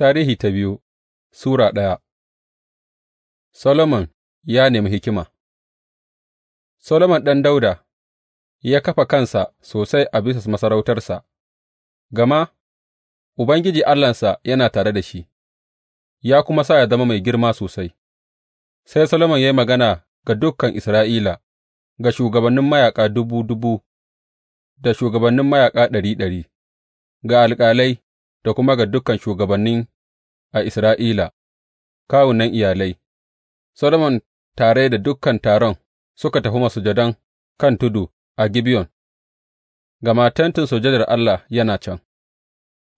Tarihi ta biyu Sura ɗaya Solomon ya nemi hikima Solomon ɗan Dauda ya kafa kansa sosai a bisa masarautarsa, gama Ubangiji Allahnsa yana tare da shi, ya kuma sa ya zama mai girma sosai. Sai Solomon ya yi magana ga dukkan Isra'ila, ga shugabannin mayaƙa dubu dubu da shugabannin mayaƙa ɗari ɗari, ga alƙalai da kuma ga dukan shugabanni a Isra'ila, kawunan iyalai, Solomon tare da dukan taron suka tafi masujadan kan tudu a Gibeyon, gama tentin sujadar Allah yana can,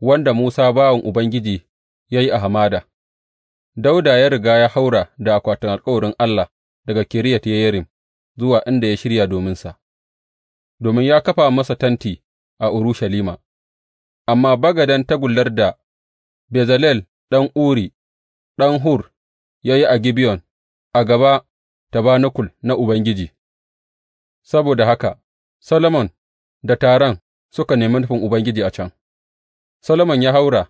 wanda Musa bawan Ubangiji ya yi a hamada, Dauda ya riga ya haura da akwatin alkawarin Allah daga Kiriyat Yeyarim zuwa inda ya shirya dominsa, domin ya kafa masa tenti a Urushalima. amma bagaden tagullar da Bezalel ɗan Uri, ɗan Hur, ya yi a Gibeyon a gaba tabanakul na Ubangiji, saboda haka Solomon da taron suka nemi nufin Ubangiji a can, Solomon ya haura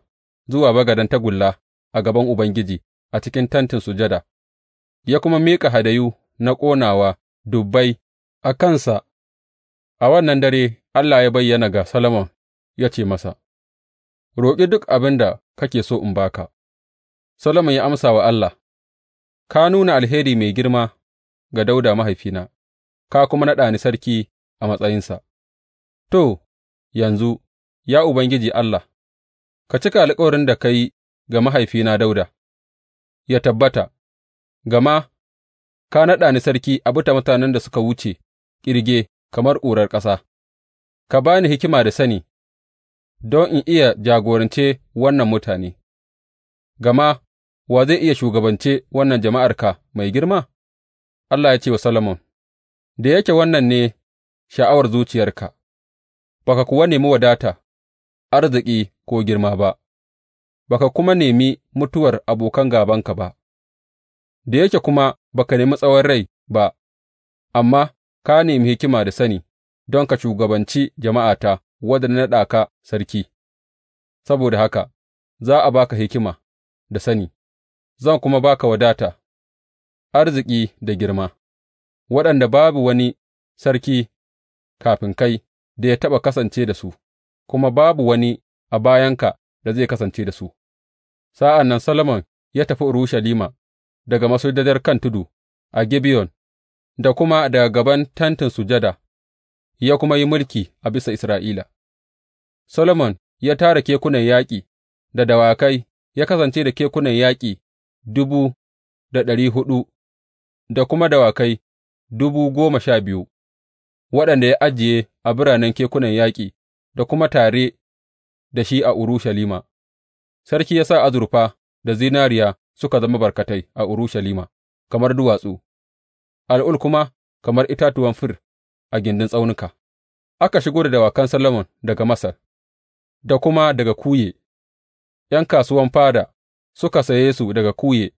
zuwa bagaden tagulla a gaban Ubangiji a cikin tantin sujada, ya kuma miƙa hadayu na ƙonawa dubbai a kansa, a wannan dare Allah ya bayyana ga Solomon ya ce masa. Roƙi duk abin da kake so in ba ka. Solomon ya amsa wa Allah, Ka nuna alheri mai girma ga Dauda mahaifina, ka kuma naɗa ni sarki a matsayinsa. To, yanzu, ya Ubangiji Allah, ka cika alkawarin da ka yi ga mahaifina Dauda. ya tabbata, gama ka naɗa ni sarki a bita mutanen da suka wuce ƙirge kamar ƙurar ƙasa, ka ba ni hikima da sani don in iya jagorance wannan mutane, gama wa zai iya shugabance wannan jama'arka mai girma? Allah ya ce wa Solomon, Da yake wannan ne sha'awar zuciyarka, Baka kuwa nemi wadata, arziki ko girma ba, ba ka kuma nemi mutuwar abokan gabanka ba, da yake kuma ba ka nemi tsawon rai ba, amma ka nemi hikima da sani don ka shugabanci jama'ata wadda na naɗa ka sarki, saboda haka za a ba ka hikima da sani, zan kuma ba ka wadata, arziki da girma, waɗanda babu wani sarki kafin kai da ya taɓa kasance da su, kuma babu wani a bayanka da zai kasance da su. Sa'an nan Solomon ya tafi Urushalima daga masujadar kan tudu a Gibeyon da kuma daga gaban Tentin Sujada ya kuma yi mulki a bisa Isra'ila. Solomon ya tara kekunan yaƙi da dawakai, ya kasance da kekunan yaƙi dubu da ɗari huɗu da kuma dawakai dubu goma sha biyu, waɗanda ya ajiye a biranen kekunan yaƙi da kuma tare da shi a Urushalima. Sarki ya sa azurfa da zinariya suka zama barkatai a Urushalima, kamar duwatsu, al'ul kuma kamar itatuwan fir a gindin tsaunuka, aka shigo da dawakan Solomon daga Masar da kuma daga Kuye, ’yan kasuwan fada suka saye su daga Kuye,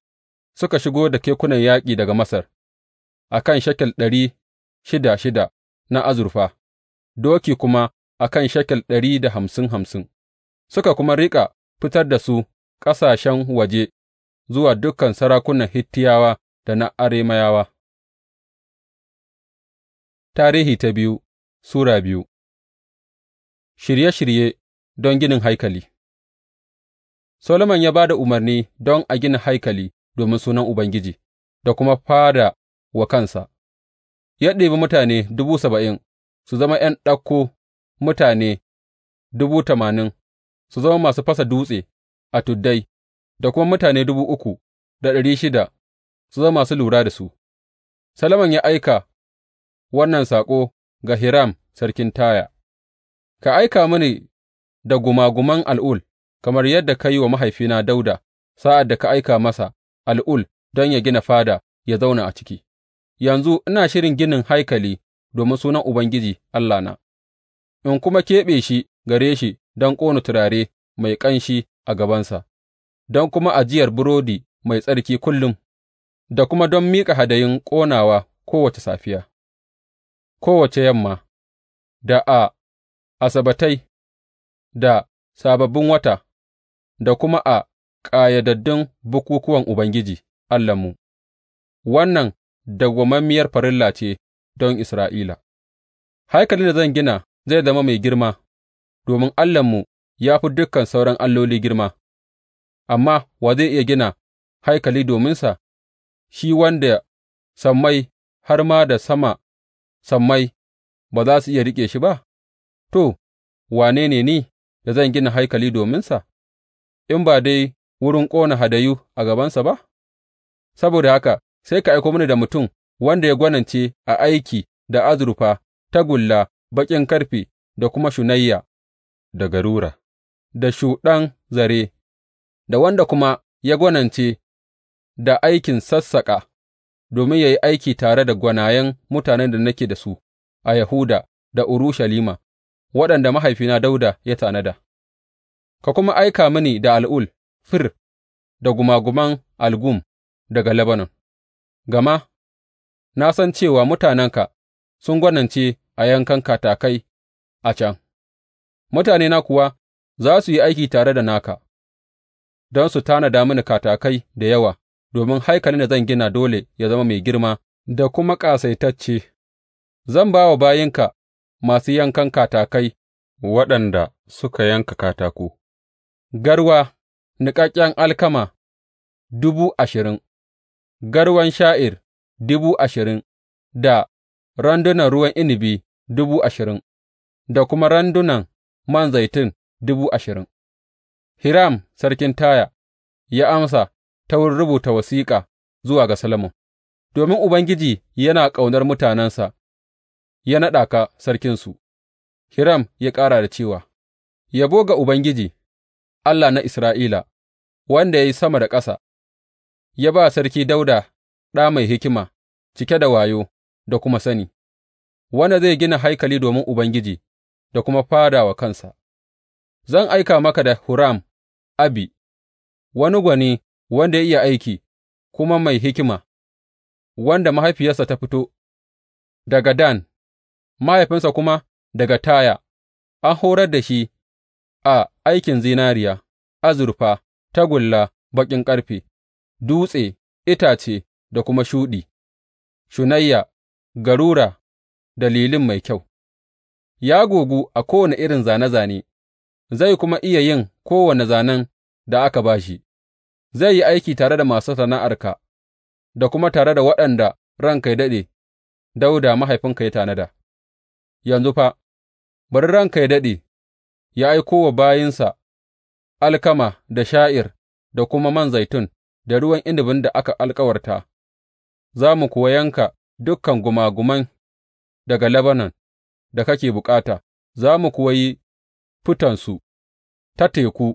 suka shigo da kekunan yaƙi daga Masar a kan shekel ɗari shida shida na azurfa, doki kuma a kan shekel ɗari da hamsin hamsin, suka kuma riƙa fitar da su ƙasashen waje zuwa dukan sarakunan Hittiyawa da na Aremayawa. Tarihi ta biyu Sura biyu Shirye shirye don ginin haikali Solomon ya ba da umarni don a gina haikali domin Sunan Ubangiji da kuma fada wa kansa, ya ɗebi mutane dubu saba'in su zama ’yan ɗauko mutane dubu tamanin su zama masu fasa dutse a tuddai, da kuma mutane dubu uku da ɗari shida su zama masu lura da su. Solomon ya aika wannan saƙo ga Hiram sarkin Taya, Ka aika mini da gumaguman al'ul, kamar yadda ka yi wa mahaifina Dauda sa'ad da ka aika masa al'ul don ya gina fada ya zauna a ciki, yanzu ina shirin ginin haikali domin sunan Ubangiji Allahna, in kuma keɓe shi gare shi don ƙona turare mai ƙanshi a gabansa, don kuma ajiyar burodi mai tsarki kullum, da kuma don miƙa hadayin ƙonawa kowace safiya. kowace yamma, da a Asabbatai, da sababbin wata, da kuma a ƙayyadaddun bukukuwan Ubangiji Allahnmu, wannan dawwammamiyar farilla ce don Isra'ila. Haikalin da zan gina zai zama mai girma, domin Allahnmu ya fi dukan sauran alloli girma, amma wa zai iya gina haikali dominsa, shi wanda sammai har ma da sama sammai ba za su iya riƙe shi ba, to, wane ne ni da zan gina haikali dominsa, in ba dai wurin ƙona hadayu a gabansa ba? Saboda haka sai ka aiko mini da mutum wanda ya gwanance a aiki da azurfa, tagulla, baƙin karfe da kuma shunayya da garura, da shuɗan zare, da wanda kuma ya gwanance da aikin sassaƙa. domin yă yi aiki tare da gwanayen mutanen da nake da su a Yahuda da Urushalima, waɗanda mahaifina Dauda ya tanada, ka kuma aika mini da al'ul, fir, da gumaguman algum daga Lebanon, gama na san cewa mutanenka sun gwanance a yankan katakai a can, mutanena kuwa za su yi aiki tare da naka, don su tanada mini katakai da yawa domin haikalin da zan gina dole ya zama mai girma da kuma ƙasaitacce, zan ba wa bayinka masu yankan katakai waɗanda suka yanka katako, garwa, niƙaƙƙen alkama dubu ashirin, garwan sha'ir dubu ashirin da randunan ruwan inabi dubu ashirin, da kuma randunan man zaitun dubu ashirin. Hiram sarkin Taya ya amsa ta wurin rubuta wasiƙa zuwa ga Solomon, domin Ubangiji yana ƙaunar mutanensa ya naɗa ka sarkinsu, Hiram ya ƙara da cewa, Yabo ga Ubangiji, Allah na Isra'ila, wanda ya yi sama da ƙasa, ya ba sarki Dauda ɗa mai hikima, cike da wayo da kuma sani, wanda zai gina haikali domin Ubangiji da kuma fada wa kansa. Zan aika maka da Huram Abi, wani gwani wanda ya iya aiki kuma mai hikima, wanda mahaifiyarsa ta fito daga Dan, mahaifinsa kuma daga Taya, an horar da shi a aikin zinariya, azurfa, tagulla, baƙin ƙarfe, dutse, itace da kuma shuɗi, shunayya, garura da lilin mai kyau. Ya gogu a kowane irin zane zane, zai kuma iya yin kowane zanen da aka ba shi. zai yi aiki tare da masu sana'arka da kuma tare da waɗanda ranka yă daɗe, Dawuda mahaifinka ya tanada. Yanzu fa, bari ranka yă daɗe, ya aiko wa bayinsa alkama da sha'ir da kuma man zaitun da ruwan inabin da aka alkawarta, za mu kuwa yanka dukkan gumaguman daga Lebanon da kake bukata, za mu kuwa yi fitonsu ta teku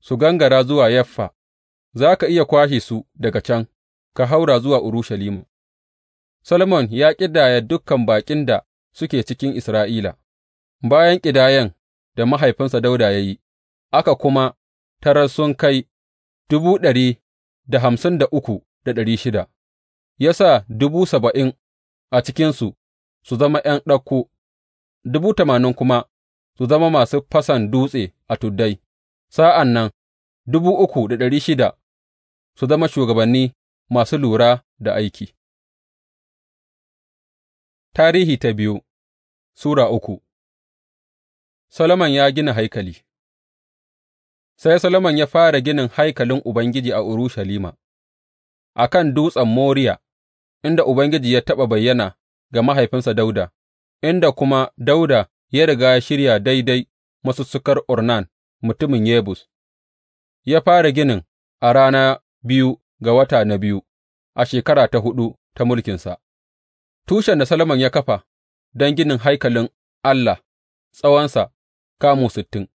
su gangara zuwa Yaffa. za ka iya kwashe su daga can ka haura zuwa Urushalima. Solomon ya ƙidaya dukan baƙin da suke cikin Isra'ila, bayan ƙidayan da mahaifinsa Dauda ya yi, aka kuma tarar sun kai dubu ɗari da hamsin da uku da ɗari shida, ya sa dubu saba'in a cikinsu su zama ’yan ɗauko, dubu tamanin kuma su zama masu fasan dutse a tuddai, sa'an nan dubu uku da ɗari shida su zama shugabanni masu lura da aiki Tarihi ta biyu Sura uku Solomon ya gina haikali Sai Solomon ya fara ginin haikalin Ubangiji a Urushalima, a kan dutsen Moriya, inda Ubangiji ya taɓa bayyana ga mahaifinsa Dauda, inda kuma Dauda ya riga ya shirya daidai masussukar Ornan mutumin Yebus, ya fara ginin a rana biyu ga wata na biyu a shekara ta huɗu ta mulkinsa, tushen da Solomon ya kafa don ginin haikalin Allah, tsawonsa kamu sittin,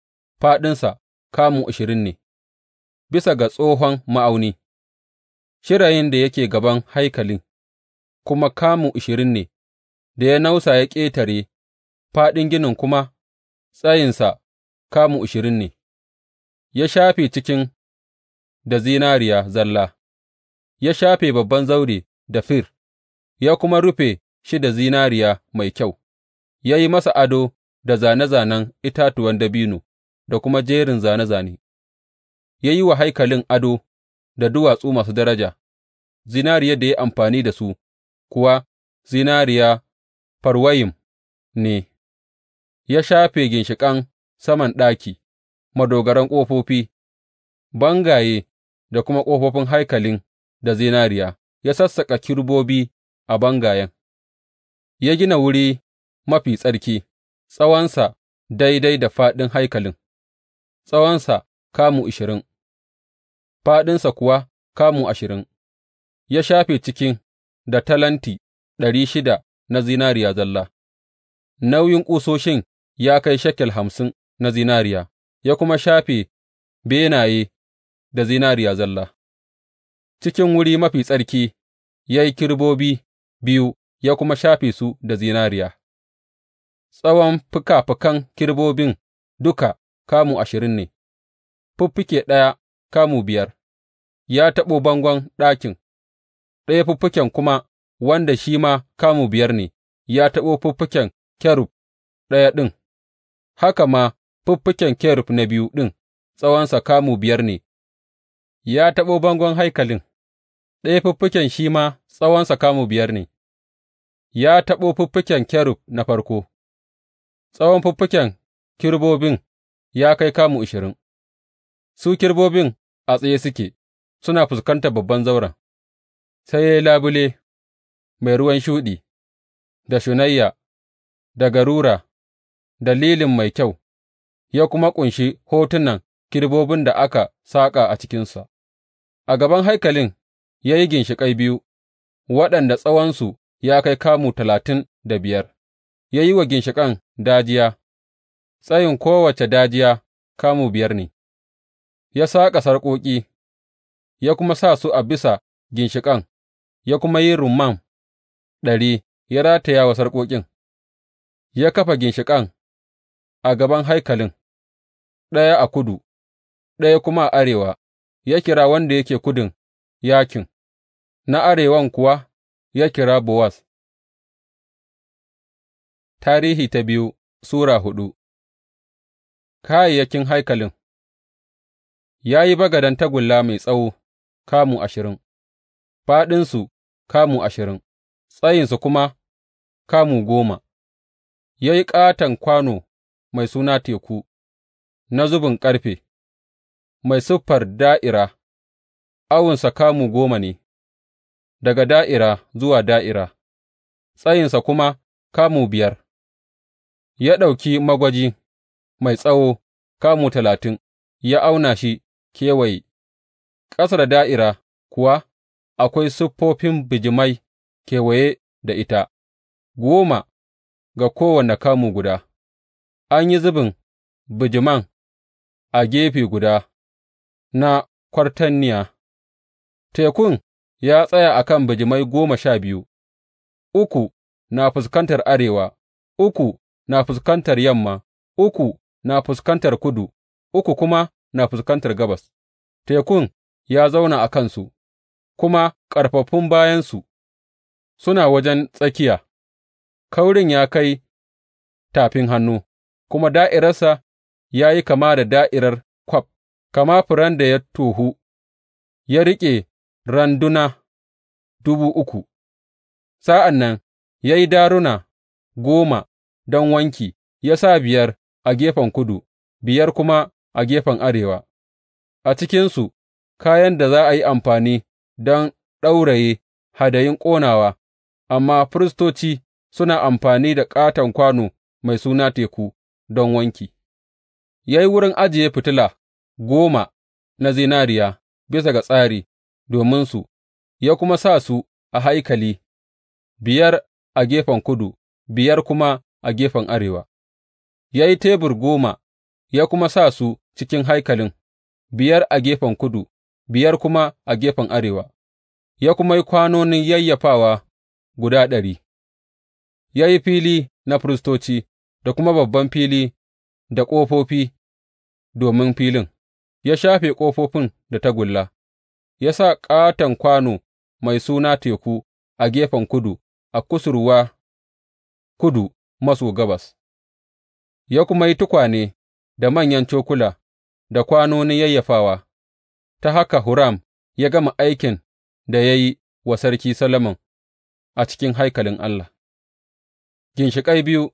fāɗinsa kamu ashirin ne, bisa ga tsohon ma'auni, shirayin da yake gaban haikalin kuma kamu ashirin ne, da ya nausa ya ƙetare, fāɗin ginin kuma tsayinsa kamu ashirin ne, ya shafe cikin da zinariya zalla, ya shafe babban zaure da fir, ya kuma rufe shi da zinariya mai kyau, ya yi masa ado da zane-zanen itatuwan dabino da kuma jerin zane-zane, ya yi wa haikalin ado da duwatsu masu daraja, Zinariya da ya amfani da su kuwa zinariya farwayim ne, ya shafe ginshiƙan saman ɗaki, madogaran ƙofofi, bangaye da kuma ƙofofin haikalin da zinariya, ya sassaƙa kerubobi a bangayen, ya gina wuri mafi tsarki, tsawonsa daidai da faɗin haikalin, tsawonsa kamu ashirin, Faɗinsa kuwa kamu ashirin, ya shafe cikin da talenti ɗari shida na zinariya zalla, nauyin ƙusoshin ya kai shekel hamsin na zinariya, ya kuma shafe benaye da zinariya zalla, cikin wuri mafi tsarki ya yi kerubobi biyu ya kuma shafe su da zinariya, tsawon fikafikan kerubobin duka kamu ashirin ne, fiffike ɗaya kamu biyar, ya taɓo bangon ɗakin, ɗaya fiffiken kuma wanda shi ma kamu biyar ne, ya taɓo fuffuken kerub ɗaya ɗin, haka ma fiffiken kerub na biyu ɗin tsawonsa kamu biyar ne ya taɓo bangon haikalin, ɗaya fiffiken shi ma tsawonsa kamu biyar ne, ya taɓo fuffuken kerub na farko, tsawon fiffiken kerubobin ya kai kamu ashirin, su kerubobin a tsaye suke, suna fuskantar babban zauren, sai ya yi labule mai ruwan shuɗi, da shunayya, da garura, da lilin mai kyau, ya kuma ƙunshi hotunan kerubobin da aka saƙa a cikinsa. A gaban haikalin ya yi ginshiƙai biyu waɗanda tsawonsu ya kai kamu talatin da biyar, ya yi wa ginshiƙan dajiya, tsayin kowace dajiya kamu biyar ne, ya saƙa sarƙoƙi, ya kuma sa su a bisa ginshiƙan, ya kuma yi rumman ɗari ya rataya wa sarƙoƙin, ya kafa ginshiƙan a gaban haikalin, ɗaya a kudu, ɗaya kuma a arewa. ya kira wanda yake kudun Yakin, na arewan kuwa ya kira Bowaz. Tarihi ta biyu Sura hudu Kayayyakin haikalin Ya yi bagaden tagulla mai tsawo, kamu ashirin, faɗinsu kamu ashirin, tsayinsu kuma kamu goma, ya yi ƙaton kwano mai suna Teku na zubin ƙarfe. mai siffar da'ira, awunsa kamu goma ne, daga da'ira zuwa da'ira, tsayinsa kuma kamu biyar, ya ɗauki magwaji mai tsawo kamu talatin, ya auna shi kewaye, ƙasa da da'ira kuwa akwai siffofin bijimai kewaye da ita, goma ga kowane kamu guda, an yi zubin bijiman a gefe guda na kwartanniya, tekun ya tsaya a kan bijimai goma sha biyu, uku na fuskantar arewa, uku na fuskantar yamma, uku na fuskantar kudu, uku kuma na fuskantar gabas, tekun ya zauna a kansu, kuma ƙarfafun bayansu suna wajen tsakiya, kaurin ya kai tafin hannu, kuma da'irarsa ya yi kama da da'irar kwaf. Kama furen da ya tohu ya riƙe randuna dubu uku, sa'an nan ya yi daruna goma don wanki, ya sa biyar a gefen kudu, biyar kuma a gefen arewa, a cikinsu kayan da za a yi amfani don ɗauraye hadayin ƙonawa, amma firistoci suna amfani da ƙaton kwano mai suna Teku don wanki. Ya yi wurin ajiye fitila. goma na zinariya bisa ga tsari dominsu, ya kuma sa su a haikali, biyar a gefen kudu, biyar kuma a gefen arewa, ya yi tebur goma, ya kuma sa su cikin haikalin, biyar a gefen kudu, biyar kuma a gefen arewa, ya kuma yi kwanonin yayyafawa guda ɗari, ya yi fili na firistoci da kuma babban fili da ƙofofi domin filin. ya shafe ƙofofin da tagulla, ya sa ƙaton kwano mai suna Teku a gefen kudu a kusurwa kudu maso gabas, ya kuma yi tukwane da manyan cokula da kwanonin yayyafawa, ta haka Huram ya gama aikin da ya yi wa Sarki Solomon a cikin haikalin Allah. Ginshiƙai biyu,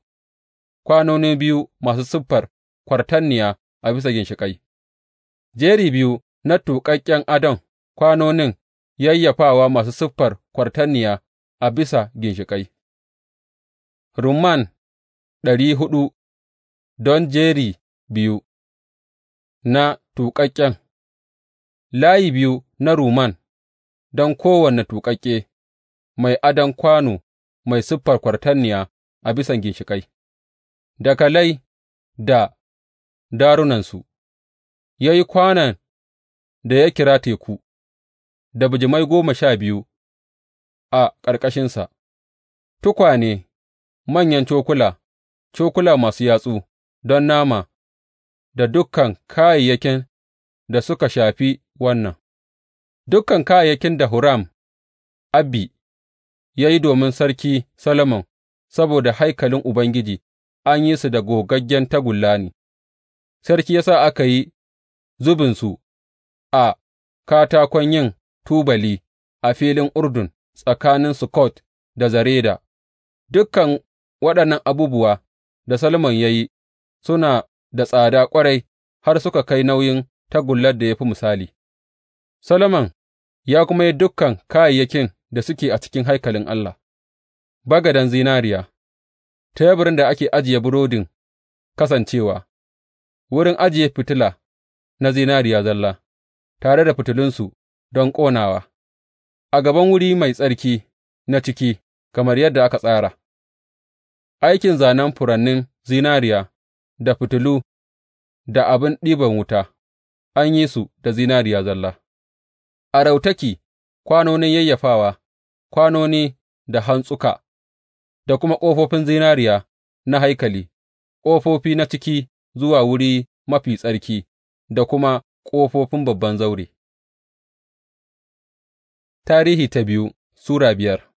kwanoni biyu masu siffar kwatarniya a bisa ginshiƙai. jeri biyu na tuƙaƙƙen adon kwanonin yayyafawa masu siffar kwatarniya a bisa ginshiƙai, rumman ɗari huɗu don jeri biyu na tuƙaƙƙen, layi biyu na rumman don kowane tuƙaƙƙe mai adon kwano mai siffar kwatarniya a bisan ginshiƙai, dakalai da darunansu. ya yi kwanon da ya kira Teku, da bijimai goma sha biyu a ƙarƙashinsa, tukwane, manyan cokula, cokula masu yatsu don nama da dukkan kayayyakin da suka shafi wannan, Dukkan kayayyakin da Huram Abbi ya yi domin Sarki Solomon saboda haikalin Ubangiji an yi su da gogaggen tagulla ne, sarki ya sa aka yi zubinsu a katakon yin tubali a filin Urdun tsakanin Sukkot da zareda. dukan waɗannan abubuwa da Solomon ya yi suna da tsada ƙwarai har suka kai nauyin tagullar da ya fi misali. Solomon ya kuma yi dukan kayayyakin da suke a cikin haikalin Allah, bagadan zinariya, teburin da ake ajiye burodin kasancewa, wurin ajiye fitila, na zinariya zalla, tare da fitilunsu don ƙonawa, a gaban wuri mai tsarki na ciki, kamar yadda aka tsara, aikin zanen furannin zinariya da fitilu da abin ɗiban wuta, an yi su da zinariya zalla, a rautaki, kwanonin yayyafawa, kwanoni da hantsuka, da kuma ƙofofin zinariya na haikali, ƙofofi na ciki zuwa wuri mafi tsarki. da kuma ƙofofin babban zaure Tarihi ta biyu Sura biyar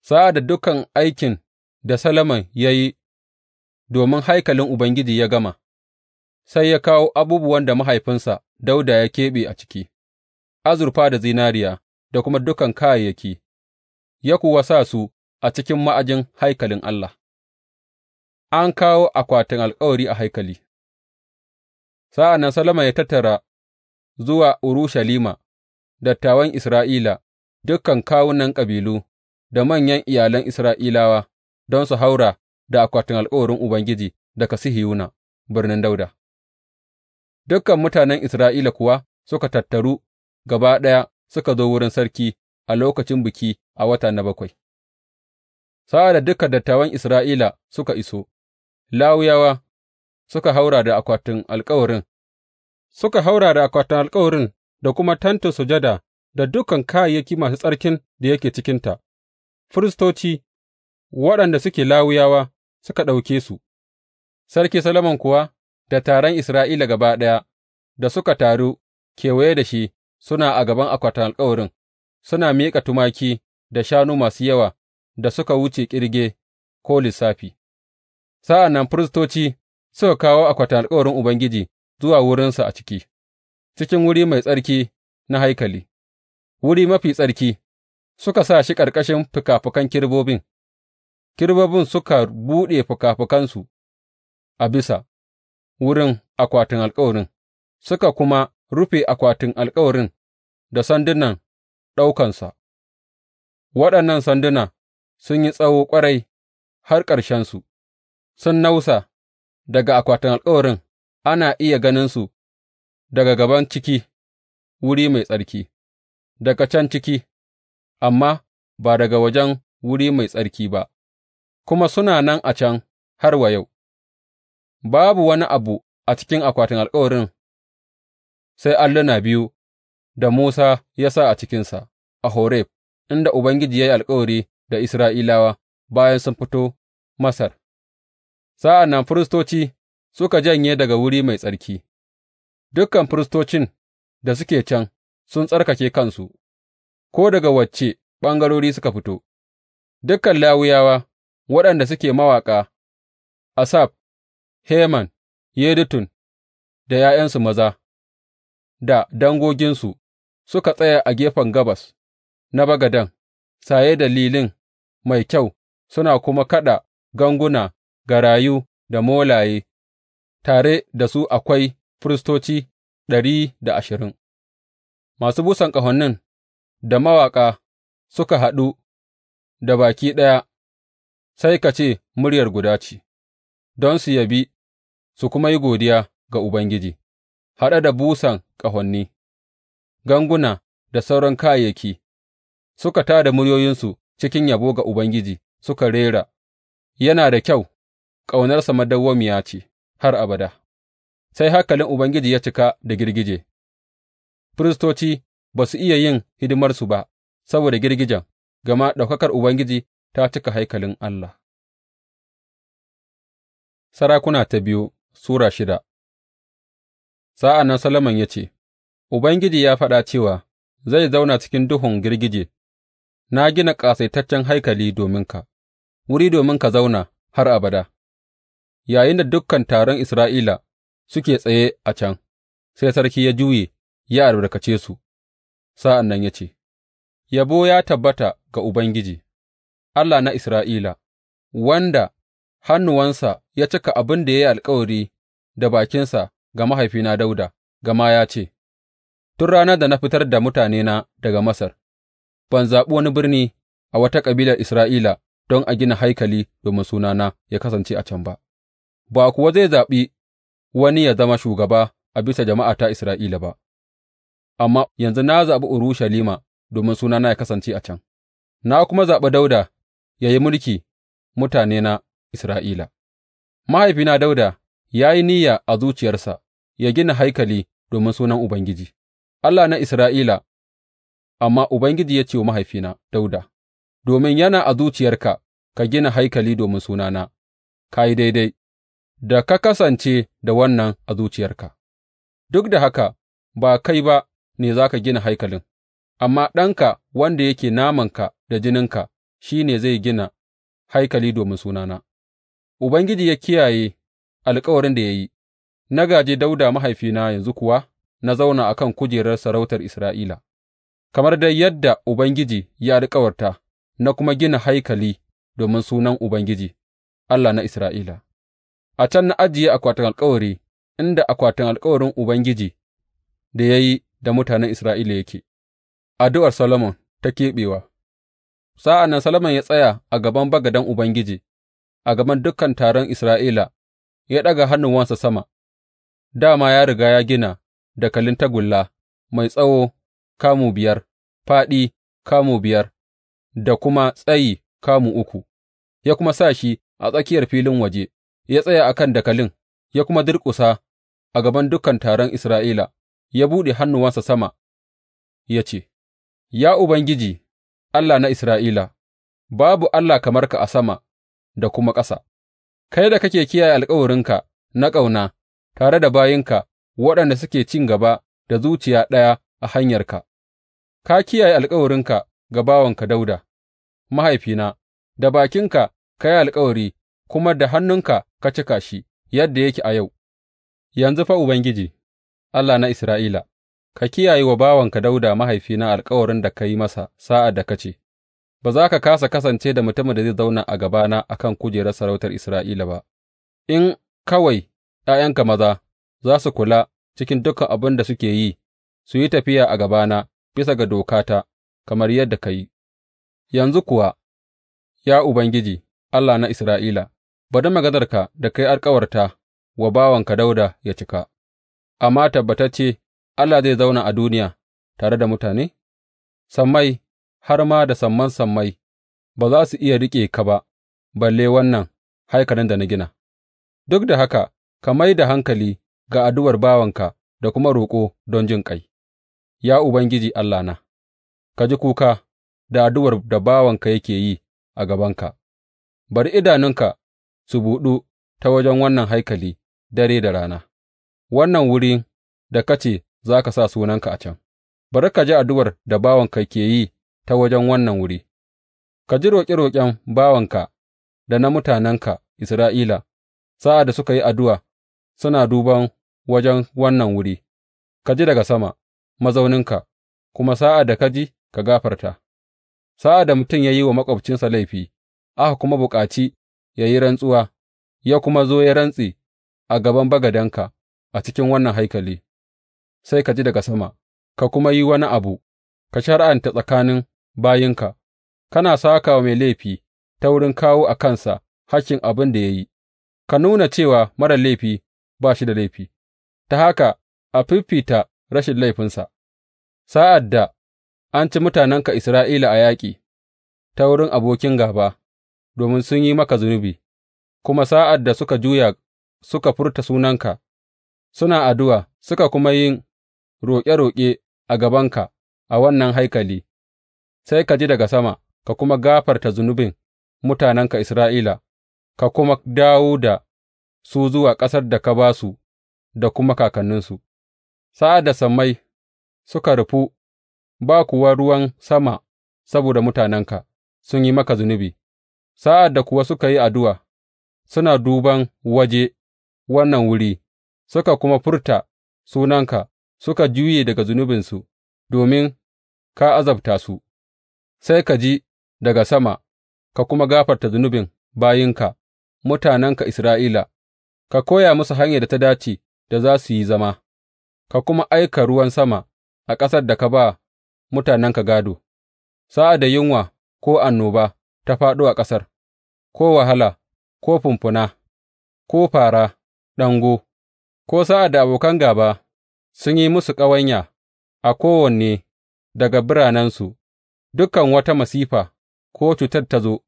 Sa'ad da dukan aikin da Salaman ya yi domin haikalin Ubangiji ya gama, sai ya kawo abubuwan da mahaifinsa Dauda ya keɓe a ciki, azurfa da zinariya da kuma dukan kayayyaki, ya kuwa sa su a cikin ma'ajin haikalin Allah. An kawo akwatin alkawari a haikali Sa'an nan Solomon ya tattara zuwa Urushalima dattawan Isra'ila, dukan kawunan kabilu da manyan iyalan Isra'ilawa, don su haura da akwatin alkawarin Ubangiji daga Sihiyona, Birnin Dauda. dukan mutanen Isra'ila kuwa suka tattaru gaba ɗaya suka zo wurin sarki a lokacin biki a wata na bakwai. Sa'ad da dukan dattawan Isra'ila suka iso, Lawiyawa suka haura da akwatin alkawarin, suka haura da akwatin alkawarin da kuma tentin sujada da dukan kayayyaki masu tsarkin da yake cikinta, firistoci waɗanda suke lawuyawa suka ɗauke su, Sarki Solomon kuwa da taron Isra'ila gaba ɗaya da suka taru kewaye da shi suna a gaban akwatin alkawarin, suna miƙa tumaki da shanu masu yawa da suka wuce ƙirge ko lissafi. Sa'an nan firistoci suka kawo akwatin alkawarin Ubangiji zuwa wurinsa a ciki, cikin wuri mai tsarki na haikali, wuri mafi tsarki, suka sa shi ƙarƙashin fikafikan kerubobin, kerubobin suka buɗe fikafikansu a bisa wurin akwatin alkawarin, suka kuma rufe akwatin alkawarin da sandunan ɗaukansa, waɗannan sanduna sun yi tsawo ƙwarai har ƙarshensu, sun nausa. daga akwatin alkawarin, ana iya ganinsu daga gaban ciki wuri mai tsarki, daga can ciki, amma ba daga wajen wuri mai tsarki ba, kuma suna nan a can har wa yau, babu wani abu a cikin akwatin alkawarin sai alluna biyu da Musa ya sa a cikinsa a Horeb, inda Ubangiji ya yi alkawari da Isra'ilawa bayan sun fito Masar. Sa'an nan firistoci suka janye daga wuri mai tsarki, dukan firistocin da suke can sun tsarkake kansu, ko daga wacce ɓangarori suka fito, dukan Lawiyawa waɗanda suke mawaƙa, Asaf, Heman, Yedutun da ’ya'yansu maza da dangoginsu suka tsaya a gefen gabas na Bagadan, saye da lilin mai kyau suna kuma kaɗa ganguna. garayu da molaye, tare da su akwai firistoci ɗari da ashirin. Masu busan ƙahonin da mawaƙa suka haɗu da baki ɗaya, sai ka ce muryar guda ce, don su yabi su kuma yi godiya ga Ubangiji, haɗe da busan ƙahoni, ganguna da sauran kayayyaki, suka tā da muryoyinsu cikin yabo ga Ubangiji suka rera, Yana da kyau. ƙaunarsa madawwamiya ce har abada. Sai haikalin Ubangiji ya cika da girgije, firistoci ba su iya yin hidimarsu ba saboda girgijen, gama ɗaukakar Ubangiji ta cika haikalin Allah. Sarakuna ta biyu Sura shida Sa'an nan Salaman ya ce, Ubangiji ya faɗa cewa zai zauna cikin duhun girgije, na gina ƙasaitaccen haikali dominka, wuri domin ka zauna har abada. Yayinda dukan taron Isra'ila suke tsaye a can, sai sarki ya juye ya albarkace su, sa'an nan ya ce, Yabo ya tabbata ga Ubangiji, Allah na Isra'ila, wanda hannuwansa ya cika abin da ya yi alkawari da bakinsa ga mahaifina Dauda gama ya ce, Tun ranar da na fitar da mutanena daga Masar, ban zaɓi wani birni a wata kabilar Isra'ila don a gina haikali domin sunana ya kasance a can ba. ba kuwa zai zaɓi wani ya zama shugaba a bisa jama'ata Isra'ila ba, amma yanzu na zaɓi Urushalima domin sunana ya kasance a can, na kuma zaɓi Dauda ya yi mulki mutanena Isra'ila. Mahaifina Dauda ya yi niyya a zuciyarsa ya gina haikali domin sunan Ubangiji, Allah na Isra'ila, amma Ubangiji ya ce wa mahaifina Dauda. Domin yana a zuciyarka ka gina haikali domin sunana, ka yi daidai. da ka kasance da wannan a zuciyarka, duk da haka ba kai ba ne za ka gina haikalin, amma ɗanka wanda yake namanka da jininka shi ne zai gina haikali domin sunana. Ubangiji ya kiyaye alkawarin da ya yi, na gāje Dauda mahaifina yanzu kuwa na zauna a kan kujerar sarautar Isra'ila, kamar dai yadda Ubangiji ya alkawarta, na kuma gina haikali domin sunan Ubangiji, Allah na Isra'ila. A can na ajiye akwatin alkawari, inda akwatin alkawarin Ubangiji da ya yi da mutanen Isra'ila yake, addu'ar Solomon ta keɓewa. Sa'an nan Solomon ya tsaya a gaban Bagadan Ubangiji, a gaban dukan taron Isra'ila, ya ɗaga hannuwansa sama, dama ya riga ya gina dakalin tagulla mai tsawo kamu biyar, faɗi kamu biyar, da kuma tsayi kamu uku, ya kuma sa shi a tsakiyar filin waje. ya tsaya a kan dakalin ya kuma durƙusa a gaban dukan taron Isra'ila, ya buɗe hannuwansa sama ya ce, Ya Ubangiji, Allah na Isra'ila, babu Allah kamar ka a sama da kuma ƙasa, kai da kake kiyaye alkawarinka na ƙauna tare da bayinka waɗanda suke cin gaba da zuciya ɗaya a hanyarka, ka kiyaye alkawarinka ga bawanka Dauda, mahaifina, da bakinka ka yi alkawari kuma da hannunka ka cika shi yadda yake a yau, yanzu fa Ubangiji, Allah na Isra'ila, ka kiyaye wa bawanka dauda mahaifina alkawarin da ka yi masa sa'ad da ka ce, Ba za ka kasa kasance da mutumin da zai zauna a gabana a kan kujerar sarautar Isra'ila ba, in kawai ’ya'yanka maza za su kula cikin dukan abin da suke yi, su yi tafiya a gabana bisa ga dokata, kamar yadda ka yi, yanzu kuwa, ya Ubangiji, Allah na Isra'ila, Bari maganarka da ka yi alkawarta wa bawanka Dawuda ya cika, amma tabbatacce Allah zai zauna a duniya tare da mutane; sammai, har ma da samman sammai, ba za su iya riƙe ka ba, balle wannan haikalin da na gina, duk da haka ka mai da hankali ga addu'ar bawanka da kuma roƙo don jin ƙai. ya Ubangiji Allahna, ka ji kuka da addu'ar da bawanka yake yi a gabanka, bari idanunka su buɗu ta wajen wannan haikali dare da rana, wannan wurin da ka ce za ka sa sunanka a can, bari ka ji addu'ar da bawanka ke yi ta wajen wannan wuri, ka ji roƙe-roƙen bawanka da na mutanenka Isra'ila sa'ad da suka yi addu'a suna duban wajen wannan wuri, ka ji daga sama mazauninka, kuma sa'ad da ka ji ka gafarta, sa'ad da mutum ya yi wa maƙwabcinsa laifi, aka kuma bukaci ya yi rantsuwa, ya kuma zo ya rantse a gaban bagadenka a cikin wannan haikali, sai ka ji daga sama, ka kuma yi wani abu, ka shari'anta tsakanin bayinka, kana saka wa mai laifi ta wurin kawo a kansa hakkin abin da ya yi, ka nuna cewa marar laifi ba shi da laifi, ta haka a fiffita rashin laifinsa, sa'ad da an ci mutanenka Isra'ila a yaƙi ta wurin abokin gaba. domin sun yi maka zunubi, kuma sa'ad da suka juya suka furta sunanka, suna addu'a suka kuma yin roƙe-roƙe a gabanka a wannan haikali, sai ka ji daga sama ka kuma gafarta zunubin mutanenka Isra'ila, ka kuma dawo da su zuwa ƙasar da ka ba su da kuma kakanninsu, sa'ad da sammai suka rufu, ba kuwa ruwan sama saboda mutanenka sun yi maka zunubi. Sa'ad da kuwa suka yi addu'a, suna duban waje wannan wuri, suka kuma furta sunanka, suka juye daga zunubinsu domin ka azabta su, sai ka ji daga sama ka kuma gafarta zunubin bayinka, mutanenka Isra'ila, ka koya musu hanyar da ta dace da za su yi zama, ka kuma aika ruwan sama a ƙasar da ka ba mutanenka Gado. sa'ad da yunwa ko annoba. ta fāɗo a ƙasar, ko wahala, ko fumfuna, ko fara. ɗango, ko sa'ad da abokan gaba sun yi musu ƙawanya a kowanne daga biranensu, dukan wata masifa ko cutar ta zo,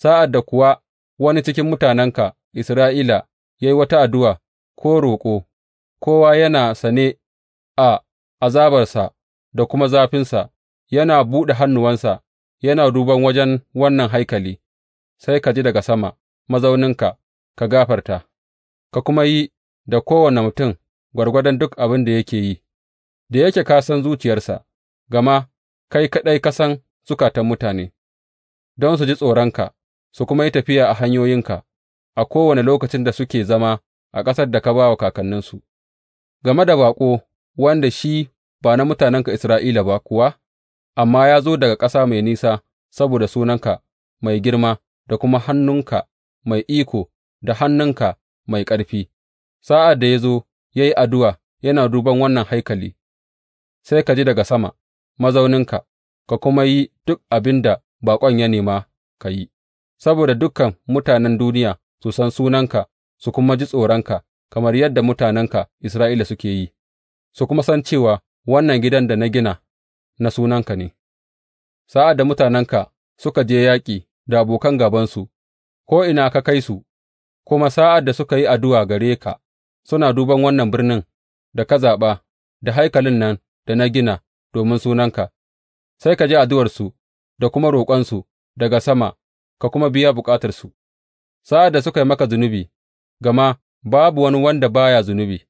sa'ad da kuwa wani cikin mutanenka Isra'ila ya yi wata addu'a ko roƙo, kowa yana sane a azabarsa da kuma zafinsa, yana buɗe hannuwansa yana duban wajen wannan haikali, sai ka ji daga sama mazauninka ka gafarta, ka kuma yi da kowane mutum gwargwadon duk abin da yake yi, da yake ka san zuciyarsa, gama kai kaɗai ka san zukatan mutane, don su ji tsoronka, su kuma yi tafiya a hanyoyinka a kowane lokacin da suke zama a ƙasar da ka ba wa kakanninsu, game da baƙo wanda shi ba na mutanenka Isra'ila ba kuwa. amma ya zo daga ƙasa mai nisa saboda sunanka mai girma da kuma hannunka mai iko da hannunka mai ƙarfi, sa'ad da ya zo ya yi addu'a yana duban wannan haikali, sai ka ji daga sama mazauninka, ka kuma yi duk abin da baƙon ya nema ka yi, saboda dukan mutanen duniya su san sunanka su kuma ji tsoronka, kamar yadda mutanenka Isra'ila suke yi, su kuma san cewa wannan gidan da na gina na sunanka ne, sa'ad da mutanenka suka je yaƙi da abokan gābansu, ko'ina ka kai su, kuma sa'ad da suka yi addu'a gare ka, suna duban wannan birnin da ka zaɓa, da haikalin nan da na gina domin sunanka, sai ka ji addu'arsu da kuma roƙonsu daga sama, ka kuma biya bukatarsu, sa'ad da suka yi maka zunubi, gama babu wani wanda ba ya zunubi,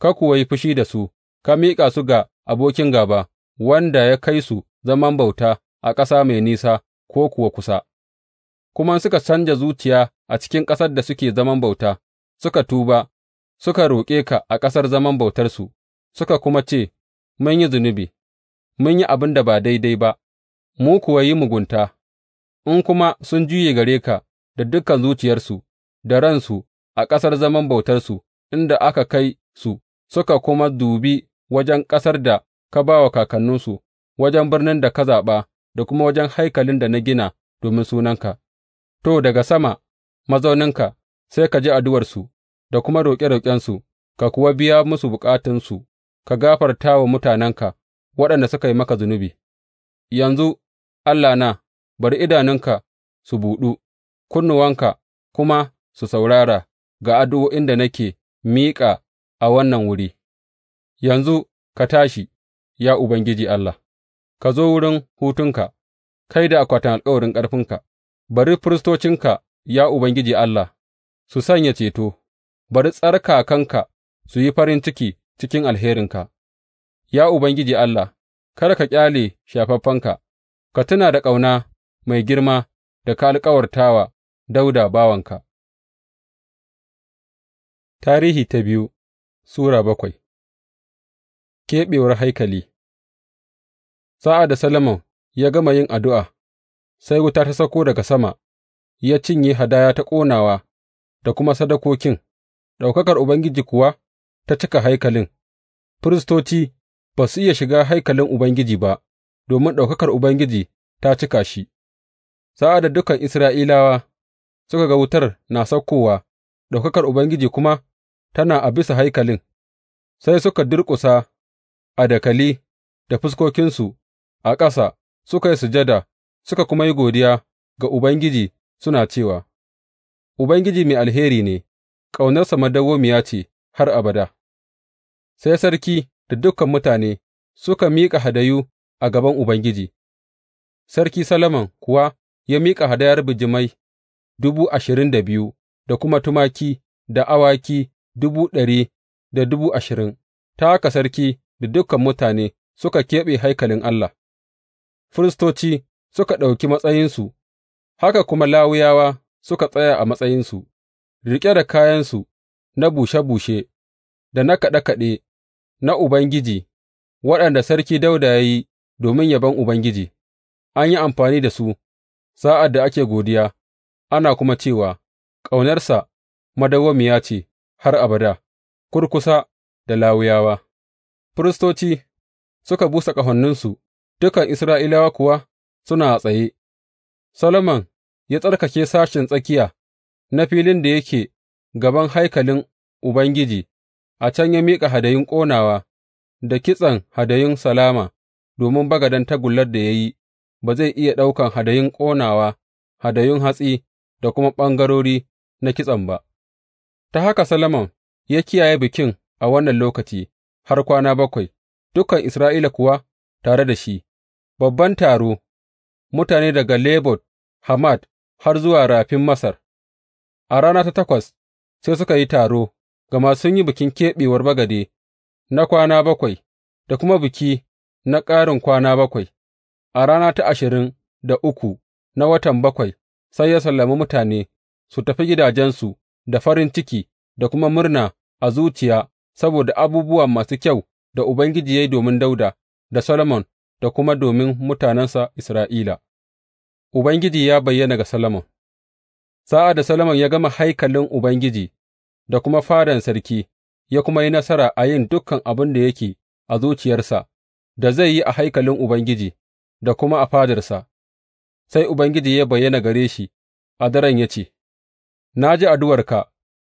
ka kuwa yi fushi da su, ka miƙa su ga abokin gāba, wanda ya kai su zaman bauta a ƙasa mai nisa ko kuwa kusa, kuma suka canja zuciya a cikin ƙasar da suke zaman bauta, suka tuba, suka roƙe ka a ƙasar zaman bautarsu, suka kuma ce, Mun yi zunubi, mun yi abin da ba daidai ba, mu kuwa yi mugunta, in kuma sun juye gare ka da dukan zuciyarsu da ransu a ƙasar zaman bautarsu inda aka kai su, suka kuma dubi wajen ƙasar da ka ba wa kakanninsu, wajen birnin da ka zaɓa da kuma wajen haikalin da na gina domin sunanka, to, daga sama mazauninka sai ka ji addu'arsu da kuma roƙe-roƙensu, ka kuwa biya musu bukatunsu, ka gafarta wa mutanenka waɗanda suka yi maka zunubi. Yanzu, Allahna, bari idanunka su buɗu, kunnuwanka kuma su saurara ga addu'o'in da nake miƙa a wannan wuri, yanzu ka tashi, ya Ubangiji Allah, ka zo wurin hutunka, kai da akwatin alkawarin ƙarfinka, bari firistocinka, ya Ubangiji Allah, su sanya ceto, bari tsarkakanka su yi farin ciki cikin alherinka, ya Ubangiji Allah, kada ka ƙyale shafaffenka, ka tuna da ƙauna mai girma da ka alkawarta wa Dauda bawanka. Tarihi ta biyu Sura bakwai Keɓewar haikali Sa'ad da Solomon ya gama yin addu'a, sai wuta ta sauko daga sama, ya cinye hadaya ta ƙonawa da kuma sadakokin, ɗaukakar Ubangiji kuwa ta cika haikalin, firistoci ba su iya shiga haikalin Ubangiji ba, domin ɗaukakar Ubangiji ta cika shi. Sa'ad da dukan Isra'ilawa suka ga wutar na saukowa, ɗaukakar Ubangiji kuma tana a bisa haikalin, sai suka durƙusa. a dakali da fuskokinsu a ƙasa suka yi sujada suka kuma yi godiya ga Ubangiji suna cewa, Ubangiji mai alheri ne, ƙaunarsa madawwamiya ce har abada. Sai sarki da dukan mutane suka miƙa hadayu a gaban Ubangiji, Sarki Solomon kuwa ya miƙa hadayar bijimai dubu ashirin da biyu da kuma tumaki da awaki dubu ɗari da dubu ashirin, ta haka sarki da dukan mutane suka keɓe haikalin Allah, firistoci suka ɗauki matsayinsu, haka kuma lawuyawa suka tsaya a matsayinsu, riƙe da kayansu na bushe-bushe da na kaɗe-kaɗe na Ubangiji waɗanda Sarki Dauda ya yi domin yabon Ubangiji, an yi amfani da su sa'ad da ake godiya, ana kuma cewa, Ƙaunarsa madawwamiya ce har abada, kurkusa da lawuyawa. Firistoci suka busa ƙahoninsu, dukan Isra'ilawa kuwa suna a tsaye, Solomon ya tsarkake sashen tsakiya na filin da yake gaban haikalin Ubangiji, a can ya miƙa hadayun ƙonawa da kitsen hadayun salama, domin bagaden tagullar da ya yi ba zai iya ɗaukan hadayun ƙonawa, hadayun hatsi da kuma ɓangarori na kitsen ba. Ta haka Solomon ya kiyaye bikin a wannan lokaci. har kwana bakwai, dukan Isra'ila kuwa tare da shi, babban taro, mutane daga Lebot Hamad har zuwa rafin Masar. A rana ta takwas sai suka yi taro, gama sun yi bikin keɓewar bagade na kwana bakwai da kuma biki na ƙarin kwana bakwai. A rana ta ashirin da uku na watan bakwai sai ya sallami mutane su tafi gidajensu da farin ciki da kuma murna a zuciya saboda abubuwa masu kyau da Ubangiji ya yi domin Dauda da Solomon da kuma domin mutanensa Isra'ila, Ubangiji ya bayyana ga Solomon Sa'ad da Solomon ya gama haikalin Ubangiji da kuma fadan sarki, ya kuma yi nasara a yin dukkan abin da yake a zuciyarsa da zai yi a haikalin Ubangiji da kuma a fadarsa, sai Ubangiji ya bayyana gare shi a daren ya ce, Na ji addu'arka,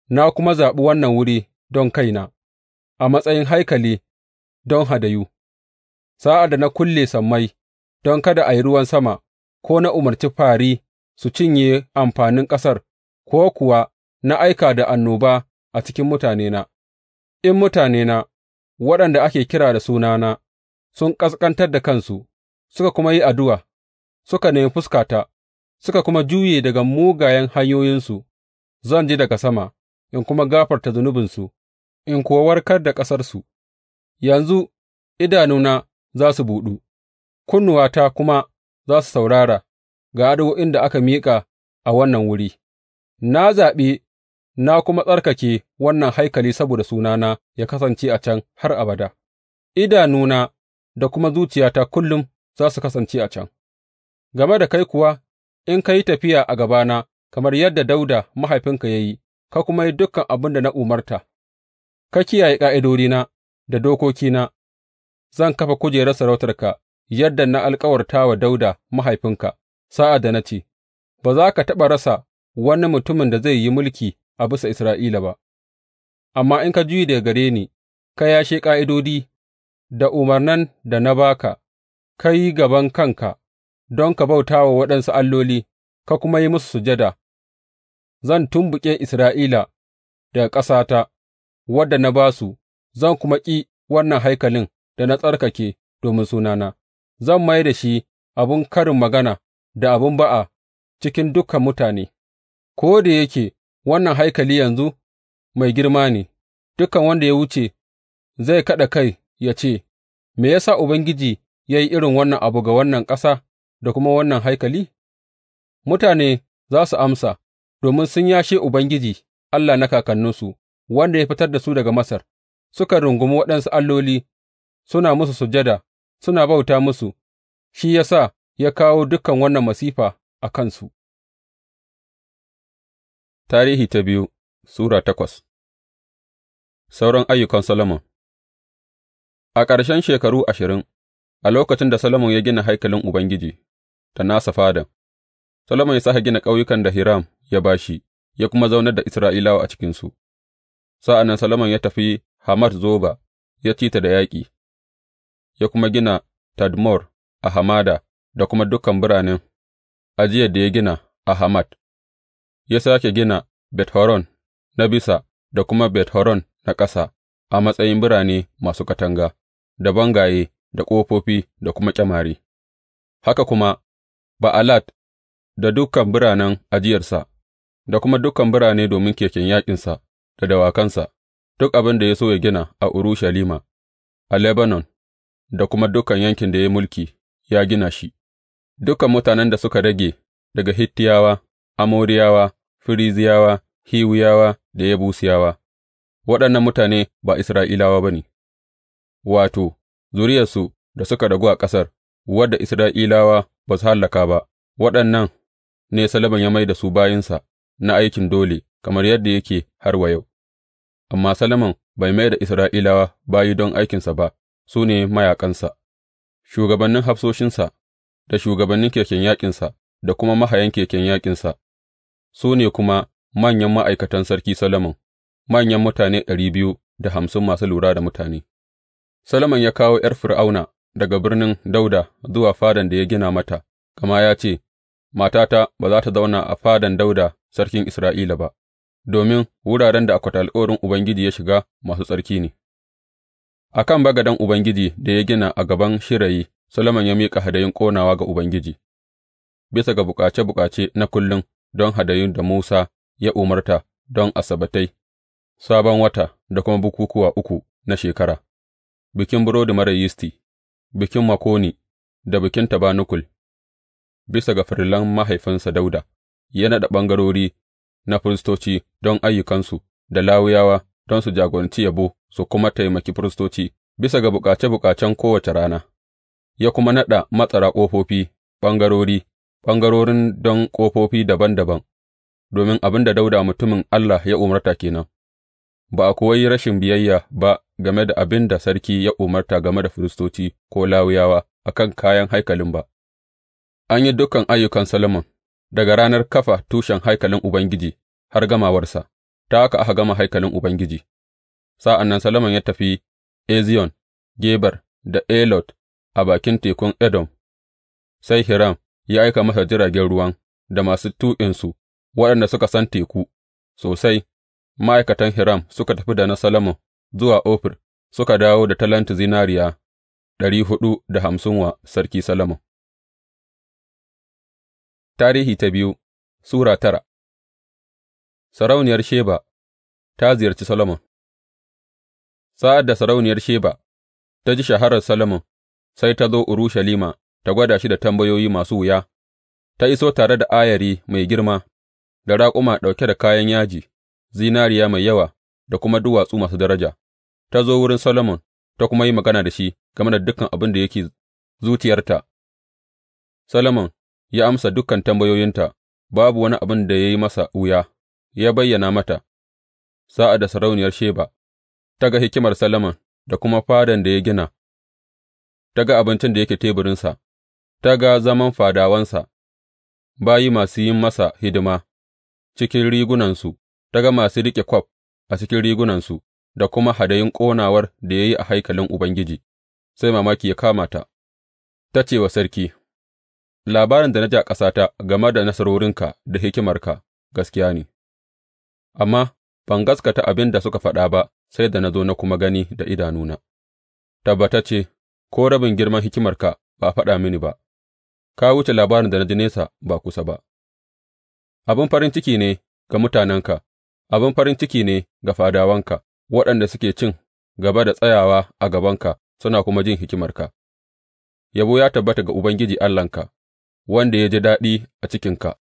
na kuma zaɓi wannan wuri don kaina. a matsayin haikali don hadayu, sa'ad da na kulle sammai don kada a yi ruwan sama, ko na umarci fari su cinye amfanin ƙasar, ko kuwa na aika da annoba a cikin mutanena, in mutanena waɗanda ake kira da sunana sun ƙasƙantar da kansu, suka kuma yi addu'a, suka nemi fuskata, suka kuma juye daga mugayen hanyoyinsu, zan ji daga sama in kuma gafarta zunubinsu in kuwa warkar da ƙasarsu, yanzu idanuna za su buɗu, kunnuwata kuma za su saurara ga addu'o'in da aka miƙa a wannan wuri, na zaɓi na kuma tsarkake wannan haikali saboda sunana ya kasance a can har abada, idanuna da kuma zuciyata kullum za su kasance a can. Game da kai kuwa, in ka yi tafiya a gabana kamar yadda Dauda mahaifinka ya yi, ka kuma yi dukan abin da na umarta. ka kiyaye ƙa'idodina da dokokina, zan kafa kujerar sarautarka yadda na alkawarta wa Dauda mahaifinka sa'ad da na ce, Ba za ka taɓa rasa wani mutumin da zai yi mulki a bisa Isra'ila ba, amma in ka juyi daga gare ni, ka yashe ƙa'idodi da umarnan da na ba ka, ka yi gaban kanka don ka bauta wa waɗansu alloli, ka kuma yi musu sujada, zan tumɓuke Isra'ila daga ƙasata. wadda na ba su, zan kuma ƙi wannan haikalin da na tsarkake domin sunana, zan mai da shi abin karin magana da abin ba'a cikin dukan mutane, ko da yake wannan haikali yanzu mai girma ne, dukan wanda ya wuce zai kaɗa kai ya ce, Me ya sa Ubangiji ya yi irin wannan abu ga wannan ƙasa da kuma wannan haikali? Mutane za su amsa, domin sun yashe Ubangiji Allah na kakanninsu wanda ya fitar da su daga Masar, suka rungumi waɗansu alloli, suna musu sujada, suna bauta musu, shi ya sa ya kawo dukan wannan masifa a kansu. Tarihi ta biyu Sura takwas Sauran ayyukan Solomon A ƙarshen shekaru ashirin, a lokacin da Solomon ya gina haikalin Ubangiji ta nasa fadan, Solomon ya sa gina ƙauyukan da Hiram ya ba shi, ya kuma zaunar da Isra'ilawa a cikinsu. Sa'an nan Solomon ya tafi Hamat Zoba ya ci ta da yaƙi, ya kuma gina Tadmor a hamada da kuma dukan biranen ajiyar da ya gina a Hamat, ya sake gina Bet Horon na bisa da kuma Bet Horon na ƙasa a matsayin birane masu katanga, da bangaye, da ƙofofi, da kuma ƙyamare, haka kuma Ba'alat da dukan biranen ajiyarsa, da kuma dukan birane domin keken yaƙinsa. da dawakansa, duk abin da ya so ya gina a Urushalima, a Lebanon, da kuma dukan yankin da ya mulki, ya gina shi, dukan mutanen da suka rage daga Hittiyawa, Amoriyawa, Firiziyawa, Hiwiyawa da Yebusiyawa, waɗannan mutane ba Isra'ilawa ba ne, wato, zuriyarsu da suka ragu a ƙasar, wadda Isra'ilawa ba su hallaka ba, waɗannan ne Solomon ya mai da su bayinsa na aikin dole, kamar yadda yake har wa yau. amma Solomon bai mai da Isra'ilawa bayi don aikinsa ba, su ne mayaƙansa, shugabannin hafsoshinsa, da shugabannin keken yaƙinsa, da kuma mahayan keken yaƙinsa, su ne kuma manyan ma'aikatan Sarki Solomon, manyan mutane ɗari biyu da hamsin masu lura da mutane. Solomon ya kawo ’yar Fir'auna daga birnin Dauda zuwa fadan da ya gina mata, gama ya ce, Matata ba za ta zauna a fadan Dauda sarkin Isra'ila ba. domin wuraren da akwatin alkawarin Ubangiji ya shiga masu tsarki ne. A kan bagaden Ubangiji da ya gina a gaban shirayi, Solomon ya miƙa hadayun ƙonawa ga Ubangiji, bisa ga bukace bukace na kullum don hadayun da Musa ya umarta don Asabbatai, Sabon Wata da kuma bukukuwa uku na shekara, bikin burodi marar yisti, bikin makoni da bikin tabanukul, bisa ga farilan mahaifinsa Dauda, yana da ɓangarori na firistoci don ayyukansu da Lawiyawa don su jagoranci yabo su kuma taimaki firistoci bisa ga bukace bukacen kowace rana, ya kuma naɗa matsara ƙofofi ɓangarori, ɓangarorin don ƙofofi daban daban, domin abin da Dauda mutumin Allah ya umarta kenan. Ba a kuwa yi rashin biyayya ba game da abin da sarki ya umarta game da firistoci ko Lawiyawa a kan kayan haikalin ba, an yi dukan ayyukan Solomon daga ranar kafa tushen haikalin Ubangiji har gamawarsa, ta haka aka gama haikalin Ubangiji. Sa'an nan Solomon ya tafi Eziyon, Geber da Elot a bakin tekun Edom, sai Hiram ya aika masa jiragen ruwan da masu tuƙinsu waɗanda suka san teku sosai, ma'aikatan Hiram suka tafi da na Solomon zuwa Ofir suka dawo da talenti zinariya ɗari huɗu da hamsin wa Sarki Solomon. Tarihi ta biyu Sura tara Sarauniyar Sheba ta ziyarci Solomon Sa'ad da sarauniyar Sheba ta ji shaharar Solomon, sai ta zo Urushalima ta gwada shi da tambayoyi masu wuya, ta iso tare da ayari mai girma, da raƙuma ɗauke da kayan yaji, zinariya mai yawa da kuma duwatsu masu daraja, ta zo wurin Solomon ta kuma yi magana da shi game da dukan abin da yake zuciyarta. Solomon ya amsa dukan tambayoyinta, babu wani abin da ya yi masa wuya, ya bayyana mata, sa'ad da sarauniyar Sheba ta ga hikimar salaman da kuma fadan da ya gina, ta ga abincin da yake teburinsa, ta ga zaman fadawansa, bayi masu yin masa hidima cikin rigunansu, ta ga masu riƙe kwaf a cikin rigunansu da kuma hadayin ƙonawar da ya yi a haikalin Ubangiji, sai mamaki ya kama ta, ta ce wa sarki. Labarin da na ji a ƙasata game da nasarorinka da hikimarka gaskiya ne, amma ban gaskata abin da suka faɗa ba sai da na zo na kuma gani da idanuna; tabbatacce, ko rabin girman hikimarka ba a faɗa mini ba, ka wuce labarin da na ji nesa ba kusa ba, abin farin ciki ne ga mutanenka, abin farin ciki ne ga fadawanka, waɗanda suke cin gaba da tsayawa a gabanka suna kuma jin hikimarka. Yabo ya tabbata ga Ubangiji Allahnka. wanda ya ji daɗi a cikinka,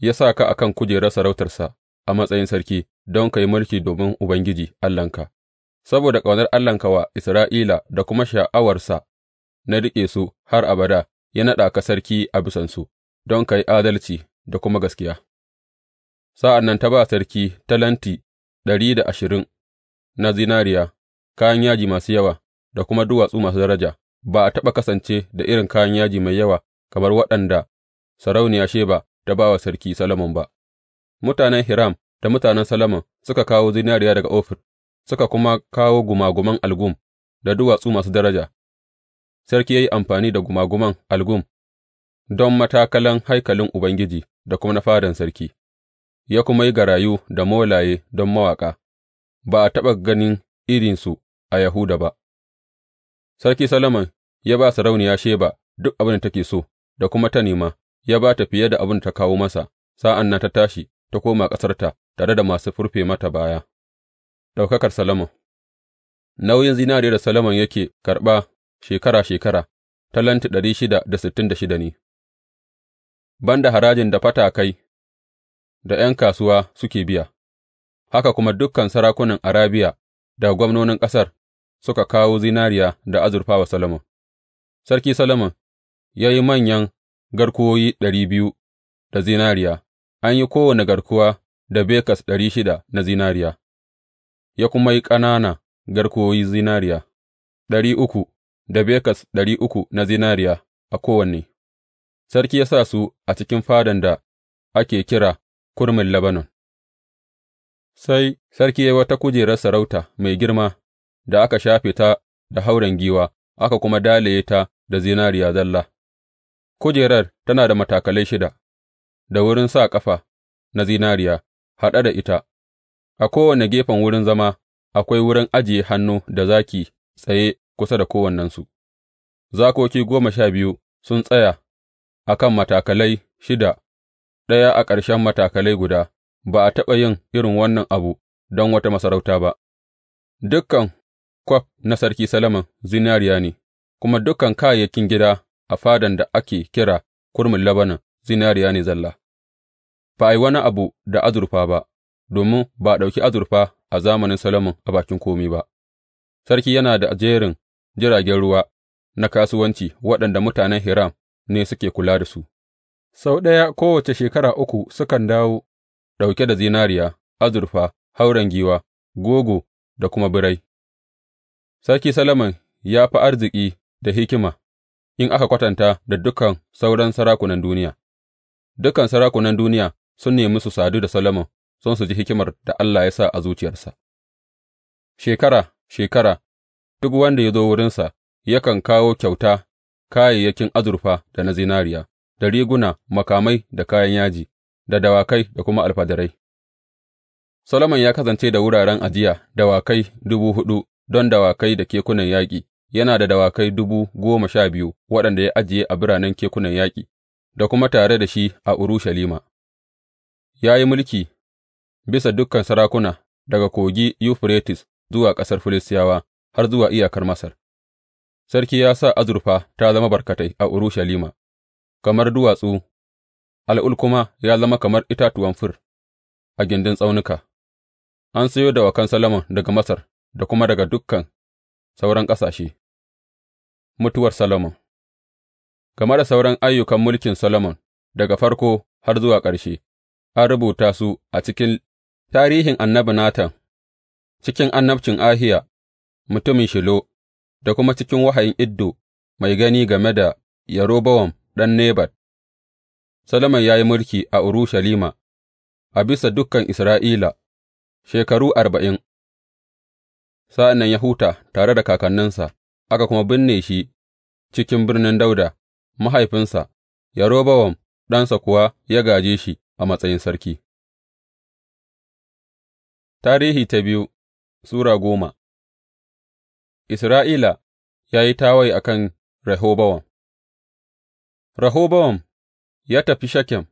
ya sa ka a kan kujerar sarautarsa a matsayin sarki don ka yi mulki domin Ubangiji Allahnka, saboda ƙaunar Allahnka wa Isra'ila da kuma sha'awarsa na riƙe su har abada, ya naɗa ka sarki a bisansu don ka yi adalci da kuma gaskiya. Sa'an nan ta ba sarki talenti ɗari da ashirin na zinariya, kayan yaji masu yawa da kuma duwatsu masu daraja, ba a taɓa kasance da irin kayan yaji mai yawa kamar waɗanda sarauniya Sheba ta ba wa Sarki Solomon ba. Mutanen Hiram da mutanen Solomon suka kawo zinariya daga Ofir, suka kuma kawo gumaguman algum da duwatsu masu daraja. Sarki ya yi amfani da gumaguman algum don matakalan haikalin Ubangiji da kuma na fadan sarki, ya kuma yi garayu da molaye don mawaƙa, ba a taɓa ganin irinsu a Yahuda ba. Sarki Solomon ya ba sarauniya Sheba duk abin da take so, da kuma ta nema, ya ba ta fiye da abin da ta kawo masa, sa'an nan ta tashi ta koma ƙasarta tare da masu furfe mata baya. Ɗaukakar Salomon Nauyin zinariya da Salomon yake karɓa shekara-shekara, talenti ɗari shida da sittin da shida ne, ban da harajin da fatakai da ’yan kasuwa suke biya, haka kuma dukkan sarakunan Arabiya da gwamnonin ƙasar suka kawo zinariya da azurfa wa Salomon. Sarki Salomon ya yi manyan garkuwoyi ɗari biyu da zinariya, an yi kowane garkuwa da bekas ɗari shida na zinariya, ya kuma yi ƙanana garkuwoyi zinariya ɗari uku da bekas ɗari uku na zinariya a kowanne. Sarki ya sa su a cikin fadan da ake kira Kurmin Lebanon. Sai sarki ya yi wata kujerar sarauta mai girma da aka shafe ta da hauren giwa aka kuma dalaye ta da zinariya zalla. Kujerar tana da matakalai shida da wurin sa ƙafa na zinariya haɗe da ita, a kowane gefen wurin zama akwai wurin ajiye hannu da zaki tsaye kusa da kowannensu, zakoki goma sha biyu sun tsaya a kan matakalai shida, ɗaya a ƙarshen matakalai guda, ba a taɓa yin irin wannan abu don wata masarauta ba, Dukkan kwaf na Sarki Solomon zinariya ne, kuma dukkan kayayyakin gida. a fadan da ake kira kurmin Lebanon zinariya ne zalla, ba a yi wani abu da azurfa ba, domin ba a ɗauki azurfa a zamanin Solomon a bakin komi ba. Sarki yana da jerin jiragen ruwa na kasuwanci waɗanda mutanen Hiram ne suke kula da su, sau ɗaya kowace shekara uku sukan dawo ɗauke da zinariya, azurfa, hauren giwa, gogo da kuma birai. Sarki Solomon ya fi arziki da hikima. in aka kwatanta da dukan sauran sarakunan duniya, dukan sarakunan duniya sun nemi su sadu da Solomon sun su ji hikimar da Allah ya sa a zuciyarsa. Shekara, shekara, duk wanda ya zo wurinsa yakan kawo kyauta kayayyakin azurfa da na zinariya, da riguna, makamai da kayan yaji, da dawakai da kuma alfadarai. Solomon ya kasance da wuraren ajiya dawakai dubu huɗu don dawakai da kekunan yaƙi yana da dawakai dubu goma sha biyu waɗanda ya ajiye a biranen kekunan yaƙi, da kuma tare da shi a Urushalima. Ya yi mulki bisa dukan sarakuna daga kogi Yuferites zuwa ƙasar Filistiyawa har zuwa iyakar Masar. Sarki ya sa azurfa ta zama barkatai a Urushalima, kamar duwatsu, al'ul kuma ya zama kamar itatuwan fir a gindin tsaunuka. An sayo dawakan Solomon daga Masar da kuma daga dukan sauran ƙasashe. Mutuwar Solomon Game da sauran ayyukan mulkin Solomon daga farko har zuwa ƙarshe, an rubuta su a cikin tarihin annabi Natan, cikin annabcin Ahiya mutumin Shilo, da kuma cikin wahayin Iddo mai gani game da Yerobowam ɗan Nebat. Solomon ya yi mulki a Urushalima a bisa dukan Isra'ila shekaru arba'in, sa'an nan ya huta tare da kakanninsa. aka kuma binne shi cikin birnin Dawuda, mahaifinsa, Yerobowam ɗansa kuwa ya gāje shi a matsayin sarki. Tarihi ta biyu Sura goma Isra'ila ya yi tawaye a kan Rehobowam Rehobowam ya tafi Shekem,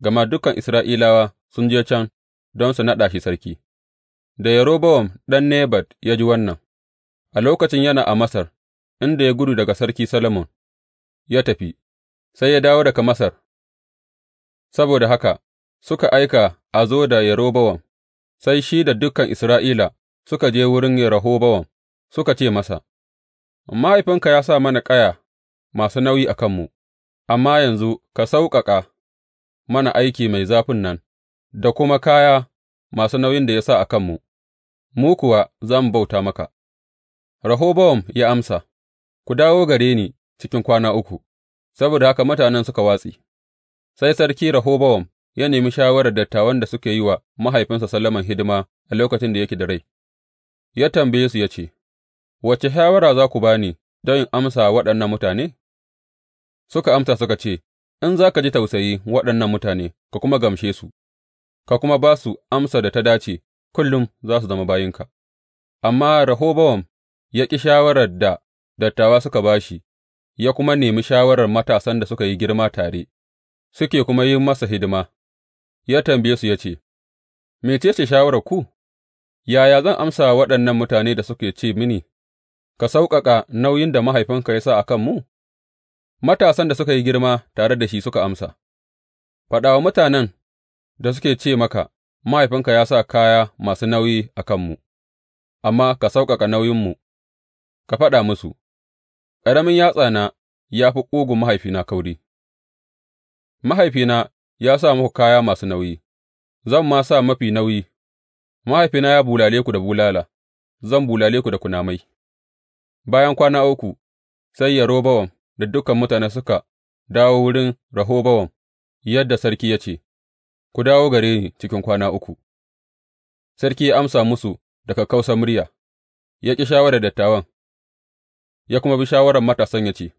gama dukan Isra'ilawa sun je can don su naɗa shi sarki, da Yerobowam ɗan Nebat ya ji wannan, a lokacin yana a Masar, inda ya gudu daga Sarki Solomon ya tafi, sai ya dawo daga Masar, saboda haka suka aika a zo da Yerobowam, sai shi da dukan Isra'ila suka je wurin Yerobowam suka ce masa, Mahaifinka ya sa mana ƙaya masu nauyi a kanmu, amma yanzu ka sauƙaƙa mana aiki mai zafin nan da kuma kaya masu nauyin da ya sa a kanmu, mu kuwa za mu bauta maka. Rahobowam ya amsa. Ku dawo gare ni cikin kwana uku.’ Saboda haka mutanen suka watse, sai Sarki Rehobowam ya nemi shawarar dattawan da suka yi wa mahaifinsa Solomon hidima a lokacin da yake da rai, ya tambaye su ya ce, Wace shawara za ku ba ni don in amsa waɗannan mutane? Suka amsa suka ce, In za ka ji tausayi waɗannan mutane ka kuma gamshe su, ka kuma ba su amsa da ta dace, kullum za su zama bayinka. Amma Rehobowam ya ƙi shawarar da dattawa suka ba shi, ya kuma nemi shawarar matasan da suka yi girma tare, suke kuma yi masa hidima, ya tambaye su ya ce, Mece ce shawarar ku? Yaya zan amsa waɗannan mutane da suke ce mini, Ka sauƙaƙa nauyin da mahaifinka ya sa a kanmu? Matasan da suka yi girma tare da shi suka amsa, Faɗa wa mutanen da suke ce maka, Mahaifinka ya sa kaya masu nauyi a kanmu, amma ka sauƙaƙa nauyinmu, ka faɗa musu, Ƙaramin yatsana ya fi ƙugun mahaifina kauri; mahaifina ya sa muku kaya masu nauyi, zan ma sa mafi nauyi; mahaifina ya bulale ku da bulala, zan bulale ku da kunamai Bayan kwana uku, sai Yerobowam da dukan mutane suka dawo wurin Rehobowam, yadda sarki ya ce, Ku dawo gare ni cikin kwana uku, sarki ya amsa musu da kausa murya, ya ƙi shawarar dattawan. ya kuma bi shawarar matasan ya ce,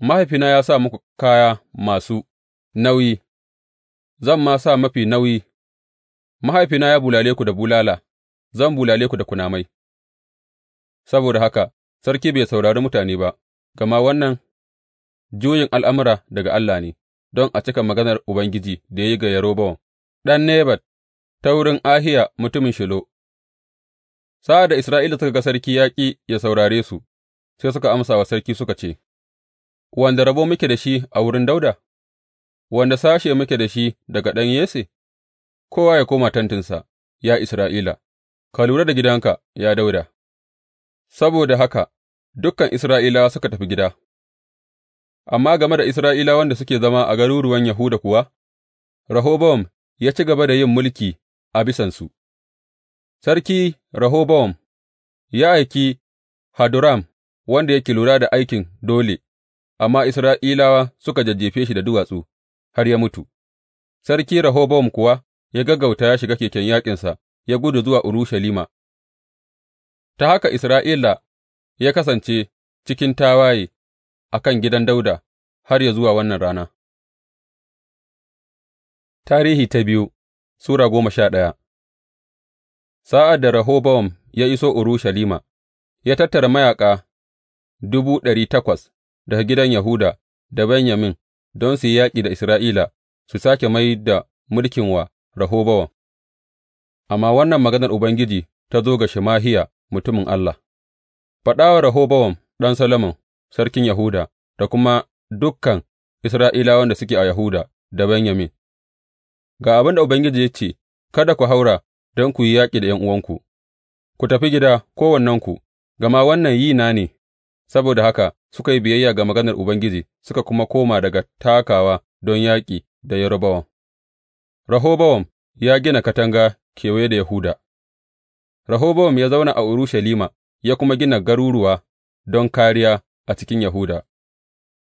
Mahaifina ya sa muku kaya masu nauyi, zan ma sa mafi nauyi, mahaifina ya bulale ku da bulala, zan bulale ku da kunamai, saboda haka sarki bai saurari mutane ba, gama wannan juyin al'amura daga Allah ne, don a cika maganar Ubangiji da ya yi ga Yerobowam, ɗan Nebat, ta wurin Ahiya mutumin Shilo. Sa'ad da Isra'ila suka ga sarki ya ya saurare su, sai suka amsa wa sarki suka ce, Wanda rabo muke da shi a wurin Dauda? wanda sashe muke da shi daga ɗan Yesse, kowa ya koma tantinsa, ya Isra'ila, ka lura da gidanka, ya Dauda. Saboda haka dukan Isra'ilawa suka tafi gida, amma game da Isra'ila wanda suke zama a garuruwan Yahuda kuwa, Rehobowam ya ci gaba da yin mulki a bisansu. Sarki Rehobowam ya aiki Haduram. wanda yake lura da aikin dole, amma Isra'ilawa suka jajjefe shi da duwatsu har ya mutu, Sarki Rehobowam kuwa ya gaggauta ya shiga keken yaƙinsa ya gudu zuwa Urushalima, ta haka Isra'ila ya kasance cikin tawaye a kan gidan Dauda, har ya zuwa wannan rana. Tarihi ta biyu Sura goma sha ɗaya Sa'ad da Rehobowam ya iso Urushalima, ya tattara mayaƙa dubu ɗari takwas daga gidan Yahuda da Benyamin don su yi yaƙi da Isra'ila su sāke mai da mulkin wa Rehobowam. Amma wannan maganar Ubangiji ta zo ga Shemahiya mutumin Allah, Faɗawa wa ɗan Solomon sarkin Yahuda da kuma dukkan Isra'ilawan da suke a Yahuda da Benyamin, Ga abin da Ubangiji ya ce, Kada ku haura don ku yi yaƙi da ’yan'uwanku, ku tafi gida kowannenku, gama wannan yi na ne Saboda haka suka yi biyayya ga maganar Ubangiji suka kuma koma daga takawa don yaƙi da Yerobowam Rahobowam ya gina katanga kewaye da Yahuda Rahobowam ya zauna a Urushalima ya kuma gina garuruwa don kariya a cikin Yahuda,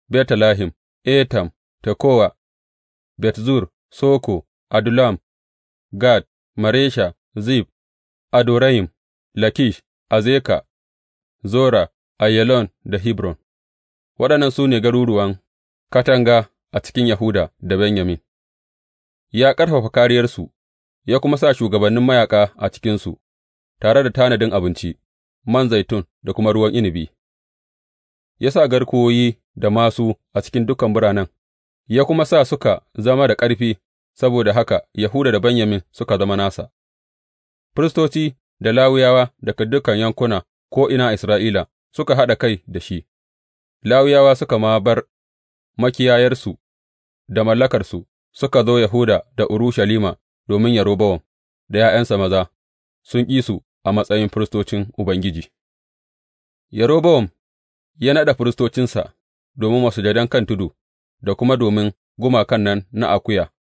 Betlehem, Etam, Tekowa, Bet Zur, Soko, Adulam, Gad, Maresha, Zeeb, Adorayim, Lakish, Azeka, Zora Aiyalon da Hebron Waɗannan su ne garuruwan katanga a cikin Yahuda da Benyamin, ya ƙarfafa kariyarsu, ya kuma sa shugabannin mayaƙa a cikinsu, tare da tanadin abinci, man zaitun da kuma ruwan inabi, ya sa garkuwoyi da masu a cikin dukan biranen, ya kuma sa suka zama da ƙarfi, saboda haka Yahuda da Benyamin suka zama nasa, firistoci da Lawiyawa daga dukan yankuna ko'ina a Isra'ila suka haɗa kai da shi, Lawiyawa suka ma bar makiyayarsu da mallakarsu suka zo Yahuda da Urushalima domin Yerobowam da ’ya'yansa maza sun ƙi su a matsayin firistocin Ubangiji. Yerobowam ya naɗa firistocinsa domin masujadan kan tudu da kuma domin gumakan nan na akuya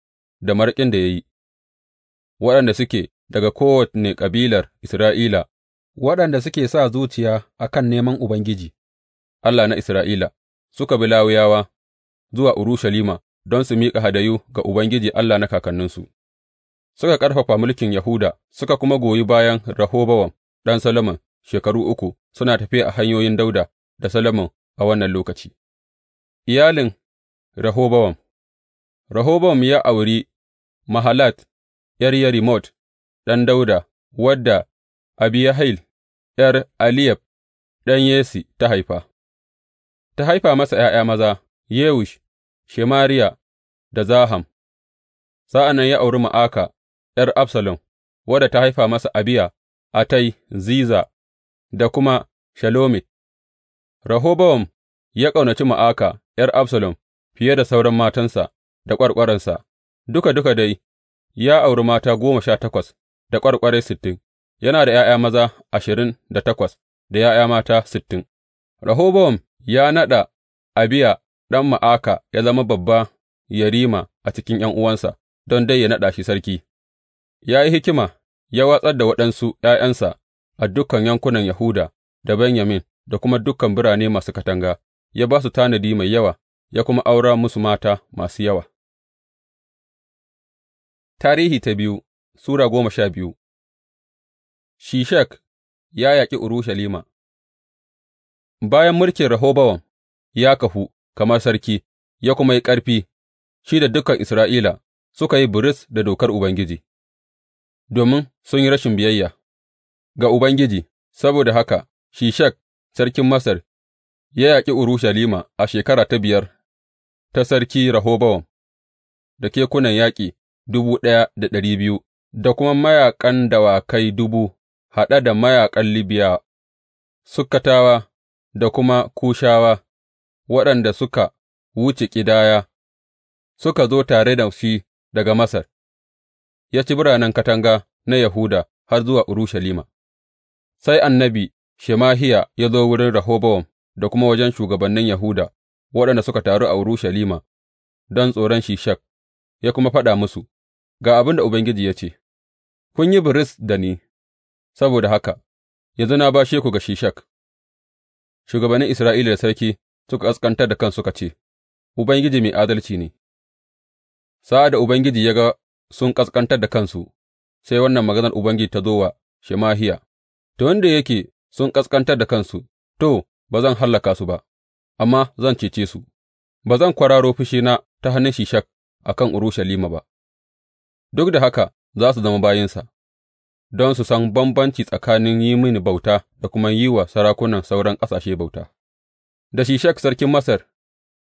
da maraƙin da ya yi, waɗanda suke daga kowane kabilar Isra'ila waɗanda suke sa zuciya a kan neman Ubangiji, Allah na Isra'ila, suka bi lawuyawa zuwa Urushalima don su miƙa hadayu ga Ubangiji Allah na kakanninsu, suka ƙarfafa mulkin Yahuda suka kuma goyi bayan Rahobowam ɗan Solomon shekaru uku suna tafiya a hanyoyin Dauda da Solomon a wannan lokaci. Iyalin Rahobowam Rahobowam ya auri Mahalat ’yar Yerimot ɗan Dauda wadda Abihayil ’yar Eliyab ɗan Yesse ta haifa, ta haifa masa ’ya'ya maza, Yewush, Shemariya da Zaham, sa'an nan ya auri Ma'aka ’yar Absalom, wadda ta haifa masa Abiya, Attai, Ziza da kuma Shelomit. Rehobowam ya ƙaunaci Ma'aka ’yar Absalom fiye da sauran matansa da ƙwarƙwaransa, duka duka dai ya auri mata goma sha takwas da ƙwarƙwarai sittin. yana da ’ya'ya maza ashirin da takwas da ’ya'ya mata sittin. Rehobowam ya naɗa Abiya ɗan Ma'aka ya zama babba Yarima a cikin ’yan'uwansa don dai ya naɗa shi sarki, ya yi hikima ya watsar da waɗansu ’ya'yansa a dukan yankunan Yahuda da Benyamin da kuma dukan birane masu katanga, ya ba su tanadi mai yawa ya kuma aura musu mata masu yawa. Tarihi ta biyu Sura goma sha biyu Shishak ya yaƙi Urushalima Bayan mulkin Rehobowam ya kahu kamar sarki ya kuma yi ƙarfi, shi da dukan Isra'ila suka yi biris da dokar Ubangiji, domin sun yi rashin biyayya ga Ubangiji, saboda haka Shishak sarkin Masar ya yaƙi Urushalima a shekara ta biyar ta sarki Rehobowam da kekunan yaƙi dubu ɗaya da ɗari biyu da kuma mayaƙan dawakai dubu haɗe da mayaƙan libiya Sukkatawa da kuma Kushawa, waɗanda suka wuce ƙidaya, suka zo tare da shi daga Masar, ya ci biranen katanga na Yahuda har zuwa Urushalima. Sai annabi Shemahiya ya zo wurin Rehobowam da kuma wajen shugabannin Yahuda waɗanda suka taru a Urushalima don tsoron Shishak, ya kuma faɗa musu, Ga abin da Ubangiji ya ce, Kun yi biris da ni. Saboda haka yanzu na bashe ku ga Shishak, shugabannin Isra'ila da sarki suka ƙasƙantar da kansu suka ce, Ubangiji mai adalci ne, sa'ad da Ubangiji ya ga sun ƙasƙantar da kansu, sai wannan maganar Ubangiji ta zo wa Shemahiya, Tun da yake sun ƙasƙantar da kansu, to, ba zan hallaka su ba, amma zan cece su, ba zan kwararo na ta hannun Shishak a kan Urushalima ba, duk da haka za su zama bayinsa. don su san bambanci tsakanin yi mini bauta da kuma yi wa sarakunan sauran ƙasashe bauta. Da Shishak sarkin Masar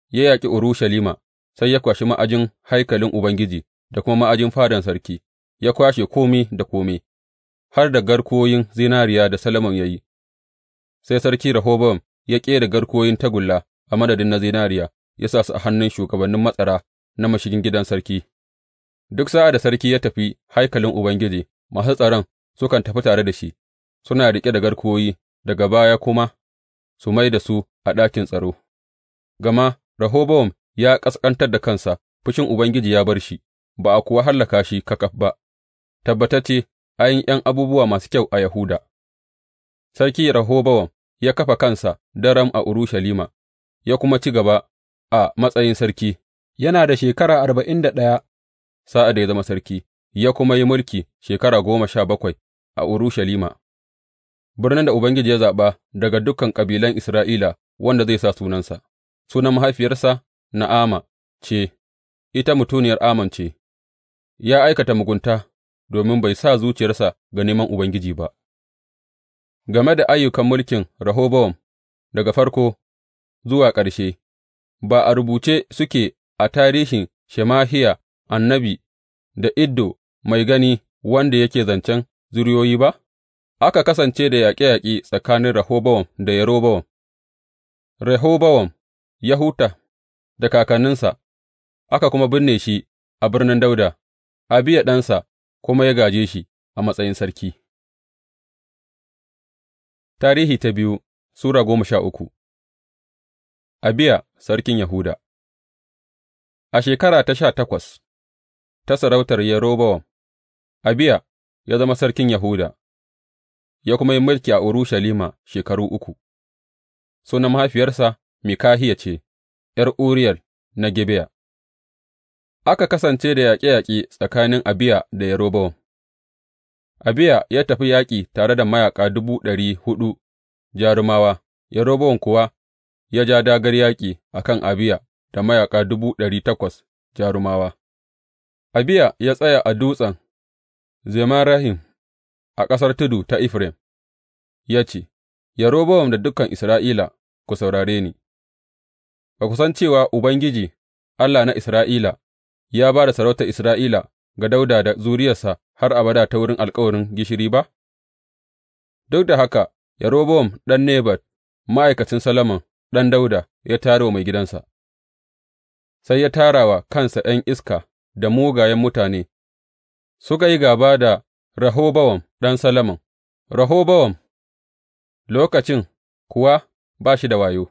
ya yaƙi Urushalima, sai ya kwashi ma'ajin haikalin Ubangiji da kuma ma'ajin fadan sarki, ya kwashe komi da komi har da garkoyin zinariya da Solomon ya yi. Sai sarki Rahoban ya ƙera garkoyin tagulla a madadin na zinariya, ya sa su a hannun shugabannin matsara na mashigin gidan sarki. Duk sa'ad da sarki ya tafi haikalin Ubangiji, masu tsaron sukan tafi tare da shi, suna riƙe da garkuwoyi, daga baya kuma su mai da su a ɗakin tsaro, gama Rehobowam ya ƙasƙantar da kansa, fushin Ubangiji ya bar shi, ba a kuwa hallaka shi kakaf ba, tabbatacce an yi ’yan abubuwa masu kyau a Yahuda. Sarki Rehobowam ya kafa kansa daram a Urushalima, ya kuma ci gaba a matsayin sarki, yana da shekara arba'in da ɗaya sa'ad da ya zama sarki, ya kuma yi mulki shekara goma sha bakwai a Urushalima, birnin da Ubangiji ya zaɓa daga dukan kabilan Isra'ila wanda zai sa sunansa, sunan mahaifiyarsa Na'ama ce, ita mutuniyar Ammon ce, ya aikata mugunta domin bai sa zuciyarsa ga neman Ubangiji ba. Game da ayyukan mulkin Rahobowam daga farko zuwa ƙarshe, ba a rubuce suke a tarihin Shemahiya annabi da Iddo mai gani wanda yake zancen zuriyoyi ba? Aka kasance da yaƙe-yaƙe tsakanin Rehobowam da Yerobowam, Rehobowam ya huta da kakanninsa, aka kuma binne shi a birnin Dawuda, Abiya ɗansa kuma ya gaje shi a matsayin sarki. Tarihi ta biyu Sura goma sha uku Abiya sarkin Yahuda A shekara ta sha takwas ta sarautar Yerobowam Abiya ya zama sarkin Yahuda, ya kuma yi mulki a Urushalima shekaru uku, sunan mahaifiyarsa Mikahiya ce, ’yar Uriyel na Gibeya Aka kasance da yaƙe yaƙe tsakanin Abiya da Yerobowam Abiya ya tafi yaƙi tare da mayaƙa dubu ɗari huɗu jarumawa, Yerobowam kuwa ya ja dagar yaƙi a kan Abiya da mayaƙa dubu ɗari takwas jarumawa, Abiya ya tsaya a dutsen. Zemarayim a ƙasar tudu ta Efraim, ya ce, Yerobowam da dukan Isra'ila, ku saurare ni, ba ku san cewa Ubangiji, Allah na Isra'ila, ya ba da sarautar Isra'ila ga Dauda da zuriyarsa har abada ta wurin alkawarin gishiri ba? Duk da haka, Yerobowam ɗan Nebat, ma'aikacin Solomon ɗan Dauda, ya tara wa mai gidansa, sai ya tara wa kansa ’yan iska da mugayen mutane Suka yi gāba da Rehobowam ɗan Solomon, Rehobowam lokacin kuwa ba shi da wayo,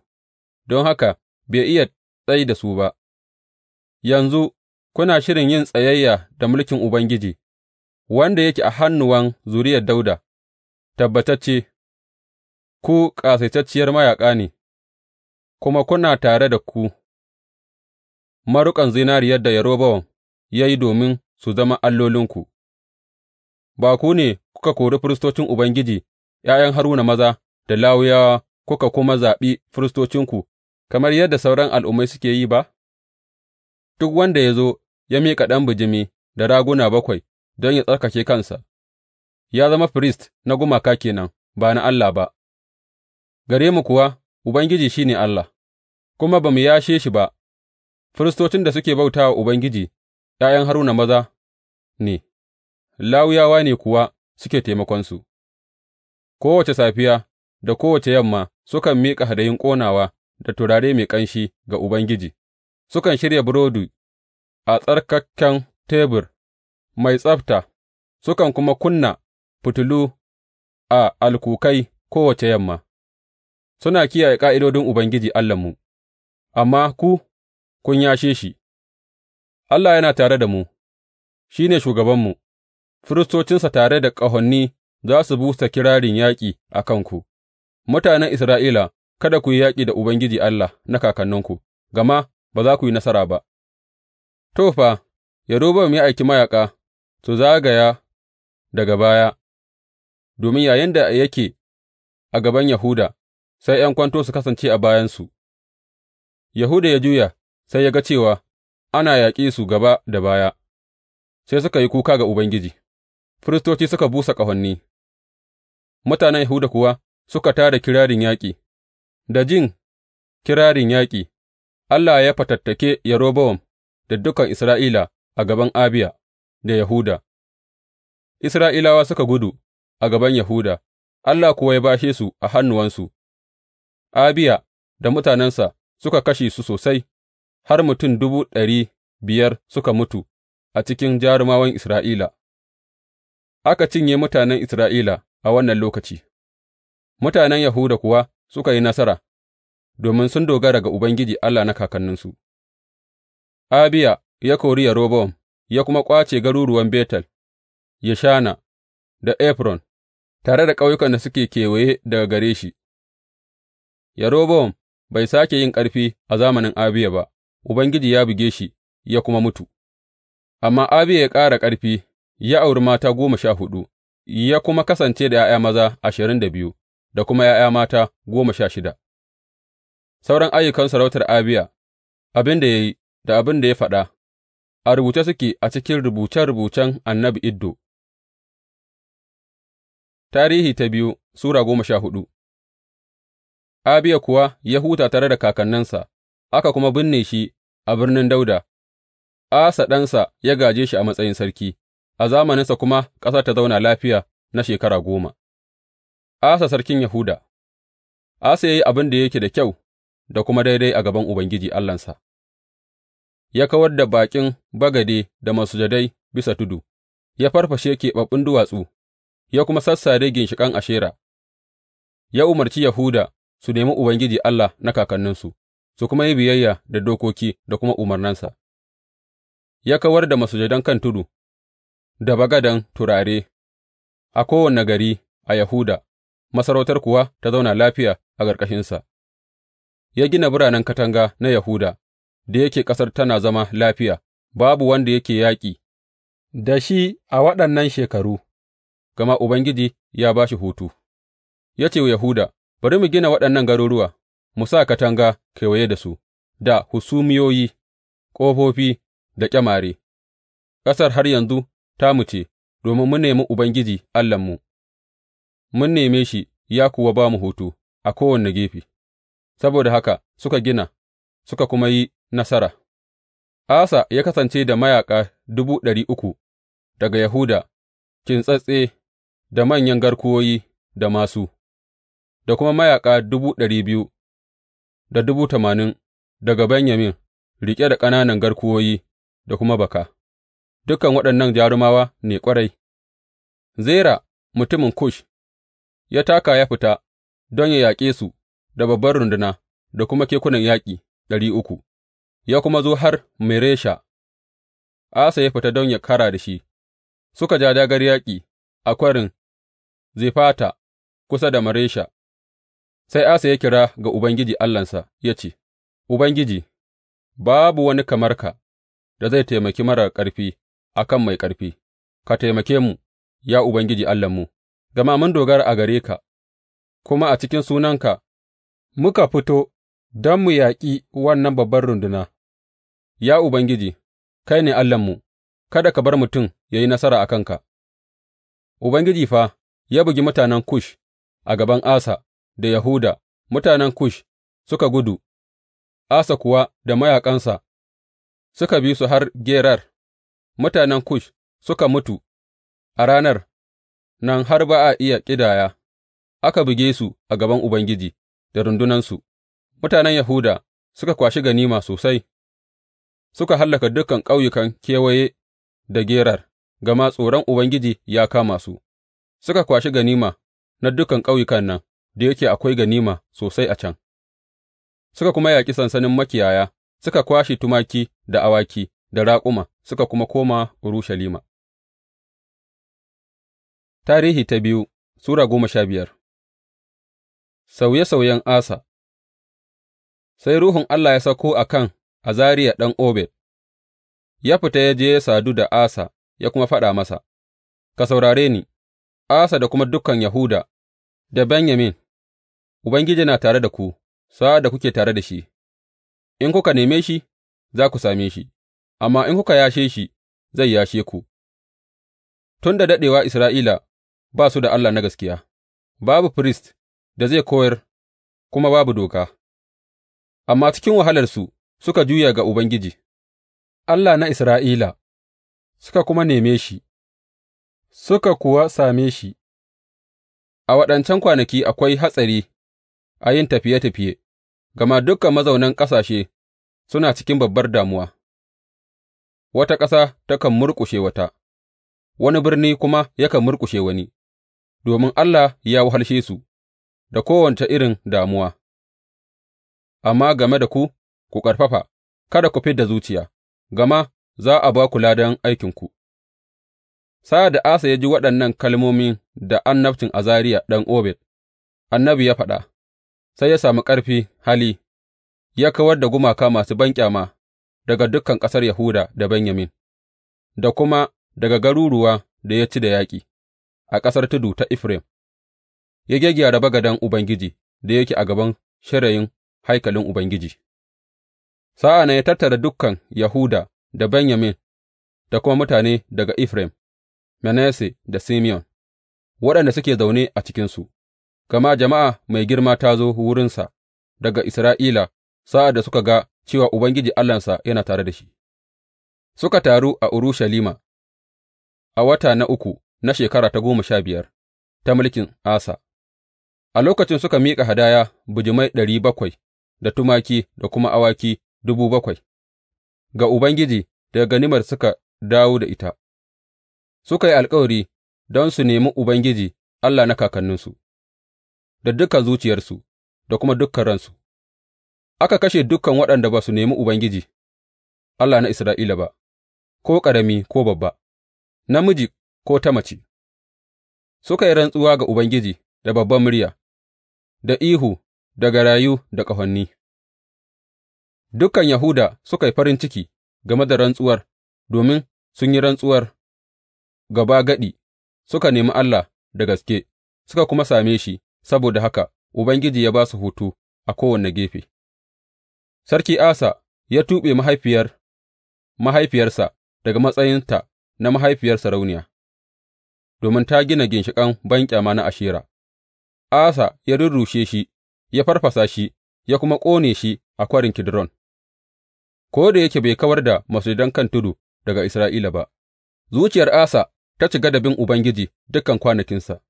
don haka bai iya tsai da su ba, yanzu kuna shirin yin tsayayya da mulkin Ubangiji, wanda yake a hannuwan zuriyar Dawuda, tabbatacce, ku ƙasaitacciyar mayaƙa ne, kuma kuna tare da ku maruƙan zinariyar da Yerobowam ya yi domin su zama allolinku, ba ku ne kuka kori firistocin Ubangiji, ’ya'yan Haruna maza da Lawiyawa, kuka kuma zaɓi firistocinku kamar yadda sauran al'ummai suke yi ba? Duk wanda ya zo ya miƙa ɗan bijimi da raguna bakwai don ya tsarkake kansa, ya zama firist na gumaka kenan, ba na Allah ba, gare mu kuwa Ubangiji shi ne Allah, kuma ba mu yashe shi ba, firistocin da suke bauta wa Ubangiji ’Ya'yan Haruna maza ne, Lawiyawa ne kuwa suke taimakonsu; kowace safiya da kowace yamma sukan miƙa hadayun ƙonawa da turare mai ƙanshi ga Ubangiji, sukan shirya burodi a tsarkaken tebur mai tsabta, sukan kuma kunna fitilu a alkukai kowace yamma, suna kiyaye ƙa'idodin Ubangiji Allahnmu, amma ku kun yashe shi. Allah yana tare da mu, shi ne shugabanmu, firistocinsa tare da ƙahoni za su busa kirarin yaƙi a kanku, mutanen Isra'ila, kada ku yi yaƙi da Ubangiji Allah na kakanninku, gama ba za ku yi nasara ba. To, fa, ya aiki mayaƙa su zagaya daga baya, domin yayin da yake a gaban Yahuda, sai ’yan kwanto su kasance a bayansu. Yahuda ya juya, sai ya ga cewa ana yaƙi su gaba da baya, sai suka yi kuka ga Ubangiji, firistoci suka busa ƙahoni, mutanen Yahuda kuwa suka tara kirarin yaƙi, da jin kirarin yaƙi, Allah ya fatattake Yerobowam da dukan Isra'ila a gaban Abiya da Yahuda, Isra'ilawa suka gudu a gaban Yahuda, Allah kuwa ya bashe su a hannuwansu, Abiya da mutanensa suka kashe su sosai. har mutum dubu ɗari biyar suka mutu a cikin jarumawan Isra'ila, aka cinye mutanen Isra'ila a wannan lokaci, mutanen Yahuda kuwa suka yi nasara, domin sun dogara ga Ubangiji Allah na kakanninsu. Abiya ya kori Yerobowam ya kuma ƙwace garuruwan Betel, Yeshana da Efron, tare da ƙauyukan da suke kewaye daga gare shi. Yerobowam bai sake yin ƙarfi a zamanin Abiya ba. Ubangiji ya buge shi ya kuma mutu, amma Abiya ya ƙara ƙarfi, ya auri mata goma sha huɗu, ya kuma kasance da ’ya'ya maza ashirin da biyu da kuma ’ya'ya mata goma sha shida. Sauran ayyukan sarautar Abiya, abin da ya yi da abin da ya faɗa, a rubuce suke a cikin rubuce rubucen annabi Iddo. Tarihi ta biyu Sura goma sha hudu Abiya kuwa ya huta tare da kakanninsa. aka kuma binne shi a birnin Dawuda, Asa ɗansa ya gāje shi a matsayin sarki, a zamaninsa kuma ƙasa ta zauna lafiya na shekara goma. Asa sarkin Yahuda Asa ya yi abin da yake da kyau da kuma daidai a gaban Ubangiji Allahnsa, ya kawar da baƙin bagade da masujadai bisa tudu, ya farfashe keɓaɓɓun duwatsu, ya kuma sassare ginshiƙan Ashera, ya umarci Yahuda su nemi Ubangiji Allah na kakanninsu. su kuma yi biyayya da dokoki da kuma umarnansa, ya kawar da masujadan kan tudu da bagadan turare a kowane gari a Yahuda, masarautar kuwa ta zauna lafiya a ƙarƙashinsa, ya gina biranen katanga na Yahuda, da yake ƙasar tana zama lafiya, babu wanda yake yaƙi da shi a waɗannan shekaru, gama Ubangiji ya ba shi hutu, ya ce wa Yahuda, Bari mu gina waɗannan garuruwa. mu sa katanga kewaye da su, da husumiyoyi, ƙofofi da ƙyamare, ƙasar har yanzu tamu ce, domin mun nemi Ubangiji Allahnmu, mun neme shi ya kuwa ba mu hutu a kowane gefe, saboda haka suka gina, suka kuma yi nasara. Asa ya kasance da mayaƙa dubu ɗari uku daga Yahuda, kintsatse da manyan garkuwoyi da masu, da kuma mayaƙa dubu ɗari biyu da dubu tamanin daga Benyamin, riƙe da ƙananan garkuwoyi da kuma baka, dukan waɗannan jarumawa ne ƙwarai, Zera mutumin Kush ya taka ya fita don ya yaƙe su da babbar runduna da kuma kekunan yaƙi ɗari uku, ya kuma zo har Meresha, Asa ya fita don ya kara da shi, suka ja dagar yaƙi a kwarin Zefata kusa da Maresha. Sai Asa ya kira ga Ubangiji Allahnsa ya ce, Ubangiji, babu wani kamar ka da zai taimaki marar ƙarfi a kan mai ƙarfi, ka taimake mu, ya Ubangiji Allahnmu, gama mun dogara a gare ka, kuma a cikin sunanka muka fito don mu yaƙi wannan babbar runduna. Ya Ubangiji, kai ne Allahnmu, kada ka bar mutum ya yi nasara a kanka. Ubangiji fa ya bugi mutanen Kush a gaban Asa da Yahuda, mutanen Kush suka gudu, Asa kuwa da mayaƙansa suka bi su har Gerar, mutanen Kush suka mutu a ranar nan har ba a iya ƙidaya, aka buge su a gaban Ubangiji da rundunansu, mutanen Yahuda suka kwashi ganima sosai, suka hallaka dukan ƙauyukan kewaye da Gerar, gama tsoron Ubangiji ya kama su, suka kwashi ganima na dukan ƙauyukan nan. da yake akwai ganima sosai a can, suka kuma yaƙi sansanin makiyaya, suka kwashe tumaki da awaki da raƙuma, suka kuma koma Urushalima. Tarihi ta biyu Sura goma sha biyar Sauye-sauyen Asa Sai Ruhun Allah ya sauko a kan Azariya ɗan Obed, ya fita ya je ya sadu da Asa ya kuma faɗa masa, Ka saurare ni, Asa da kuma dukan Yahuda da Benyamin Ubangiji yana tare da ku sa'ad da kuke tare da shi, in kuka neme shi, za ku same shi, amma in kuka yashe shi, zai yashe ku. Tun da daɗewa Isra'ila ba su da Allah na gaskiya, babu firist da zai koyar kuma babu doka, amma cikin wahalarsu suka juya ga Ubangiji, Allah na Isra'ila, suka kuma neme shi, suka kuwa same shi. A waɗancan kwanaki akwai hatsari a yin tafiye tafiye, gama dukan mazaunan ƙasashe suna cikin babbar damuwa, wata ƙasa takan murƙushe wata, wani birni kuma yakan murƙushe wani, domin Allah ya wahalshe su da kowace irin damuwa. Amma game da ku, ku ƙarfafa, kada ku fid da zuciya, gama za a ba ku ladan aikinku. Sa'ad da Asa ya ji waɗannan kalmomin da annabcin Azariya ɗan Obed, annabi ya faɗa, sai ya sami ƙarfi hali, ya kawar da gumaka masu banƙyama daga dukan ƙasar Yahuda da Benyamin, da kuma daga garuruwa da ya ci da yaƙi a ƙasar tudu ta Efraim, ya gyaggyara bagaden Ubangiji da yake a gaban shirayin haikalin Ubangiji. Sa'an nan ya tattara dukan Yahuda da Benyamin da kuma mutane daga Efraim, Manasse da Simeon, waɗanda suke zaune a cikinsu, gama jama'a mai girma ta zo wurinsa daga Isra'ila sa'ad da suka ga cewa Ubangiji Allahnsa yana tare da shi. Suka taru a Urushalima a wata na uku na shekara ta goma sha biyar ta mulkin Asa, a lokacin suka miƙa hadaya bijimai ɗari bakwai da tumaki da kuma awaki dubu bakwai ga Ubangiji daga ganimar suka dawo da ita, suka yi alkawari don su nemi Ubangiji Allah na kakanninsu. da dukan zuciyarsu da kuma dukan ransu, aka kashe dukan waɗanda ba su nemi Ubangiji, Allah na Isra'ila ba, ko ƙarami ko babba, namiji ko ta mace, suka yi rantsuwa ga Ubangiji da babban murya, da ihu, da garayu, da ƙahonni. Dukan Yahuda suka yi farin ciki game da rantsuwar, domin sun yi rantsuwar gaba gaɗi suka nemi Allah da gaske, suka kuma same shi saboda haka Ubangiji ya ba su hutu a kowane gefe, Sarki Asa ya tuɓe mahaifiyar mahaifiyarsa daga matsayinta na mahaifiyar sarauniya, domin ta gina ginshiƙan banƙyama na Ashera. Asa ya rurrushe shi, ya farfasa shi, ya kuma ƙone shi a kwarin Kidron, ko da yake bai kawar da masujadan kan tudu daga Isra'ila ba, zuciyar Asa ta ci gadabin Ubangiji dukan kwanakinsa.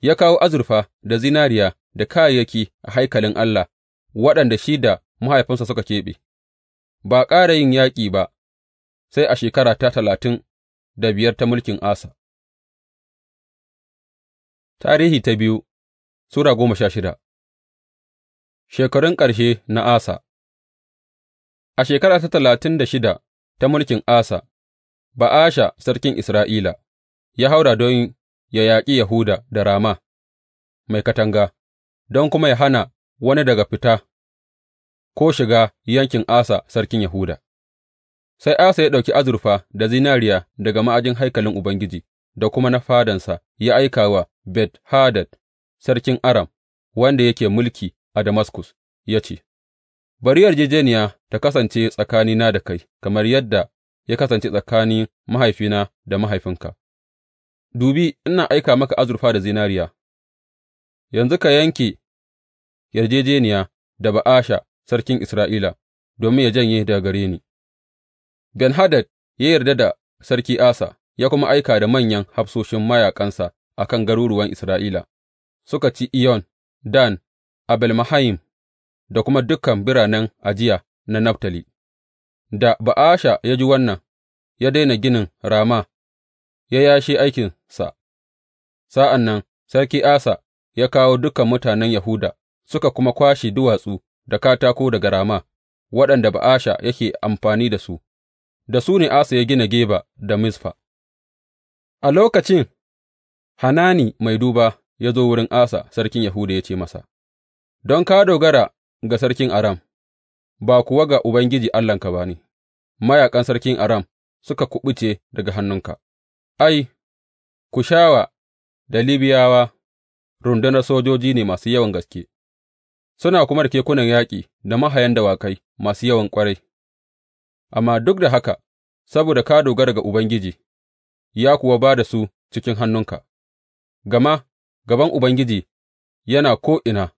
ya kawo azurfa da zinariya da kayayyaki a haikalin Allah waɗanda shi da mahaifinsa suka keɓe, ba ƙara yin yaƙi ba sai a shekara ta talatin da biyar ta mulkin Asa. Tarihi ta biyu Sura goma sha shida Shekarun ƙarshe na Asa A shekara ta talatin da shida ta mulkin Asa, Ba'asha sarkin Isra'ila ya haura don yă yaƙi Yahuda da Rama mai katanga, don kuma yă hana wani daga fita ko shiga yankin Asa sarkin Yahuda. Sai Asa ya ɗauki azurfa da zinariya daga ma'ajin haikalin Ubangiji da kuma na fadansa ya aika wa Bet Hadad sarkin Aram, wanda yake mulki a Damaskus, ya ce, Bari yarjejeniya ta kasance tsakanina da kai, kamar yadda ya kasance tsakanin mahaifina da mahaifinka, Dubi, ina aika maka azurfa da zinariya, yanzu ka yanke yarjejeniya da Ba'asha sarkin Isra'ila domin ya janye daga gare ni. Ben Hadad ya yarda da Sarki Asa ya kuma aika da manyan hafsoshin mayaƙansa a kan garuruwan Isra'ila, suka ci Iyon, Dan, Abel Mahayim da kuma dukan biranen ajiya na Naftali. Da Ba'asha ya ji wannan, ya daina ginin Rama. ya yashe aikinsa, sa'an nan Sarki Asa ya kawo dukan mutanen Yahuda suka kuma kwashe duwatsu da katako daga Rama waɗanda Ba'asha yake amfani da su, da su ne Asa ya gina Geba da Mizfa. A lokacin, Hanani mai duba ya zo wurin Asa sarkin Yahuda ya ce masa, Don ka dogara ga sarkin Aram, ba kuwa ga Ubangiji Allahnka ba ne, mayaƙan sarkin Aram suka kuɓuce daga hannunka. Ai, Kushawa da Libiyawa rundunar sojoji ne masu yawan gaske, suna kuma da kekunan yaƙi da mahayan dawakai masu yawan ƙwarai, amma duk da haka saboda ka dogara ga Ubangiji ya kuwa ba da su cikin hannunka, gama gaban Ubangiji yana ko'ina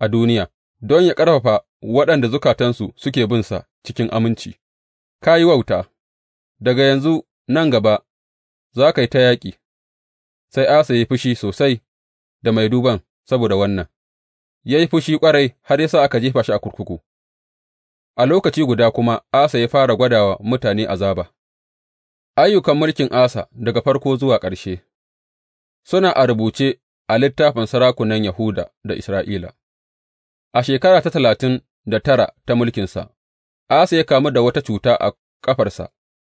a duniya don ya ƙarfafa waɗanda zukatansu suke binsa cikin aminci, ka yi wauta, daga yanzu nan gaba. za ka yi ta yaƙi, sai Asa ya yi fushi sosai da mai duban saboda wannan, ya yi fushi ƙwarai har ya sa aka jefa shi a kurkuku, a lokaci guda kuma Asa ya fara gwada wa mutane azaba. Ayyukan mulkin Asa daga farko zuwa ƙarshe suna a rubuce a littafin sarakunan Yahuda da Isra'ila. A shekara ta talatin da tara ta mulkinsa, Asa ya kamu da wata cuta a ƙafarsa,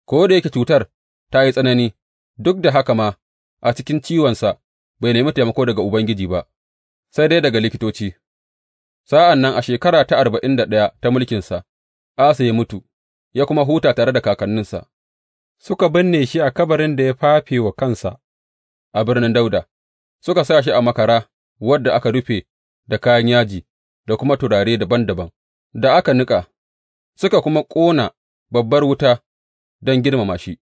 ko da yake cutar ta yi tsanani, duk da haka ma a cikin ciwonsa bai nemi taimako daga Ubangiji ba, sai dai daga likitoci. Sa'an nan a shekara ta arba'in da ɗaya ta mulkinsa, Asa ya mutu, ya kuma huta tare da kakanninsa, suka binne shi a kabarin da ya fafe wa kansa a birnin Dauda, suka sa shi a makara wadda aka rufe da kayan yaji da kuma turare daban daban da aka niƙa, suka kuma ƙona babbar wuta don girmama shi.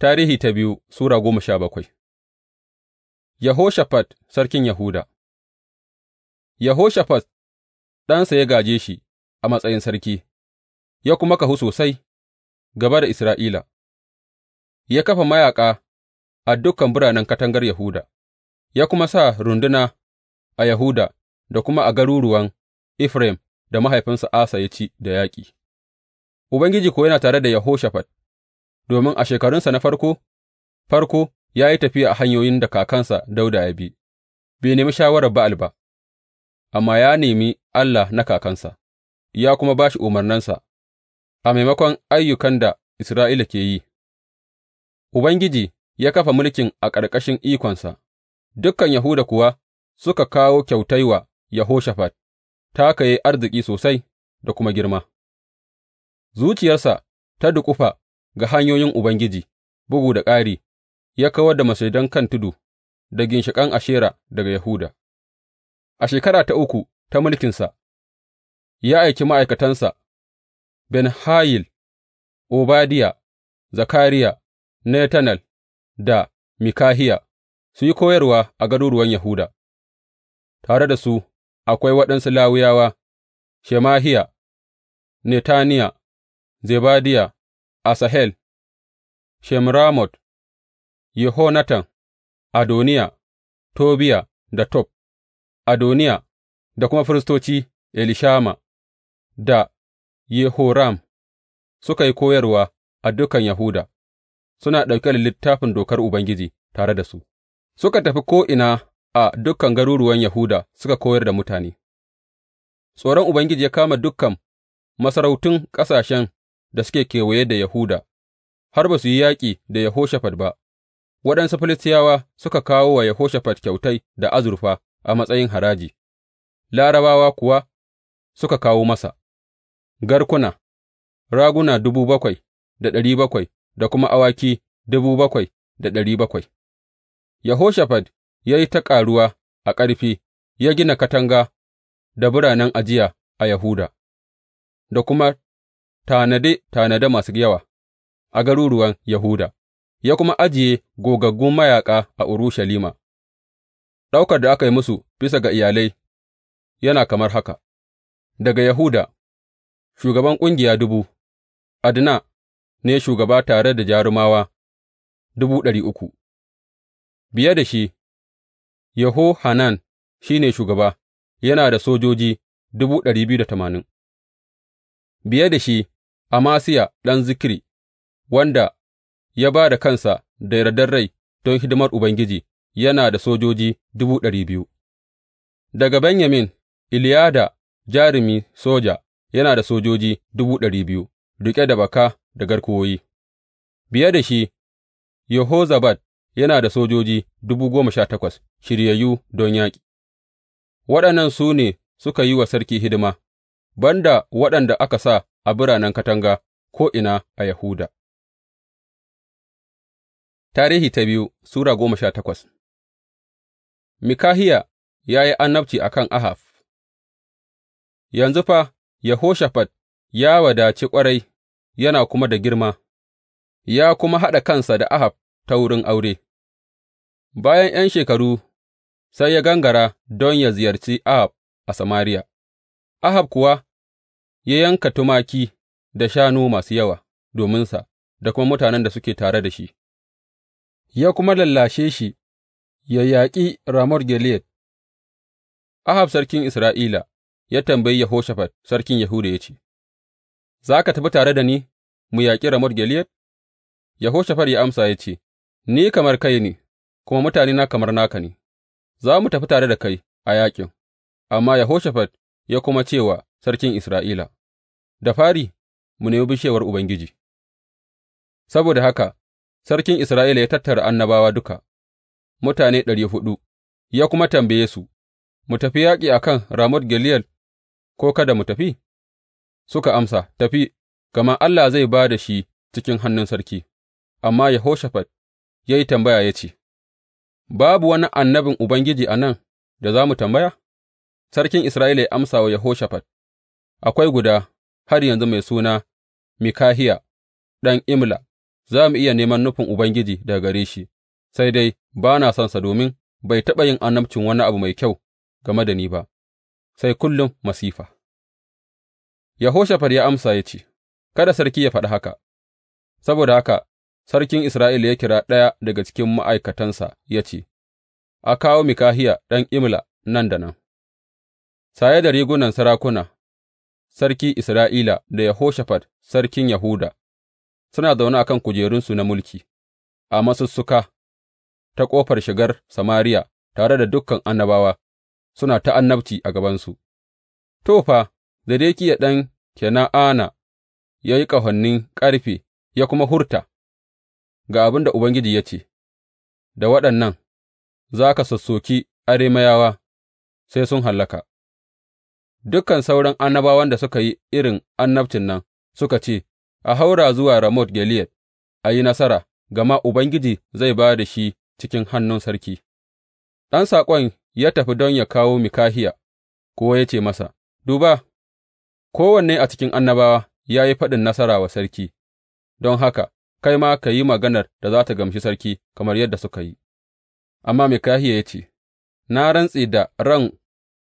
Tarihi ta biyu Sura goma sha bakwai Yehoshafat sarkin Yahuda Yehoshafat ɗansa ya gaje shi a matsayin sarki, ya kuma kahu sosai gaba da Isra'ila, ya kafa mayaƙa a dukan biranen katangar Yahuda, ya kuma sa runduna a Yahuda da kuma a garuruwan Efraim da mahaifinsa Asa ya ci da yaƙi, Ubangiji ko yana tare da Yehoshafat. domin a shekarunsa na farko farko ya yi tafiya a hanyoyin da kakansa Dauda ya bi, bai nemi shawarar Ba'al ba, amma ya nemi Allah na kakansa, ya kuma ba shi umarnansa a maimakon ayyukan da Isra'ila ke yi. Ubangiji ya kafa mulkin a ƙarƙashin ikonsa, dukan Yahuda kuwa suka kawo kyautai wa Yahoshafat, ta ka yi arziki sosai da kuma girma. Zuciyarsa ta duƙufa ga hanyoyin Ubangiji, bugu da ƙari, ya kawar da masujadan kan tudu da ginshiƙan Ashera daga Yahuda. A shekara ta uku ta mulkinsa, ya aiki ma'aikatansa, Ben Hayil, Obadiya, Zakariya, Netanel da Mikahiya su yi koyarwa a garuruwan Yahuda, tare da su akwai waɗansu lawuyawa: Shemahiya, Netaniya, Zebadiya Asahel, Shemiramot, Yehonatan, Adoniya, Tobiya da Tob, Adoniya da kuma firistoci Elishama da Yehoram suka yi koyarwa a dukan Yahuda, suna ɗauke da littafin dokar Ubangiji tare da su, suka tafi ko'ina a dukan garuruwan Yahuda suka koyar da mutane. Tsoron Ubangiji ya kama dukan masarautun ƙasashen. da suke kewaye da Yahuda, har ba su yi yaƙi da Yehoshafat ba, waɗansu Filistiyawa suka kawo wa Yehoshafat kyautai da azurfa a matsayin haraji, Larabawa kuwa suka kawo masa garkuna, raguna dubu bakwai da ɗari bakwai da kuma awaki dubu bakwai da ɗari bakwai. Yehoshafat ya yi ta ƙaruwa a ƙarfi, ya gina katanga da biranen ajiya a Yahuda, da kuma tanade tanade masu yawa a garuruwan Yahuda, ya kuma ajiye gogaggun mayaƙa a Urushalima, ɗaukar da aka yi musu bisa ga iyalai yana kamar haka, daga Yahuda, shugaban ƙungiya dubu, Adna ne shugaba tare da jarumawa dubu ɗari uku, biye da shi, Yehohanan shi ne shugaba, yana da sojoji dubu ɗari biyu da tamanin, biye da shi Amasiya ɗan Zikri, wanda ya ba da kansa da yardar rai don hidimar Ubangiji, yana da sojoji dubu ɗari biyu; daga Benyamin, Iliyada jarumi soja yana da sojoji dubu ɗari biyu riƙe da baka da garkuwoyi; biye da shi, Yehozabad yana da sojoji dubu goma sha takwas shiryayyu don yaƙi, waɗannan su ne suka yi wa sarki hidima. ban da waɗanda aka sa a biranen katanga ko'ina a Yahuda. Tarihi ta biyu Sura goma sha takwas Mikahiya ya yi annabci a kan Ahab Yanzu fa, Yehoshafat ya wadaci ƙwarai yana kuma da girma, ya kuma haɗa kansa da Ahab ta wurin aure. Bayan ’yan shekaru, sai ya gangara don ya ziyarci Ahab a Samariya. Ahab kuwa ya yanka tumaki da shanu masu yawa dominsa da kuma mutanen da suke tare da shi, ya kuma lallashe shi ya yaƙi Ramot Gileyad. Ahab sarkin Isra'ila ya tambayi Yehoshafat sarkin Yahuda ya ce, Za ka tafi tare da ni mu yaƙi Ramot Gileyad? Yehoshafat ya amsa ya ce, Ni kamar kai ne, kuma mutanena kamar naka ne, za mu tafi tare da kai a yaƙin. Amma Yehoshafat ya kuma ce wa sarkin Isra'ila, Da fari, mu nemi bishewar Ubangiji. Saboda haka, sarkin Isra'ila ya tattara annabawa duka, mutane ɗari hudu ya kuma tambaye su, Mu tafi yaƙi a kan Ramot Gileyad ko kada mu tafi? Suka amsa, Tafi, gama Allah zai ba da shi cikin hannun sarki. Amma Yehoshafat ya yi tambaya ya ce, Babu wani annabin Ubangiji a nan da za mu tambaya? Sarkin Isra'ila ya amsa wa Yehoshafat, Akwai guda har yanzu mai suna Mikahiya ɗan Imla, za mu iya neman nufin Ubangiji daga gare shi, sai dai ba na sonsa domin bai taɓa yin annabcin wani abu mai kyau game da ni ba, sai kullum masifa. Yehoshafat ya amsa ya ce, Kada sarki ya faɗi haka, saboda haka sarkin Isra'ila ya kira ɗaya daga cikin ma'aikatansa ya ce, A kawo Mikahiya ɗan Imla nan da nan. saye da rigunan sarakuna, sarki Isra'ila da Yehoshafat sarkin Yahuda, suna zaune a kan kujerunsu na mulki a masussuka ta ƙofar shigar Samariya tare da dukan annabawa suna ta annabci a gabansu. To, fa, Zedekiya ɗan Kena'ana ya yi ƙahonin ƙarfe ya kuma hurta ga abin da Ubangiji ya ce, Da waɗannan za ka sassoki Arameyawa sai sun hallaka. dukan sauran annabawan da suka yi irin annabcin nan suka ce, A haura zuwa Ramot Gileyad a yi nasara, gama Ubangiji zai ba da shi cikin hannun sarki. Ɗan saƙon ya tafi don ya kawo Mikahiya, kuwa ya ce masa, Duba, kowanne a cikin annabawa ya yi faɗin nasara wa sarki, don haka kai ma ka yi maganar da za ta gamshi sarki kamar yadda suka yi. Amma Mikahiya ya ce, Na rantse da ran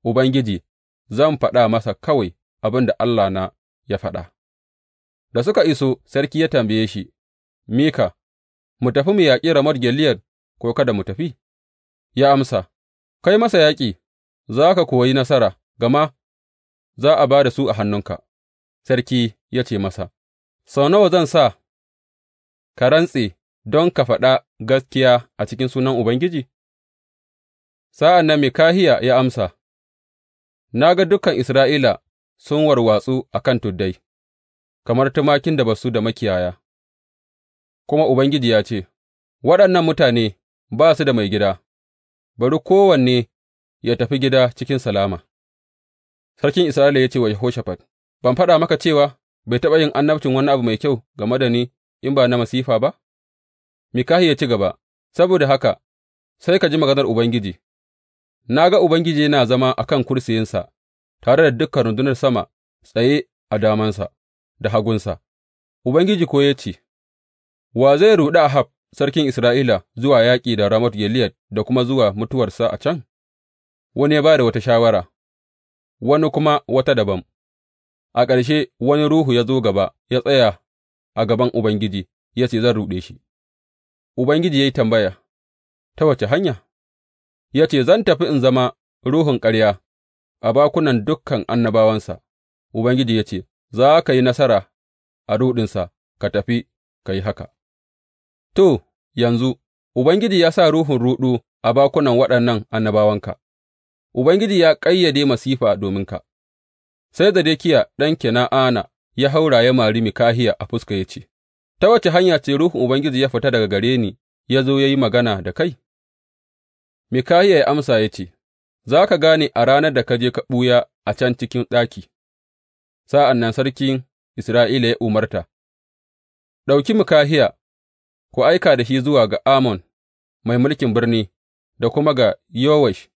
Ubangiji zan faɗa masa kawai abin da Allahna ya faɗa. Da suka iso, sarki ya tambaye shi, Mika, mu tafi mu yaƙi Ramot Gileyad ko kada mu tafi? Ya amsa, Kai masa yaƙi, za ka kuwa yi nasara, gama za a ba da su a hannunka. Sarki ya ce masa, Sau nawa zan sa ka rantse don ka faɗa gaskiya a cikin sunan Ubangiji? Sa'an nan Mikahiya ya amsa, Na ga dukan Isra'ila sun warwatsu a kan tuddai, kamar tumakin da ba su da makiyaya, kuma Ubangiji ya ce, Waɗannan mutane ba su da mai gida, bari kowanne ya tafi gida cikin salama. Sarkin Isra'ila ya ce wa Yehoshafat, Ban faɗa maka cewa bai taɓa yin annabcin wani abu mai kyau game da ni in ba na masifa ba? Mikahi ya ci gaba, saboda haka sai ka ji maganar Ubangiji. Na ga Ubangiji yana zama a kan kursiyinsa, tare da dukan rundunar sama tsaye a damansa da hagunsa, Ubangiji kuwa ya ce, Wa zai ruɗi Ahab sarkin Isra'ila zuwa yaƙi da Ramot Gileyad da kuma zuwa mutuwarsa a can? Wani ya ba da wata shawara, wani kuma wata dabam. A ƙarshe wani ruhu ya zo gaba ya tsaya a gaban Ubangiji ya ce, Zan ruɗe shi. Ubangiji ya yi tambaya, Ta wace hanya? ya ce, Zan tafi in zama ruhun ƙarya a bakunan dukan annabawansa, Ubangiji ya ce, Za ka yi nasara a ruɗinsa, ka tafi, ka yi haka. To, yanzu, Ubangiji ya sa ruhun ruɗu a bakunan waɗannan annabawanka, Ubangiji ya ƙayyade masifa dominka. Sai Zedekiya ɗan Kena'ana ya haura ya mari Mikahiya a fuska ya ce, Ta wace hanya ce Ruhun Ubangiji ya fita daga gare ni ya zo ya yi magana da kai? Mikahiya ya amsa ya ce, Za ka gane a ranar da ka je ka ɓuya a can cikin ɗaki, sa'an nan sarkin Isra'ila ya umarta, Ɗauki Mikahiya, ku aika da shi zuwa ga Amon, mai mulkin birni, da kuma ga Yowash,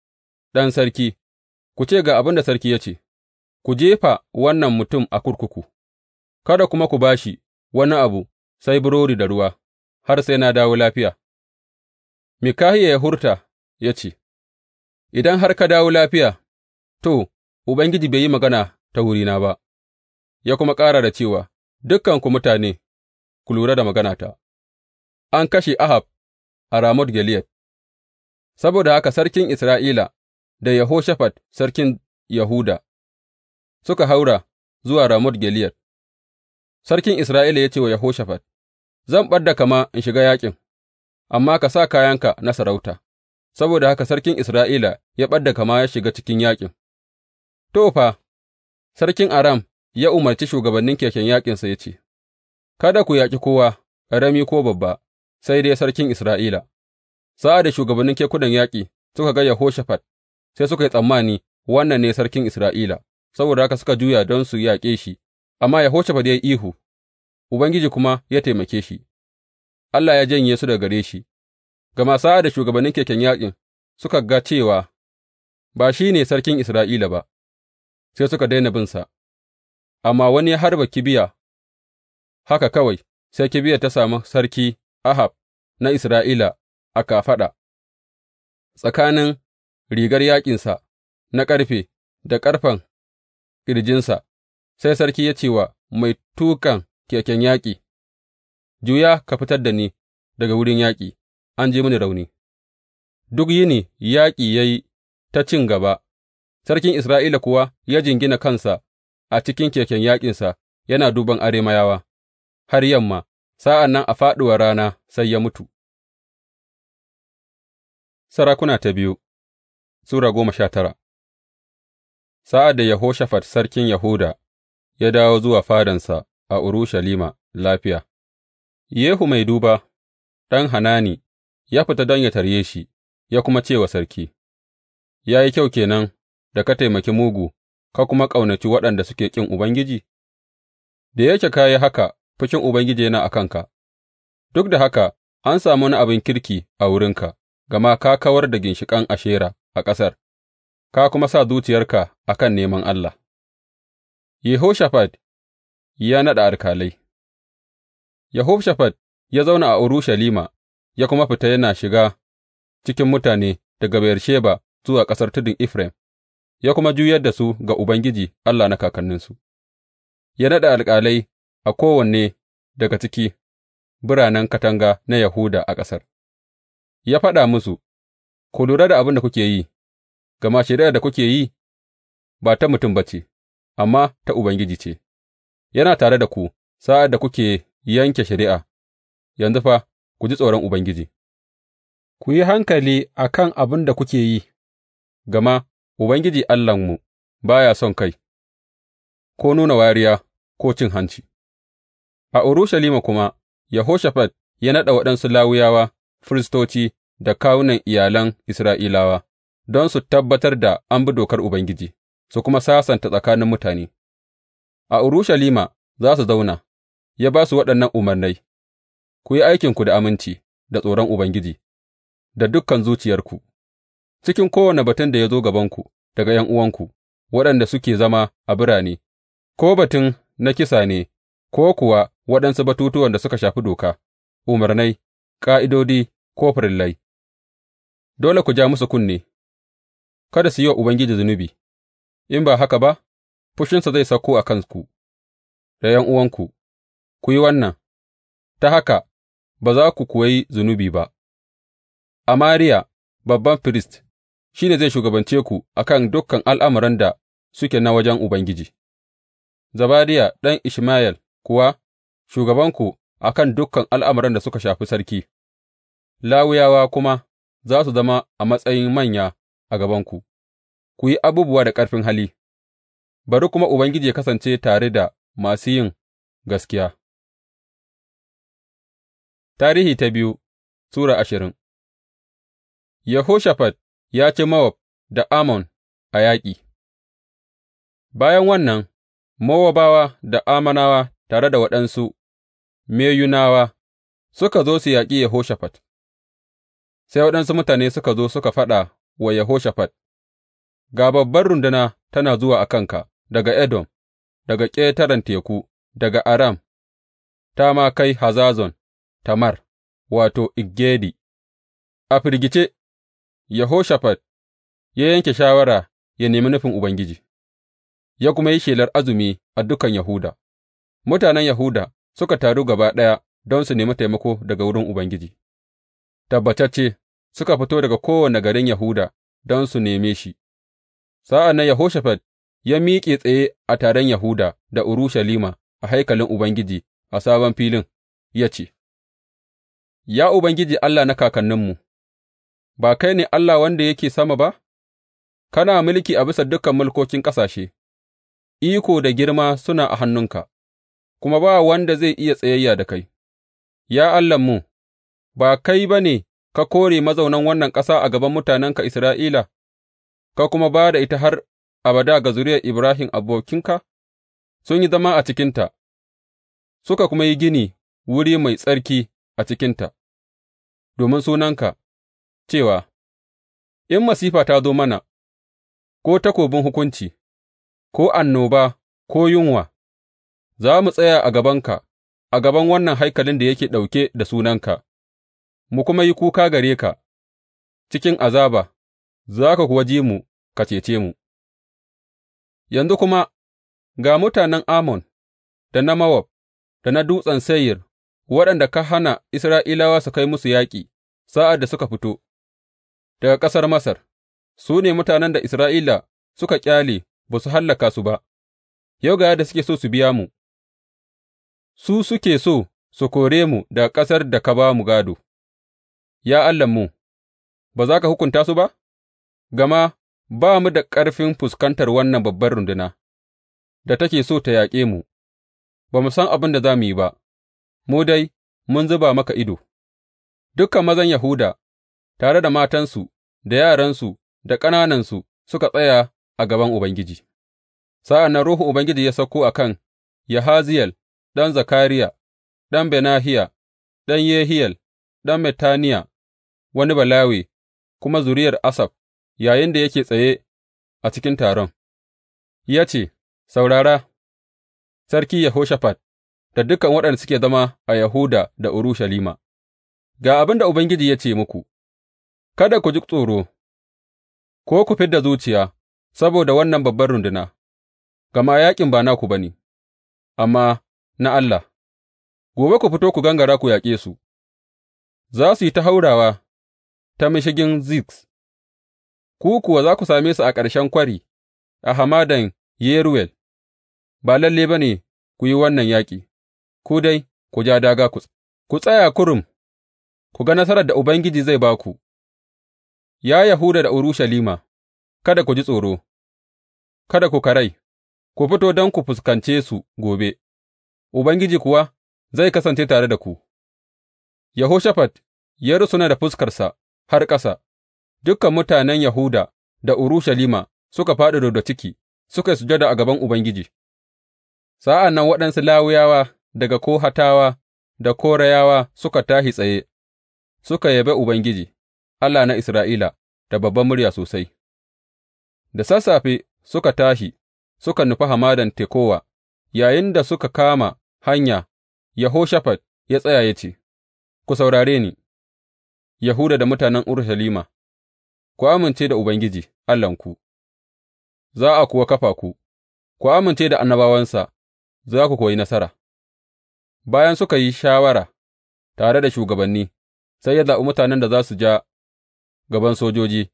ɗan sarki, ku ce ga abin da sarki ya ce, Ku jefa wannan mutum a kurkuku, kada kuma ku ba shi wani abu sai burodi da ruwa, har sai na dawo lafiya. Mikahiya ya hurta ya ce, Idan har ka dawo lafiya, to, Ubangiji bai yi magana ta wurina ba, ya kuma ƙara da cewa, Dukanku mutane, ku lura da maganata, an kashe Ahab a Ramot Gileyad, saboda haka sarkin Isra'ila da Yehoshafat sarkin Yahuda suka haura zuwa Ramot Gileyad. Sarkin Isra'ila ya ce wa Yehoshafat, Zan ɓad da kama in shiga yaƙin, amma ka sa kayanka na sarauta. Saboda haka sarkin Isra'ila ya ɓad da kama ya shiga cikin yaƙin, to, fa, sarkin Aram ya umarci shugabannin keken yaƙinsa ya ce, Kada ku yaƙi kowa, ƙarami ko babba, sai dai sarkin Isra'ila. Sa'a da shugabannin kekunan yaƙi suka ga Yehoshafat, sai suka yi tsammani wannan ne sarkin Isra'ila, saboda haka suka juya don su yaƙe shi, amma Yehoshafat ya yi ihu, Ubangiji kuma ya taimake shi, Allah ya janye su daga gare shi. Gama sa'ad da shugabannin keken yaƙin suka ga cewa ba shi ne sarkin Isra'ila ba, sai suka daina binsa, amma wani ya harba kibiya haka kawai, sai kibiyar ta sami sarki Ahab na Isra'ila a kafaɗa, tsakanin rigar yaƙinsa na ƙarfe da ƙarfen ƙirjinsa, sai sarki ya ce wa mai tuƙan keken yaƙi, Juya ka fitar da ni daga wurin yaƙi. an ji mini rauni, duk yini yaƙi ya yi ta cin gaba, sarkin Isra'ila kuwa ya jingina kansa a cikin keken yaƙinsa yana duban Arameyawa har yamma, sa'an nan a fāɗuwar rana sai ya mutu. Sarakuna ta biyu Sura goma sha tara Sa'ad da Yehoshafat sarkin Yahuda ya dawo zuwa fadansa a Urushalima lafiya, Yehu mai duba, ɗan Hanani, ya fita don yă tarye shi, ya kuma ce wa sarki, Ya yi kyau ke nan da ka taimaki mugu, ka kuma ƙaunaci waɗanda suke ƙin Ubangiji? Da yake ka yi haka, fushin Ubangiji yana a kanka, duk da haka an sami wani abin kirki a wurinka, gama ka kawar da ginshiƙan Ashera a ƙasar, ka kuma sa zuciyarka a kan neman Allah. Yehoshaphat ya naɗa alkalai Yehoshaphat ya zauna a Urushalima ya kuma fita yana shiga cikin mutane daga Beyersheba zuwa ƙasar tudun Efraim, ya kuma juyar da su ga Ubangiji Allah na kakanninsu, ya naɗa alƙalai a kowanne daga ciki biranen katanga na Yahuda a ƙasar, ya faɗa musu, Ku lura da abin da kuke yi, gama shari'ar da kuke yi ba ta mutum ba ce, amma ta Ubangiji ce, yana tare da ku sa'ad da kuke yanke shari'a, yanzu fa ku ji tsoron Ubangiji, ku yi hankali a kan abin da kuke yi, gama Ubangiji Allahnmu ba ya son kai, ko nuna wariya ko cin hanci. A Urushalima kuma, Yehoshafat ya naɗa waɗansu Lawuyawa, firistoci da kawunan iyalan Isra'ilawa don su tabbatar da an bi dokar Ubangiji, su kuma sasanta tsakanin mutane. A Urushalima za su zauna, ya ba su waɗannan umarnai. Ku yi aikinku da aminci da tsoron Ubangiji da dukan zuciyarku cikin kowane batun da ya zo gabanku daga ’yan'uwanku waɗanda suke zama a birane, ko batun na kisa ne ko kuwa waɗansu batutuwan da suka shafi doka, umarnai, ƙa'idodi ko farillai, dole ku ja musu kunne, kada su yi wa Ubangiji zunubi, in ba haka ba, fushinsa zai sauko a kanku da ’yan'uwanku, ku yi wannan, ta haka ba za ku kuwa yi zunubi ba, Amariya, babban firist, shi ne zai shugabance ku a kan dukan al'amuran da suke na wajen Ubangiji, Zabadiya ɗan Ishmayel kuwa shugabanku a kan dukan al'amuran da suka shafi sarki, Lawuyawa kuma za su zama a matsayin manya a gabanku, ku yi abubuwa da ƙarfin hali, bari kuma Ubangiji ya kasance tare da masu yin gaskiya. Tarihi ta biyu Sura ashirin Yehoshafat ya ce Mowab da Amon a yaƙi Bayan wannan, Mowabawa da Amonawa tare da waɗansu Meyunawa suka zo su yaƙi Yehoshafat, sai waɗansu mutane suka zo suka faɗa wa Yehoshafat, Ga babbar runduna tana zuwa a kanka daga Edom, daga ƙetaren teku, daga Aram, ta ma kai Hazazon. Tamar wato, Engedi A firgice, Yehoshafat ya yanke shawara ya nemi nufin Ubangiji, ya kuma yi shelar azumi a dukan Yahuda, mutanen Yahuda suka taru gaba ɗaya don su nemi taimako daga wurin Ubangiji, tabbatacce suka fito daga kowane garin Yahuda don su neme shi, sa'an nan Yehoshafat ya miƙe tsaye a taron Yahuda da Urushalima a haikalin Ubangiji a sabon filin, ya ce. Ya Ubangiji Allah na kakanninmu, ba kai ne Allah wanda yake sama ba, kana mulki a bisa dukan mulkokin ƙasashe, iko da girma suna a hannunka, kuma ba wanda zai iya tsayayya da kai, ya Allahnmu, ba kai ba ne ka kore mazaunan wannan ƙasa a gaban mutanenka Isra'ila, ka kuma ba da ita har abada ga zuriyar Ibrahim abokinka, sun yi zama a cikinta, suka kuma yi gini wuri mai tsarki. a cikinta domin sunanka, cewa, In masifa ta zo mana, ko takobin hukunci, ko annoba, ko yunwa, za mu tsaya a gabanka, a gaban wannan haikalin da yake ɗauke da sunanka, mu kuma yi kuka gare ka cikin azaba, za ka kuwa ji mu ka cece mu. Yanzu kuma ga mutanen Amon, da na mawab da na Dutsen Seyir waɗanda ka hana Isra'ilawa su kai musu yaƙi sa'ad da suka fito daga ƙasar Masar, su ne mutanen da Isra'ila suka ƙyale ba su hallaka su ba, yau ga yadda suke so su biya mu, su suke so su kore mu daga ƙasar da ka ba mu gādo, ya Allahnmu, ba za ka hukunta su ba? Gama ba mu da ƙarfin fuskantar wannan babbar runduna da take so ta yaƙe mu, ba mu san abin da za mu yi ba. mu dai mun zuba maka ido, dukan mazan Yahuda, tare da matansu, da yaransu, da ƙananansu suka tsaya a gaban Ubangiji. Sa'an nan Ruhun Ubangiji ya sauko a kan Yahaziyel ɗan Zakariya, ɗan Benahiya, ɗan Yehiyel, ɗan Metaniya, wani Balawe, kuma zuriyar Asaf, da yake tsaye a cikin taron, ya ce, Saurara, Sarki Yehoshafat da dukan waɗanda suke zama a Yahuda da Urushalima, Ga abin da Ubangiji ya ce muku, Kada ku ji tsoro, ko ku fid da zuciya saboda wannan babbar runduna, gama yaƙin ba naku ba ne, amma na Allah, gobe ku fito ku gangara ku yaƙe su, za su yi ta haurawa ta mashigin ziks. ku kuwa za ku same su a ƙarshen kwari a hamadan Yeruwel, ba lalle ba ne ku yi wannan yaƙi. ku dai ku ja daga ku tsaya kurum ku ga nasarar da Ubangiji zai ba ku, ya Yahuda da Urushalima, kada ku ji tsoro, kada ku karai, ku fito don ku fuskance su gobe, Ubangiji kuwa zai kasance tare da ku. yahushafat ya rusuna da fuskarsa har ƙasa, dukan mutanen Yahuda da Urushalima suka fāɗi rubda ciki suka yi sujada a gaban Ubangiji. Sa'an nan waɗansu Lawiyawa daga Kohatawa da Korayawa suka tashi tsaye suka yabe Ubangiji, Allah na Isra'ila, da Babban murya sosai, da sassafe suka tashi suka nufi hamadan Tekowa, yayinda suka kama hanya, Yahoshafat ya tsaya ya ce, Ku saurare ni, Yahuda da mutanen Urushalima, ku amince da Ubangiji Allahnku, za a kuwa kafa ku, ku amince da annabawansa, za ku koyi nasara. Bayan suka yi shawara tare da shugabanni, sai ya zaɓi mutanen da za su ja gaban sojoji,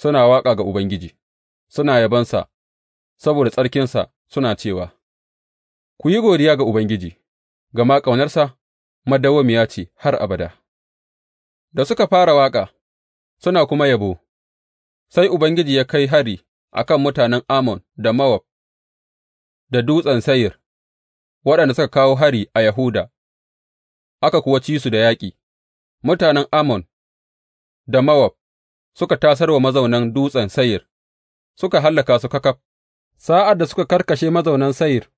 suna waƙa ga Ubangiji, suna yabonsa saboda tsarkinsa suna cewa, Ku yi godiya ga Ubangiji, gama ƙaunarsa madawwamiya ce har abada. Da suka fara waƙa, suna kuma yabo, sai Ubangiji ya kai hari a kan mutanen Ammon da Mawab da Dutsen Seyir. waɗanda suka kawo hari a Yahuda, aka kuwa ci su da yaƙi, mutanen Ammon da Mawab suka tasar wa mazaunan dutsen Sayir, suka hallaka su kakaf, sa'ad da suka karkashe mazaunan Sayir,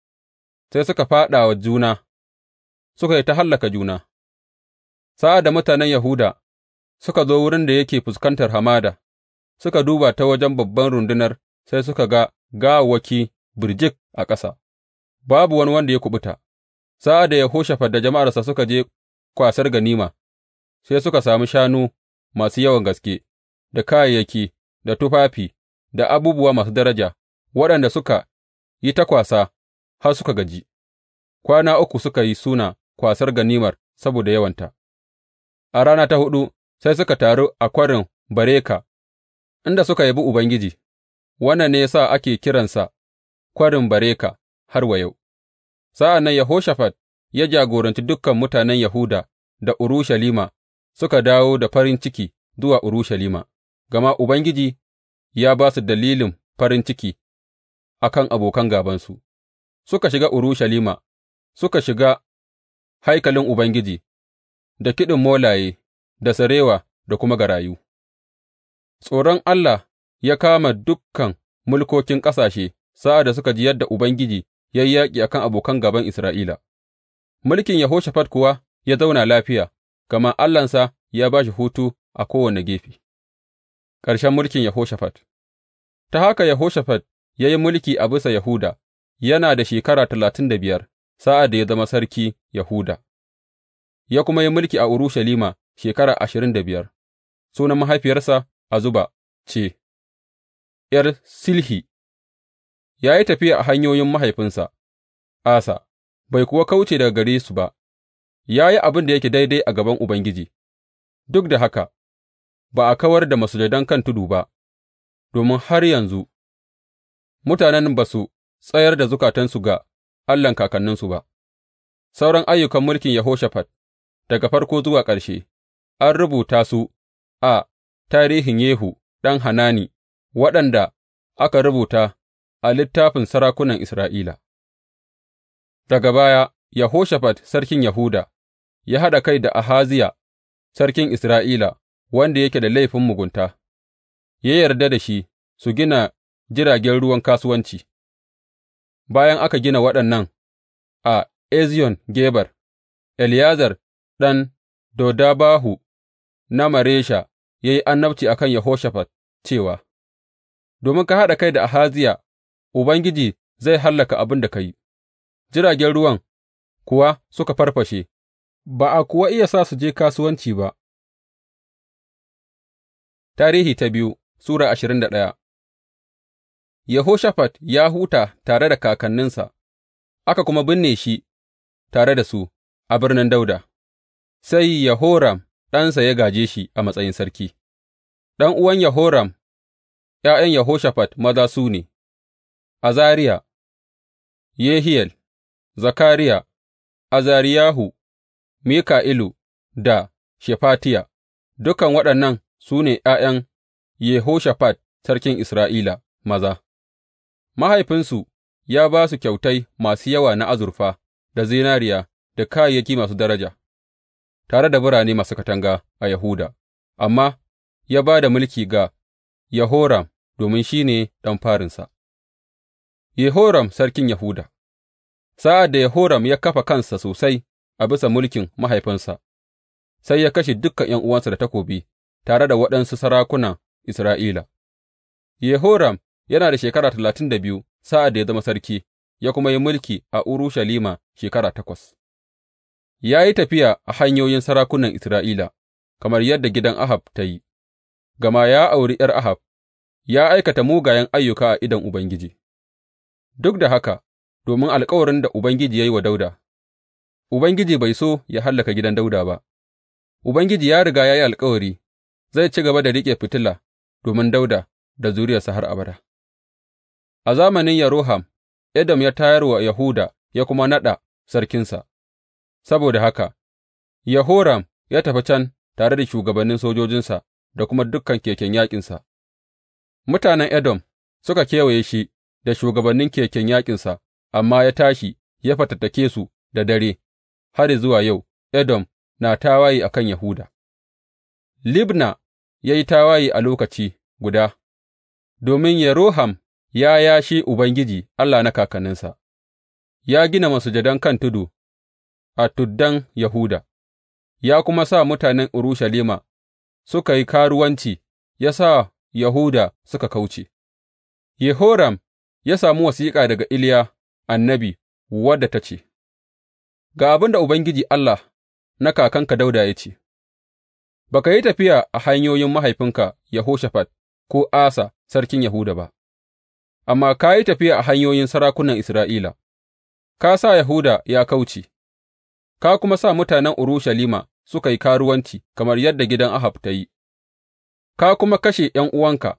sai suka fāɗa wa juna, suka yi ta hallaka juna. Sa'ad da mutanen Yahuda suka zo wurin da yake fuskantar hamada, suka duba ta wajen babban rundunar sai suka ga gawawwaki birjik a ƙasa. babu wani wanda ya kuɓuta, sa'ad da Yehoshafat da jama'arsa suka je kwasar ganima, sai suka sami shanu masu yawan gaske, da kayayyaki, da tufafi, da abubuwa masu daraja, waɗanda suka yi ta kwasa har suka gaji, kwana uku suka yi suna kwasar ganimar saboda yawanta. A rana ta huɗu sai suka taru a kwarin Bareka, inda suka yabi Ubangiji, wannan ne ya sa ake kiransa Kwarin Bareka. har wa yau. Sa'an nan Yehoshafat ya jagoranci dukan mutanen Yahuda da Urushalima suka dawo da farin ciki zuwa Urushalima, gama Ubangiji ya ba su dalilin farin ciki a kan abokan gabansu, suka shiga Urushalima, suka shiga haikalin Ubangiji da kiɗin molaye, da sarewa, da kuma garayu. Tsoron Allah ya kama dukan mulkokin ƙasashe sa'ad da suka ji yadda Ubangiji ya yi yaƙi a kan abokan gaban Isra'ila, mulkin Yehoshafat kuwa ya zauna lafiya, gama Allahnsa ya ba shi hutu a kowane gefe. Ƙarshen mulkin Yehoshafat Ta haka Yehoshafat ya yi mulki a bisa Yahuda, yana da shekara talatin da biyar sa'ad da ya zama sarki Yahuda, ya kuma yi mulki a Urushalima shekara ashirin da biyar, sunan mahaifiyarsa Azuba ce, ’yar Silhi ya yi tafiya a hanyoyin mahaifinsa Asa, bai kuwa kauce daga gare su ba, ya yi abin da yake daidai a gaban Ubangiji, duk da haka ba a kawar da masujadan kan tudu ba, domin har yanzu mutanen ba su tsayar da zukatansu ga Allahn kakanninsu ba. Sauran ayyukan mulkin Yehoshaphat daga farko zuwa ƙarshe, an rubuta su a tarihin Yehu ɗan Hanani, waɗanda aka rubuta a littafin sarakunan Isra'ila Daga baya, Yehoshafat sarkin Yahuda ya haɗa kai da Ahaziya sarkin Isra'ila, wanda yake da laifin mugunta, ya yarda da shi su gina jiragen ruwan kasuwanci, bayan aka gina waɗannan a Eziyon Geber, Eliyazar ɗan Dodabahu na Maresha ya yi annabci a kan Yehoshafat cewa, Domin ka haɗa kai da Ahaziya Ubangiji zai hallaka abin da ka yi, jiragen ruwan kuwa suka farfashe, ba a kuwa iya sa su je kasuwanci ba. Tarihi ta biyu Sura ashirin da ɗaya Yehoshafat ya huta tare da kakanninsa, aka kuma binne shi tare da su a birnin Dauda, sai Yehoram ɗansa ya gaje shi a matsayin sarki. Ɗan uwan Yehoram ’ya'yan Yehoshafat maza su ne. Azariya, Yehiyel, Zakariya, Azariyahu, Mika'ilu da Shefatiya, dukan waɗannan su ne ’ya'yan Yehoshafat sarkin Isra'ila maza, mahaifinsu ya ba su kyautai masu yawa na azurfa da zinariya da kayayyaki masu daraja, tare da birane masu katanga a Yahuda, amma ya ba da mulki ga Yehoram domin shi ne ɗan farinsa. Yehoram sarkin Yahuda Sa'ad da Yehoram ya kafa kansa sosai a bisa mulkin mahaifinsa, sai ya kashe dukan ’yan'uwansa da takobi tare da waɗansu sarakunan Isra'ila. Yehoram yana da shekara talatin da biyu sa'ad da ya zama sarki, ya kuma yi mulki a Urushalima shekara takwas. Ya yi tafiya a hanyoyin sarakunan Isra'ila, kamar yadda gidan Ahab ta yi, gama ya auri ’yar Ahab, ya aikata mugayen ayyuka a idon Ubangiji. Duk da haka, domin alkawarin da Ubangiji ya yi wa Dawuda, Ubangiji bai so ya hallaka gidan Dawuda ba, Ubangiji ya riga ya yi alkawari zai ci gaba da riƙe fitila domin Dawuda da zuriyarsa har abada. A zamanin Yeroham, Edom ya tayar wa Yahuda ya kuma naɗa sarkinsa, saboda haka, Yehoram ya tafi can tare da shugabannin sojojinsa da kuma dukkan keken yaƙinsa. Mutanen Edom suka kewaye shi da shugabannin keken yaƙinsa, amma ya tashi ya fatattake su da dare, har zuwa yau Edom na tawaye a kan Yahuda. Libna ya yi tawaye a lokaci guda, domin Yeroham ya yashe Ubangiji Allah na kakanninsa, ya gina masujadan kan tudu a tuddan Yahuda, ya kuma sa mutanen Urushalima suka yi karuwanci, ya sa Yahuda suka kauce. Yehoram ya sami wasiƙa daga Iliya annabi wadda ta ce, Ga abin da Ubangiji Allah na kakanka Dawuda ya ce, Ba ka yi tafiya a hanyoyin mahaifinka Yehoshafat ko Asa sarkin Yahuda ba, amma ka yi tafiya a hanyoyin sarakunan Isra'ila, ka sa Yahuda ya kauce, ka kuma sa mutanen Urushalima suka yi karuwanci kamar yadda gidan Ahab ta yi, ka kuma kashe 'yan ’yan'uwanka,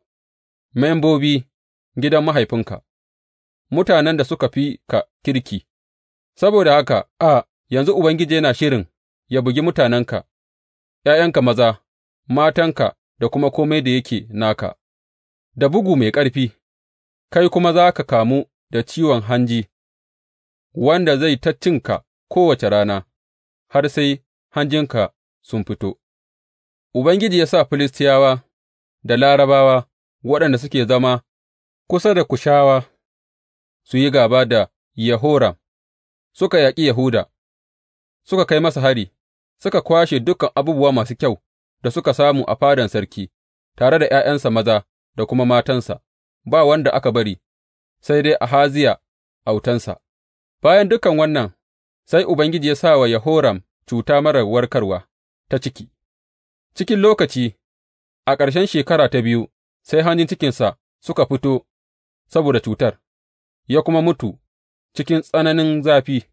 membobi gidan mahaifinka. mutanen da suka fi ka kirki, saboda haka a yanzu Ubangiji yana shirin ya bugi mutanenka, ’ya'yanka maza, matanka da kuma kome da yake naka, da bugu mai ƙarfi, kai kuma za ka kamu da ciwon hanji, wanda zai ta cinka kowace rana, har sai hanjinka sun fito. Ubangiji ya sa Filistiyawa da Larabawa waɗanda suke zama kusa da Kushawa. su yi gāba da Yehoram, suka yaƙi Yahuda, suka kai masa hari, suka kwashe dukan abubuwa masu kyau da suka samu a fadan sarki, tare da ’ya'yansa maza da kuma matansa, ba wanda aka bari, sai dai Ahaziya autansa. Bayan dukan wannan, sai Ubangiji ya sa wa Yehoram cuta marar warkarwa ta ciki, cikin lokaci, a ƙarshen shekara ta biyu, sai hanjin cikinsa suka fito saboda cutar. ya kuma mutu cikin tsananin zafi,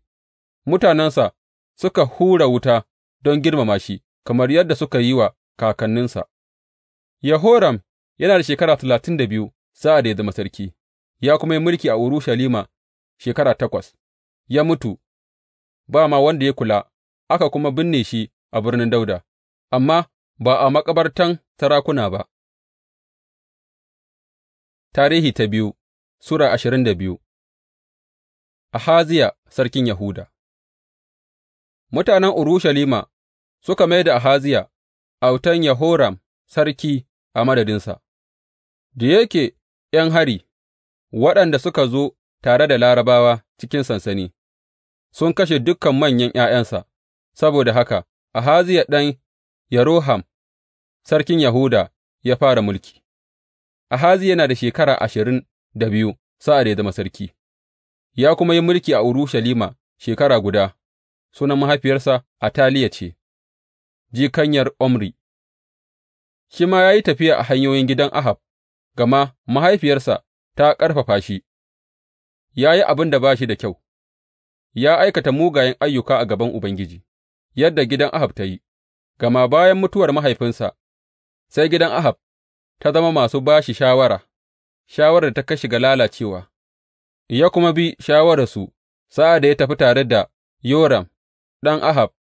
mutanensa suka hura wuta don girmama shi, kamar yadda suka yi wa kakanninsa. Yehoram yana da shekara talatin da biyu sa'ad da ya zama sarki, ya kuma yi mulki a Urushalima shekara takwas, ya mutu, ba ma wanda ya kula, aka kuma binne shi a birnin Dauda, amma ba a makabartan sarakuna ba. Tarihi ta biyu Sura ashirin da biyu Ahaziya sarkin Yahuda Mutanen Urushalima suka mai da Ahaziya autan Yehoram sarki a madadinsa, da yake ’yan hari waɗanda suka zo tare da Larabawa cikin sansani sun kashe dukan manyan ’ya'yansa, saboda haka Ahaziya ɗan yaroham sarkin Yahuda ya fara mulki, Ahaziya yana da shekara ashirin da biyu sa'ad da ya zama sarki. ya kuma yi mulki a Urushalima shekara guda, sunan mahaifiyarsa Ataliya ce, jikanyar Omri, shi ma ya yi tafiya a hanyoyin gidan Ahab, gama mahaifiyarsa ta ƙarfafa shi, ya yi abin da ba shi da kyau, ya aikata mugayen ayyuka a gaban Ubangiji, yadda gidan Ahab ta yi, gama bayan mutuwar mahaifinsa, sai gidan Ahab ta zama masu ba shi shawara, shawarar da ta kashi ga lalacewa. ya kuma bi shawararsu sa'ad da ya tafi tare da Yoram ɗan Ahab,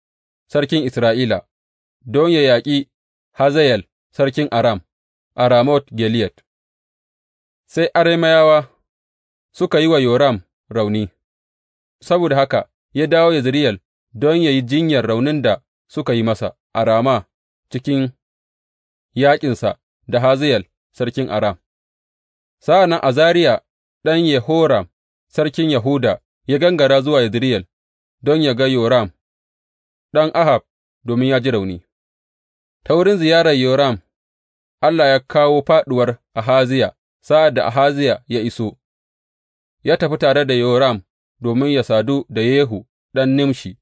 sarkin Isra'ila, don ya yaƙi Hazayel sarkin Aram a Ramot Gileyad. Sai Arameyawa suka yi wa Yoram rauni, saboda haka ya dawo Yezireyel don yă yi jinyar raunin da suka yi masa a Rama cikin yaƙinsa da Hazayel sarkin Aram. Sa'an nan Azariya ɗan Yehoram sarkin Yahuda ya gangara zuwa Yezireyel don yă ga Yoram ɗan Ahab domin ya ji rauni. Ta wurin ziyarar Yoram, Allah ya kawo faɗuwar Ahaziya sa'ad da Ahaziya ya iso, ya tafi tare da Yoram domin ya sadu da Yehu ɗan Nimshi,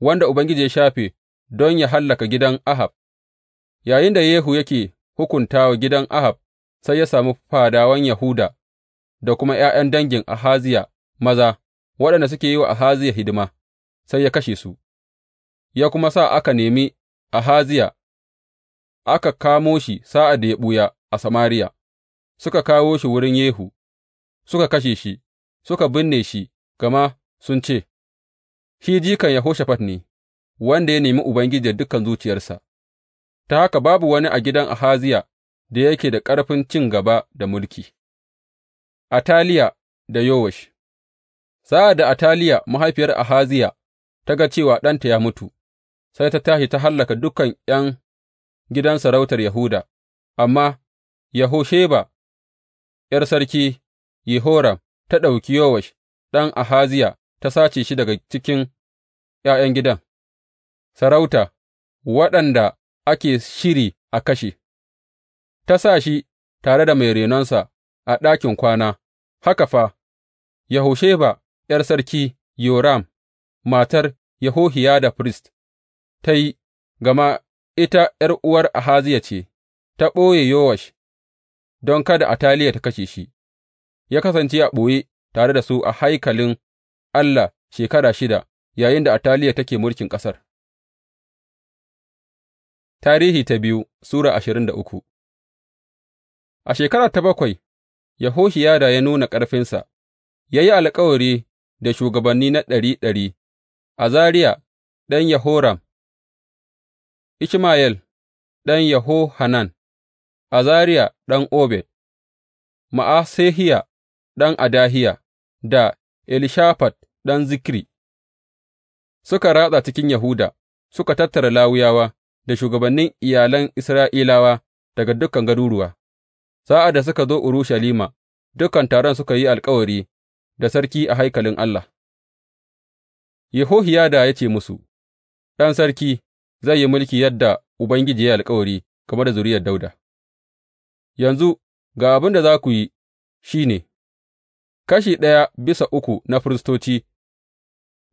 wanda Ubangiji ya shafe don ya hallaka gidan Ahab. Yayin da Yehu yake hukunta wa gidan Ahab, sai ya sami fadawan Yahuda da kuma ’ya'yan dangin Ahaziya maza waɗanda suke yi wa Ahaziya hidima, sai ya kashe su, ya kuma sa aka nemi Ahaziya, aka kamo shi sa'ad da ya ɓuya a Samariya, suka kawo shi wurin Yehu, suka kashe shi, suka binne shi, gama sun ce, Shi jikan Yehoshafat ne, wanda ya nemi Ubangiji da dukan zuciyarsa, ta haka babu wani a gidan Ahaziya da yake da ƙarfin cin gaba da mulki. Ataliya da Yowash Sa'ad da Ataliya mahaifiyar Ahaziya ta ga cewa ɗanta ya mutu, sai ta tashi ta hallaka dukan ’yan gidan sarautar Yahuda, amma yahosheba ’yar sarki Yehoram, ta ɗauki Yowash ɗan Ahaziya ta sace shi daga cikin ’ya'yan gidan sarauta waɗanda ake shiri a kashe, ta sa shi tare da mai renonsa. a ɗakin kwana, haka fa, Yahosheba ’yar sarki Yoram, matar Yehohiyada firist, ta yi, gama ita ’yar'uwar Ahaziya ce, ta ɓoye Yowash don kada Ataliya ta kashe shi, ya kasance a ɓoye tare da su a haikalin Allah shekara shida yayinda Ataliya take mulkin ƙasar. Tarihi ta biyu Sura ashirin da uku A shekara ta bakwai Yehohiyada ya nuna ƙarfinsa, ya yi alkawari da shugabanni na ɗari ɗari, Azariya ɗan Yehoram, Ishmayel ɗan Yehohanan, Azariya ɗan Obed, Ma'asehiya ɗan Adahiya da Elishafat ɗan Zikri, suka ratsa cikin Yahuda, suka tattara Lawiyawa da shugabannin iyalan Isra'ilawa daga dukan garuruwa. Sa'ad da suka zo Urushalima, dukan taron suka yi alkawari da sarki a haikalin Allah, Yehohiyada ya ce musu, Ɗan sarki zai yi mulki yadda Ubangiji ya yi alkawari game da zuriyar Dauda. Yanzu, ga abin da za ku yi shi ne, kashi ɗaya bisa uku na firistoci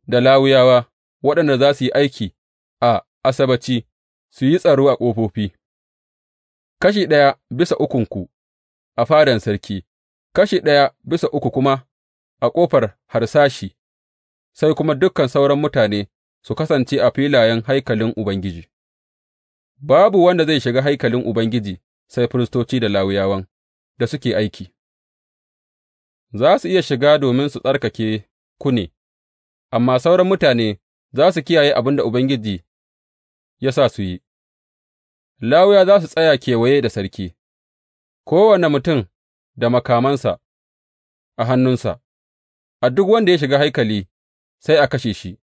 da lawuyawa waɗanda za su yi aiki a Asabaci su yi tsaro a ƙofofi, kashi ɗaya bisa ukunku a fadan sarki, kashi ɗaya bisa uku kuma a ƙofar harsashi, sai kuma dukan sauran mutane su kasance a filayen haikalin Ubangiji. Babu wanda zai shiga haikalin Ubangiji sai firistoci da Lawiyawan da suke aiki, za su iya shiga domin su tsarkake ku ne, amma sauran mutane za su kiyaye abin da Ubangiji ya sa su yi, lawuya za su tsaya kewaye da sarki. kowane mutum da makamansa a hannunsa, a duk wanda ya shiga haikali sai a kashe shi,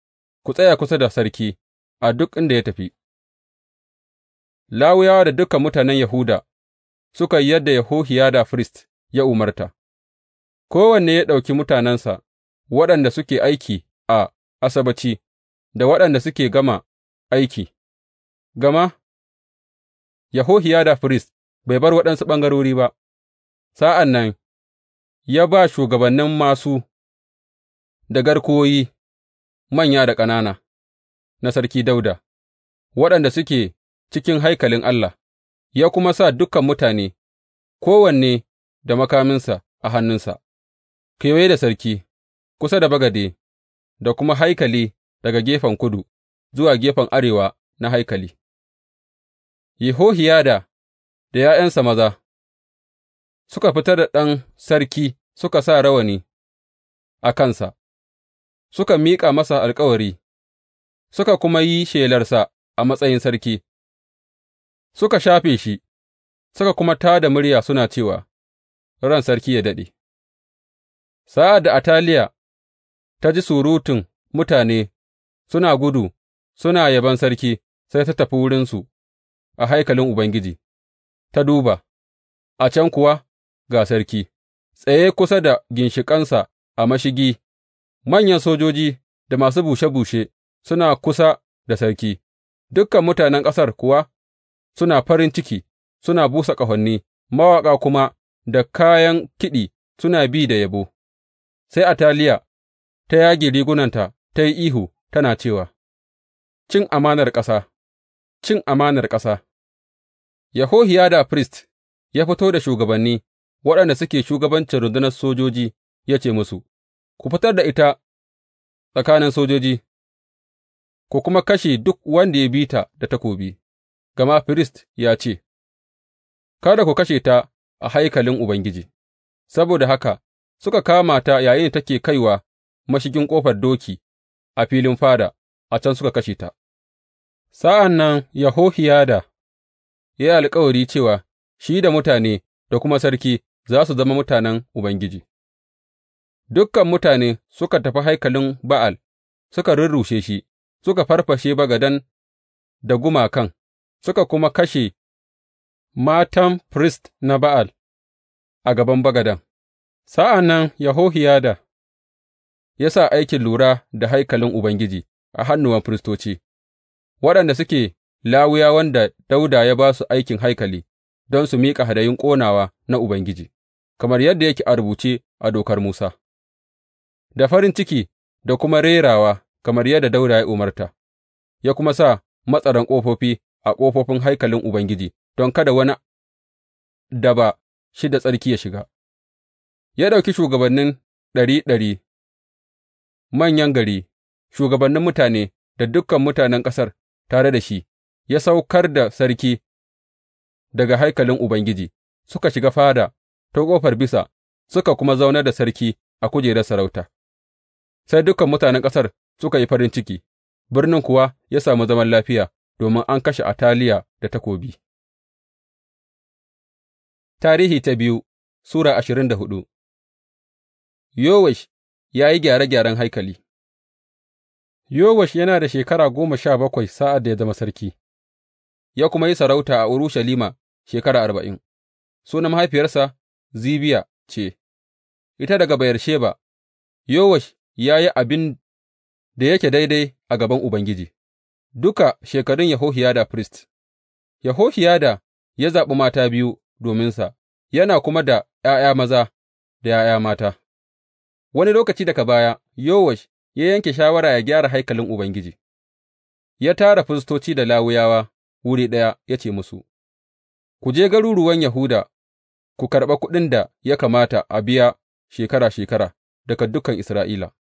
ku tsaya kusa da sarki a duk inda ya tafi. Lawiyawa da dukan mutanen Yahuda suka yi yadda Yehohiyada firist ya umarta, kowanne ya ɗauki mutanensa waɗanda suke aiki a asabaci da waɗanda suke gama aiki, gama Yehohiyada firist bai bar waɗansu ɓangarori ba, sa'an nan ya ba shugabannin masu. da garkuwoyi manya da ƙanana na Sarki Dauda, waɗanda suke cikin haikalin Allah, ya kuma sa dukan mutane, kowanne da makaminsa a hannunsa, kewaye da sarki, kusa da bagade, da kuma haikali daga gefen kudu zuwa gefen arewa na haikali. Yehohiyada da ’ya'yansa maza, suka fitar da ɗan sarki suka sa rawani a kansa, suka miƙa masa alkawari, suka kuma yi shelarsa a matsayin sarki, suka shafe shi, suka kuma tā da murya suna cewa, Ran sarki ya daɗe. Sa'ad da Ataliya ta ji surutun mutane suna gudu suna yabon sarki, sai ta tafi wurinsu a haikalin Ubangiji. ta duba, a can kuwa ga sarki, tsaye kusa da ginshiƙansa a mashigi, manyan sojoji da masu bushe bushe suna kusa da sarki, dukan mutanen ƙasar kuwa suna farin ciki, suna busa ƙahoni, mawaƙa kuma da kayan kiɗi suna bi da yabo. Sai Ataliya ta yage rigunanta ta yi ihu tana cewa, Cin amanar ƙasa, cin amanar ƙasa! Yehohiyada firist ya fito da shugabanni waɗanda suke shugabancin rundunar sojoji ya ce musu, Ku fitar da ita tsakanin sojoji, ku kuma kashe duk wanda ya bi ta da takobi, gama firist ya ce, Kada ku kashe ta a haikalin Ubangiji, saboda haka suka kama ta yayin take kaiwa mashigin ƙofar doki a filin fada, a can suka kashe ta. Sa'an nan Yehohiyada ya yi alkawari cewa shi da mutane da kuma sarki za su zama mutanen Ubangiji. Dukan mutane suka tafi haikalin Ba'al, suka rurrushe shi, suka farfashe bagadan da gumakan, suka kuma kashe matan firist na Ba'al a gaban bagadan. Sa'an nan Yahohiyada ya sa aikin lura da haikalin Ubangiji a hannuwan firistoci, waɗanda suke Lawiyawan da Dawuda ya ba su aikin haikali don su miƙa hadayun ƙonawa na Ubangiji, kamar yadda yake a rubuce a Dokar Musa, da farin ciki da kuma rerawa kamar yadda Dawuda ya umarta, ya kuma sa matsaran ƙofofi a ƙofofin haikalin Ubangiji don kada wani da ba shi da tsarki ya shiga. Ya ɗauki shugabannin ɗari ɗari, manyan gari, shugabannin mutane da dukan mutanen ƙasar tare da shi ya saukar da sarki daga haikalin Ubangiji, suka shiga fada ta ƙofar bisa, suka kuma zaunar da sarki a kujerar sarauta. Sai dukan mutanen ƙasar suka yi farin ciki, birnin kuwa ya sami zaman lafiya domin an kashe Ataliya da takobi. Tarihi ta biyu Sura ashirin da hudu Yowash ya yi gyare-gyaren haikali Yowash yana da shekara goma sha bakwai sa'ad da ya zama sarki, ya kuma yi sarauta a Urushalima shekara arba'in. Sunan mahaifiyarsa Zibiya ce, ita daga sheba. Yowash ya yi abin da yake daidai a gaban Ubangiji, duka shekarun Yahohiyada firist. Yahohiyada ya zaɓi mata biyu dominsa, yana kuma da ’ya'ya maza da ’ya'ya mata. Wani lokaci daga baya, Yowash ya yanke shawara ya gyara haikalin Ubangiji, ya tara firistoci da Lawiyawa wuri ɗaya ya ce musu, Ku je garuruwan Yahuda ku karɓa kuɗin da ya kamata a biya shekara shekara daga dukan Isra'ila,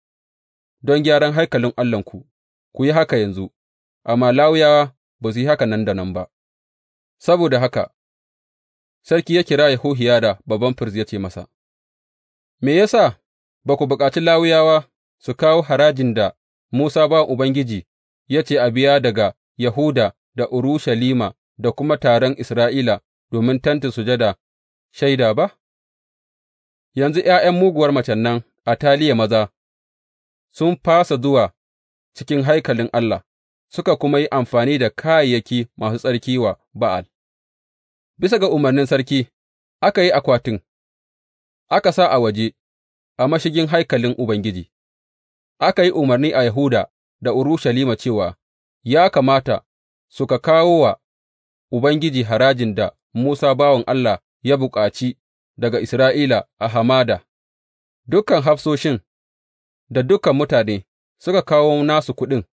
don gyaran haikalin Allahnku, ku yi haka yanzu, amma Lawiyawa ba su yi haka nan da nan ba. Saboda haka, sarki ya kira Yehohiyada babban firz ya ce masa, Me ya sa ba ku buƙaci Lawiyawa su kawo harajin da Musa ba Ubangiji ya ce a biya daga Yahuda da Urushalima da kuma taron Isra'ila domin Tentin Sujada Shaida ba? Yanzu ’ya'yan muguwar macen nan a taliya maza sun fasa zuwa cikin haikalin Allah, suka kuma yi amfani da kayayyaki masu tsarki wa Ba'al. Bisa ga umarnin sarki, aka yi akwatin, aka sa a waje, a mashigin haikalin Ubangiji, aka yi umarni a Yahuda da Urushalima cewa ya kamata suka kawo wa Ubangiji harajin da Musa bawan Allah ya bukaci daga Isra'ila a hamada, dukan hafsoshin da dukan mutane suka kawo nasu kuɗin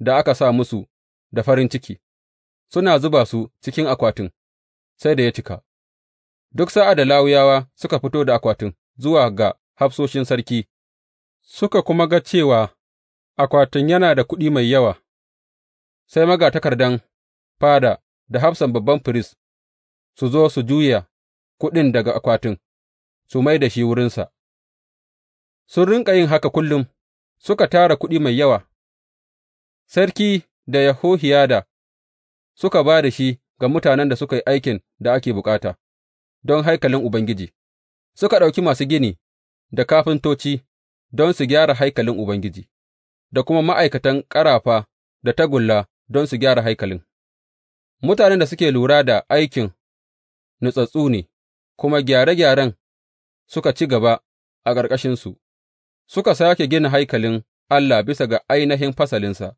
da aka sa musu da farin ciki, suna zuba su cikin akwatin sai da ya cika, duk sa'ad da Lawiyawa suka fito da akwatin zuwa ga hafsoshin sarki, suka kuma ga cewa akwatin yana da kuɗi mai yawa. sai magatakardan fada da hafsan babban firist su zo su juya kuɗin daga akwatin, su mai da shi wurinsa. Sun rinƙa yin haka kullum, suka tara kuɗi mai yawa, sarki da Yahohiyada suka ba da shi ga mutanen da suka yi aikin da ake bukata don haikalin Ubangiji, suka ɗauki masu gini da kafintoci don su gyara haikalin Ubangiji, da kuma ma'aikatan ƙarafa da tagulla don su gyara haikalin, mutanen da suke lura da aikin nutsatsu ne, kuma gyare gyaren suka ci gaba a ƙarƙashinsu, suka sake gina haikalin Allah bisa ga ainihin fasalinsa,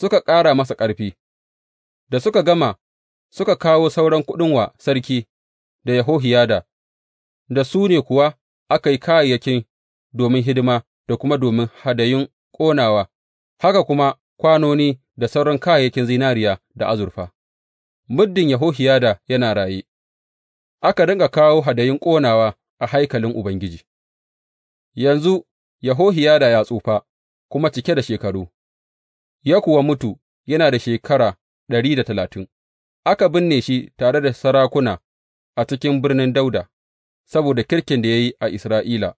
suka ƙara masa ƙarfi, da suka gama suka kawo sauran kuɗin wa sarki da Yehohiyada, da su ne kuwa aka yi kayayyakin domin hidima da kuma domin hadayun ƙonawa, haka kuma kwanoni da sauran kayayyakin zinariya da azurfa, muddin Yehohiyada yana raye, aka dinga kawo hadayin ƙonawa a haikalin Ubangiji. Yanzu Yehohiyada ya tsufa kuma cike da shekaru, ya kuwa mutu yana da shekara ɗari da talatin, aka binne shi tare da sarakuna a cikin birnin Dauda, saboda kirkin da ya yi a Isra'ila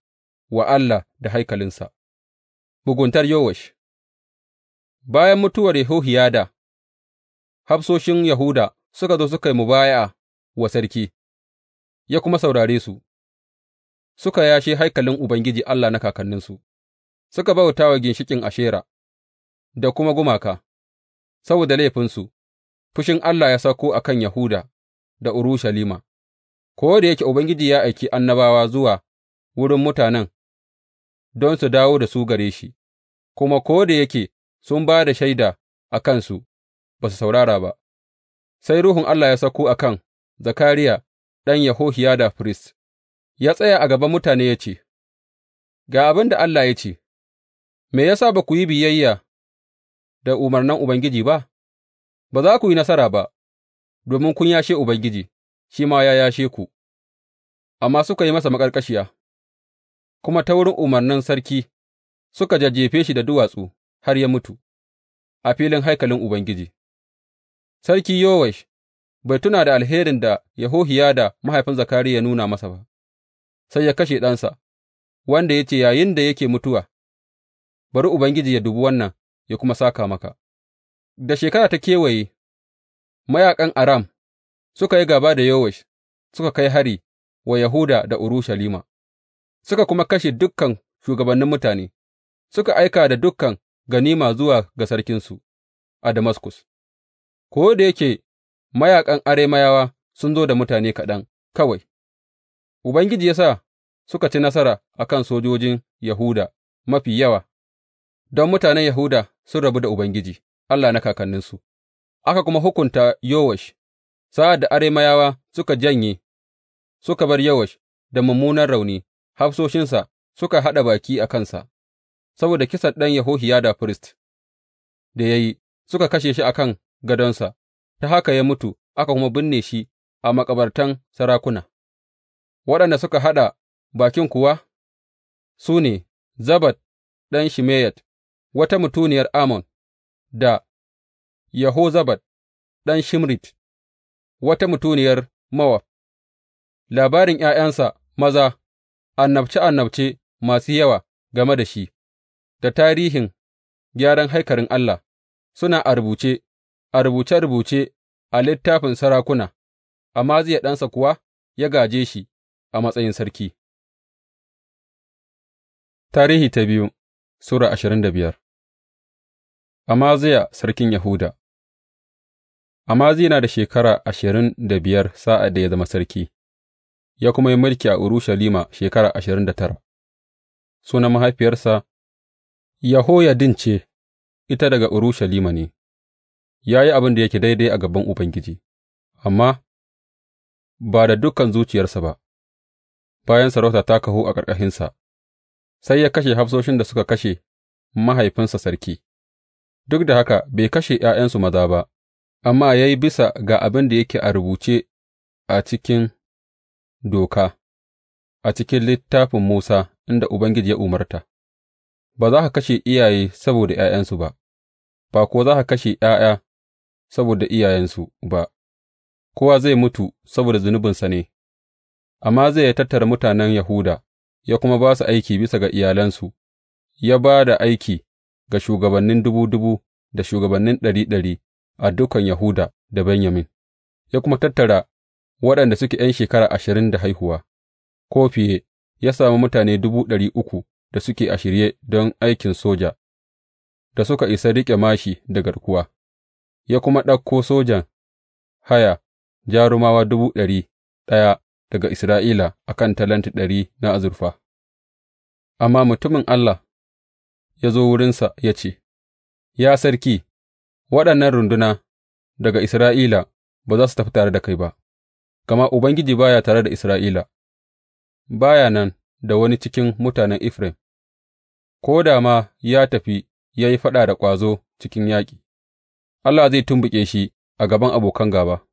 wa Allah da haikalinsa. Buguntar Yowash. Bayan mutuwar Yehohiyada, hafsoshin Yahuda suka zo suka yi mubaya'a wa sarki, ya kuma saurare su, suka yashe haikalin Ubangiji Allah na kakanninsu, suka bauta wa ginshiƙin Ashera da kuma gumaka, saboda laifinsu, fushin Allah ya sauko a kan Yahuda da Urushalima, ko da yake Ubangiji ya aiki annabawa zuwa wurin mutanen don su dawo da su gare shi, kuma ko da yake sun ba da shaida a kansu, ba su saurara ba, sai Ruhun Allah ya sauko a kan Zakariya ɗan Yehohiyada firist, ya tsaya a gaban mutane ya ce, Ga abin da Allah ya ce, Me ya sa ba ku yi biyayya da umarnan Ubangiji ba, ba za ku yi nasara ba, domin kun yashe Ubangiji, shi ma ya yashe ku, amma suka yi masa maƙarƙashiya, kuma ta wurin umarnin sarki suka jajjefe shi da duwatsu. har ya mutu a filin haikalin Ubangiji, Sarki Yowash bai tuna da alherin da Yehohiyada mahaifin Zakariya ya nuna masa ba, sai ya kashe ɗansa, wanda ya ce yayin da yake mutuwa, Bari Ubangiji ya dubi wannan ya kuma saka maka. Da shekara ta kewaye, mayaƙan Aram suka yi gaba da Yowash suka kai hari wa Yahuda da Urushalima, suka kuma kashe dukkan shugabannin mutane, suka aika da dukan ganima zuwa ga sarkinsu a Damaskus, ko da yake mayaƙan Arameyawa sun zo da mutane kaɗan kawai, Ubangiji ya sa suka ci nasara a kan sojojin Yahuda mafi yawa, don mutanen Yahuda sun rabu da Ubangiji, Allah na kakanninsu, aka kuma hukunta Yowash sa'ad da Arameyawa suka janye suka bar Yowash da mummunan rauni, hafsoshinsa suka haɗa baki a kansa. saboda kisan ɗan Yehohiyada firist da ya yi, suka kashe shi a kan gadonsa, ta haka ya mutu aka kuma binne shi a makabartan sarakuna, waɗanda suka haɗa bakin kuwa su ne Zabad ɗan Shimeyat, wata mutuniyar Amon, da Yaho-zabad ɗan Shimrit, wata mutuniyar Mawab. Labarin ’ya'yansa maza, annabce annabce masu yawa game da shi. da tarihin gyaran haikalin Allah suna a rubuce, a rubuce rubuce a littafin sarakuna, amma Amaziya ɗansa kuwa ya gaje shi a matsayin sarki. Tarihi ta biyu Sura ashirin da biyar Amaziya sarkin Yahuda Amaziya na da shekara ashirin da biyar sa'ad da ya zama sarki, ya kuma yi mulki a Urushalima shekara ashirin da tara. Sunan mahaifiyarsa Yehoyadin ce, ita daga Urushalima ne, ya yi abin da yake daidai a gaban Ubangiji, amma ba da dukan zuciyarsa ba, bayan sarauta ta kahu a ƙarƙashinsa, sai ya kashe hafsoshin da suka kashe mahaifinsa sarki, duk da haka bai kashe ’ya'yansu maza ba, amma ya yi bisa ga abin da yake a rubuce a cikin doka, a cikin littafin Musa inda Ubangiji ya umarta. ba za ka kashe iyaye saboda ’ya'yansu ba, ba kuwa za ka kashe ’ya'ya saboda iyayensu ba, kowa zai mutu saboda zunubinsa ne, amma zai ya tattara mutanen Yahuda ya kuma ba su aiki bisa ga iyalansu, ya ba da aiki ga shugabannin dubu dubu da shugabannin ɗari ɗari a dukan Yahuda da Benyamin, ya kuma tattara waɗanda suke ’yan shekara ashirin da haihuwa ko fiye, ya sami mutane dubu ɗari uku da suke a shirye don aikin soja, da suka isa riƙe māshi da garkuwa, ya kuma ɗauko sojan haya jarumawa dubu ɗari ɗaya daga Isra'ila a kan talenti ɗari na azurfa. Amma mutumin Allah ya zo wurinsa ya ce, Ya sarki, waɗannan runduna daga Isra'ila ba za su tafi tare da kai ba, gama Ubangiji baya tare da Isra'ila, Baya nan da wani cikin mutanen Efraim, ko da ma ya tafi ya yi faɗa da ƙwazo cikin yaƙi, Allah zai tumɓuke shi a gaban abokan gāba,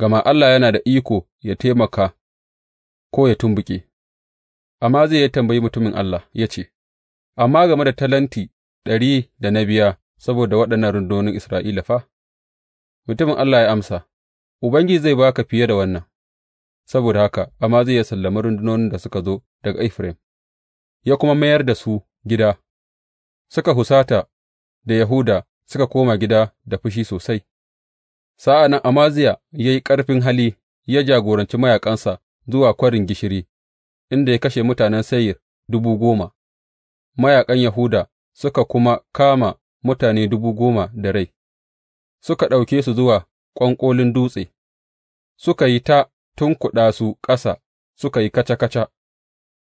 gama Allah yana da iko ya taimaka ko ya Amma zai yi tambayi mutumin Allah ya ce, Amma game da talenti ɗari da na biya saboda waɗannan rundunonin Isra'ila fa? Mutumin Allah ya amsa, Ubangiji zai ba ka fiye da wannan. Saboda haka Amaziya ya sallami rundunonin da suka zo daga Efraim, ya kuma mayar da su gida, suka husata da Yahuda suka koma gida da fushi sosai. Sa'an nan Amaziya ya yi ƙarfin hali ya jagoranci mayaƙansa zuwa Kwarin Gishiri, inda ya kashe mutanen Seyir dubu goma, mayaƙan Yahuda suka kuma kama mutane dubu goma da rai, suka ɗauke su zuwa ƙwanƙolin dutse, suka yi ta tunkuɗa su ƙasa suka yi kaca kaca,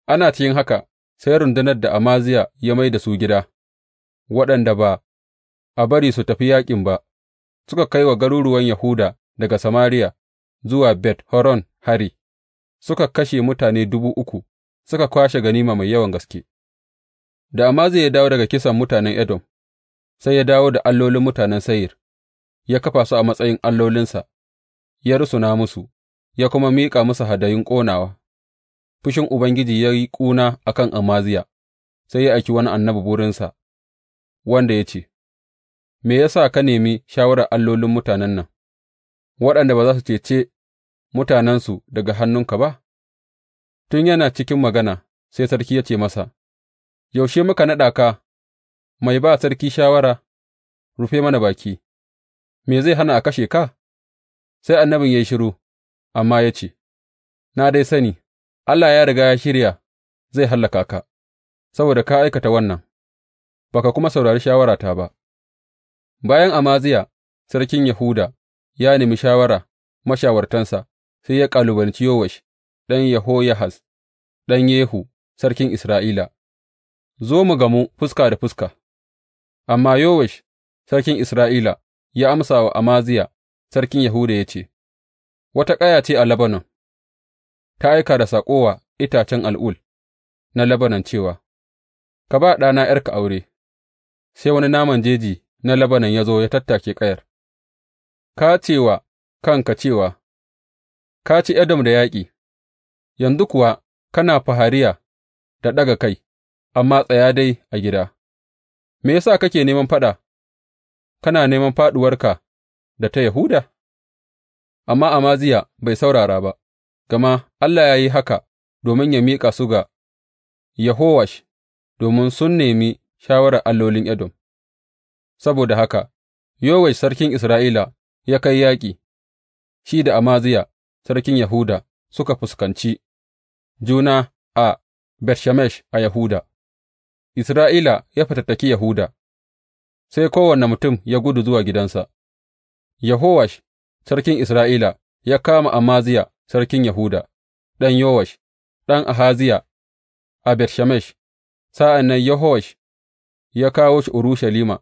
ana cikin haka sai rundunar da Amaziya ya mai da su gida, waɗanda ba a bari su tafi yaƙin ba, suka kai wa garuruwan Yahuda daga Samariya zuwa Bet Horon hari, suka kashe mutane dubu uku, suka kwashe ganima mai yawan gaske. Da Amaziya ya dawo daga kisan mutanen Edom, sai ya dawo da allolin mutanen Seyir, ya kafa su a matsayin allolinsa, ya rusuna musu, ya kuma miƙa musu hadayun ƙonawa, fushin Ubangiji ya yi ƙuna a kan Amaziya, sai ya aiki wani annabi burinsa. wanda ya ce, Me ya sa ka nemi shawarar allolin mutanen nan, waɗanda ba za su cece mutanensu daga hannunka ba? Tun yana cikin magana, sai sarki ya ce masa, Yaushe muka naɗa ka, mai ba sarki shawara, rufe mana baki, me zai hana a kashe ka? Sai annabin ya yi shiru. amma ya ce, Na dai sani, Allah ya riga ya shirya zai hallaka ka, saboda ka aikata wannan, ba ka kuma saurari shawarata ba. Bayan Amaziya, sarkin Yahuda, ya nemi shawara mashawartansa, sai ya ƙalubalci Yowash ɗan yahoyahas ɗan Yehu, sarkin Isra'ila, Zo mu gamu fuska da fuska, amma Yowash, sarkin Isra'ila, ya amsa wa Amaziya, sarkin Yahuda ya ce, wata ƙaya ce a Lebanon, ta aika da saƙo wa itacen al'ul na Lebanon cewa, Ka ba ɗana ’yarka aure, sai wani naman jeji na Lebanon ya zo ya tattake ƙayar, ka ce wa kanka cewa, Ka ci Edom da yaƙi, yanzu kuwa kana fahariya da ɗaga kai, amma tsaya dai a gida, me ya sa kake neman faɗa, kana neman fāɗuwarka da ta Yahuda? amma Amaziya bai saurara ba, gama Allah ya yi haka domin ya miƙa su ga Yehowash, domin sun nemi shawarar allolin Edom. Saboda haka, Yowash sarkin Isra'ila ya kai yaƙi, shi da Amaziya sarkin Yahuda suka fuskanci juna a Bershemesh a Yahuda. Isra'ila ya fatattaki Yahuda, sai kowane mutum ya gudu zuwa gidansa, Yahowash. sarkin Isra'ila ya kama Amaziya sarkin Yahuda, ɗan Yowash, ɗan Ahaziya a Bet Shemesh, sa'an nan Yehowash ya kawo shi Urushalima,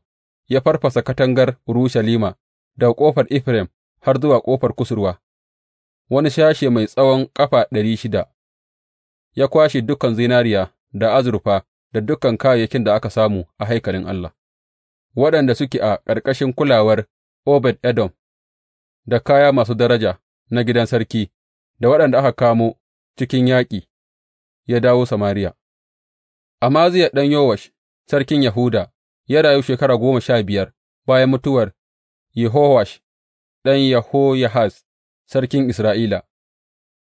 ya farfasa katangar Urushalima daga ƙofar Efraim har zuwa ƙofar kusurwa, wani sashe mai tsawon ƙafa ɗari shida, ya kwashe dukan zinariya da azurfa da dukan kayayyakin da aka samu a haikalin Allah, waɗanda suke a ƙarƙashin kulawar Obed Edom da kaya masu daraja na gidan sarki da waɗanda aka kamo cikin yaƙi, ya dawo Samariya. Amaziya ɗan Yowash, sarkin Yahuda, ya rayu shekara goma sha biyar bayan mutuwar Yehowash ɗan Yahoyahaz, sarkin Isra'ila,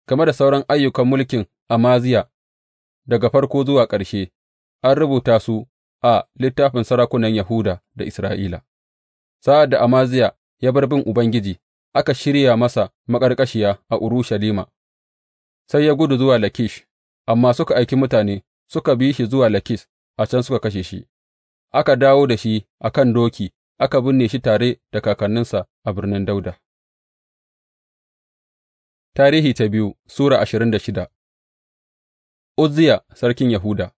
game da sauran ayyukan mulkin Amaziya daga farko zuwa ƙarshe, an rubuta su a littafin sarakunan Yahuda da Isra'ila. Sa'ad da Amaziya ya bar bin Ubangiji aka shirya masa maƙarƙashiya a Urushalima, sai ya gudu zuwa Lakish, amma suka aiki mutane suka bi shi zuwa Lakish, a can suka kashe shi, aka dawo da shi a kan doki, aka binne shi tare da kakanninsa a birnin Dauda. Tarihi ta biyu Sura ashirin da shida Uzziya sarkin Yahuda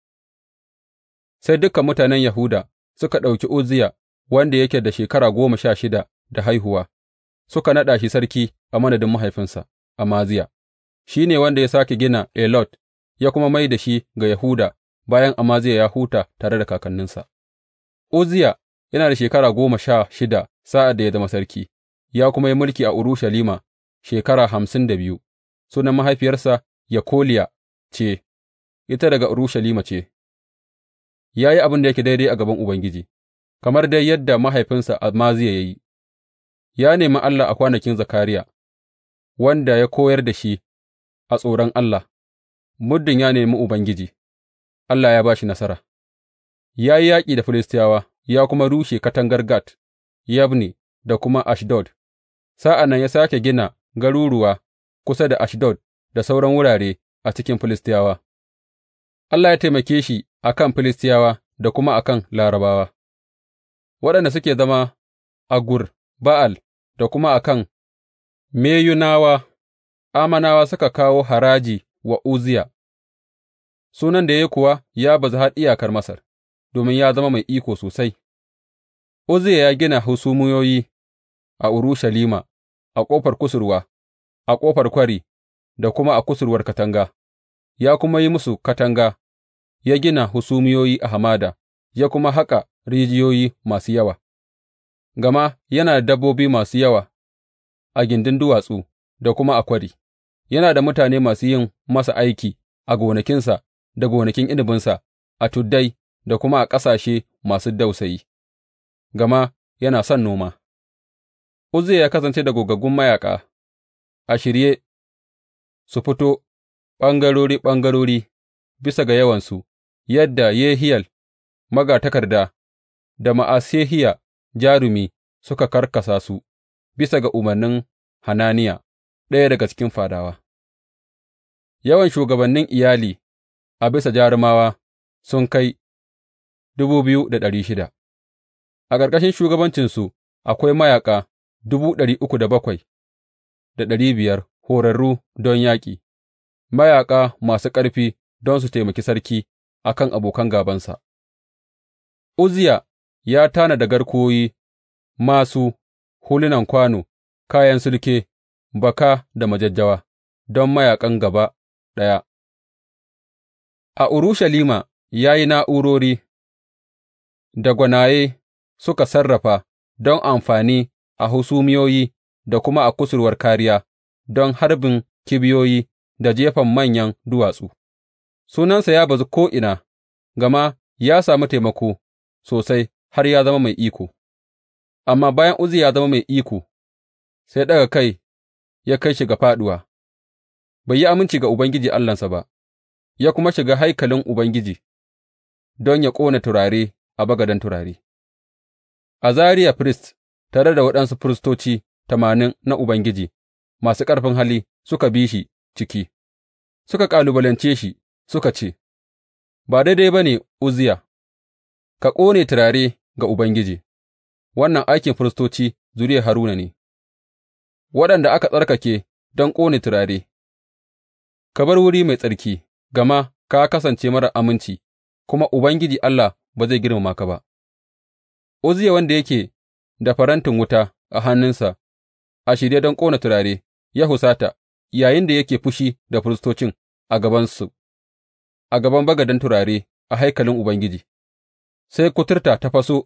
Sai dukan mutanen Yahuda suka ɗauki Uzziya wanda yake da shekara goma sha shida da haihuwa suka naɗa shi sarki a madadin mahaifinsa Amaziya, shi ne wanda ya sake gina Elot ya kuma mai da shi ga Yahuda bayan Amaziya ya huta tare da kakanninsa. Uzziya yana da shekara goma sha shida sa'ad da ya zama sarki, ya kuma yi mulki a Urushalima shekara hamsin da biyu, sunan mahaifiyarsa Yakoliya ce, ita daga Urushalima ce, ya yi abin da yake daidai a gaban Ubangiji, kamar dai yadda mahaifinsa Amaziya ya yi. ya nemi Allah a kwanakin Zakariya, wanda ya koyar da shi a tsoron Allah, muddin ya nemi Ubangiji, Allah ya ba shi nasara, ya yi yaƙi da Filistiyawa, ya kuma rushe katangar Gat, Yabne da kuma Ashdod, sa'an nan ya sake gina garuruwa kusa da Ashdod da sauran wurare a cikin Filistiyawa. Allah ya taimake shi a kan Filistiyawa da kuma a kan Larabawa, waɗanda suke zama a Gur Ba'al da kuma a kan Meyunawa, Amanawa suka kawo haraji wa Uziya? sunan da ya yi kuwa ya bazu har iyakar Masar, domin ya zama mai iko sosai. Uzziya ya gina husumiyoyi a Urushalima, a ƙofar kusurwa, a ƙofar kwari, da kuma a kusurwar katanga, ya kuma yi musu katanga, ya gina husumiyoyi a hamada, ya kuma haƙa rijiyoyi masu yawa. gama yana da dabbobi masu yawa a gindin duwatsu da kuma a kwari, yana da mutane masu yin masa aiki a gonakinsa da gonakin inabinsa, a tuddai da kuma a ƙasashe masu dausayi, gama yana son noma. Uzziya ya kasance da gogaggun mayaƙa a shirye su fito ɓangarori-ɓangarori bisa ga yawansu, yadda Yehiyel magatakarda da Ma'asehiya jarumi suka karkasa su bisa ga umarnin Hananiya, ɗaya daga cikin fadawa. Yawan shugabannin iyali a bisa jarumawa sun kai dubu biyu da ɗari shida, a ƙarƙashin shugabancinsu akwai mayaƙa dubu ɗari uku da bakwai da ɗari biyar horarru don yaƙi, mayaƙa masu ƙarfi don su taimaki sarki a kan abokan gābansa. Uziya. ya tanada garkuwoyi, masu hulunan kwano, kayan sulke, baka da majajjawa don mayaƙan gaba ɗaya. A Urushalima ya yi na'urori da gwanaye suka sarrafa don amfani a husumiyoyi da kuma a kusurwar kariya don harbin kibiyoyi da jefan manyan duwatsu. Sunansa ya bazu ko'ina, gama ya sami taimako sosai. har ya zama mai iko, amma bayan Uzziya ya zama mai iko, sai ɗaga kai ya kai shi ga fāɗuwa, bai yi aminci ga Ubangiji Allahnsa ba, ya kuma shiga haikalin Ubangiji don ya ƙona turare a bagaden turare. Azariya firist tare da waɗansu firistoci tamanin na Ubangiji masu ƙarfin hali suka bi shi ciki, suka ƙalubalance shi suka ce, Ba daidai ba ne, uziya. ka ƙone turare ga Ubangiji, wannan aikin firistoci zuriyar Haruna ne, waɗanda aka tsarkake don ƙone turare, ka bar wuri mai tsarki, gama ka kasance marar aminci, kuma Ubangiji Allah ba zai girmama ka ba. Uziya wanda yake da farantin wuta a hannunsa a shirye don ƙona turare, ya husata yayinda yake fushi da firistocin a gabansu, a gaban bagaden turare a haikalin Ubangiji. sai kuturta ta faso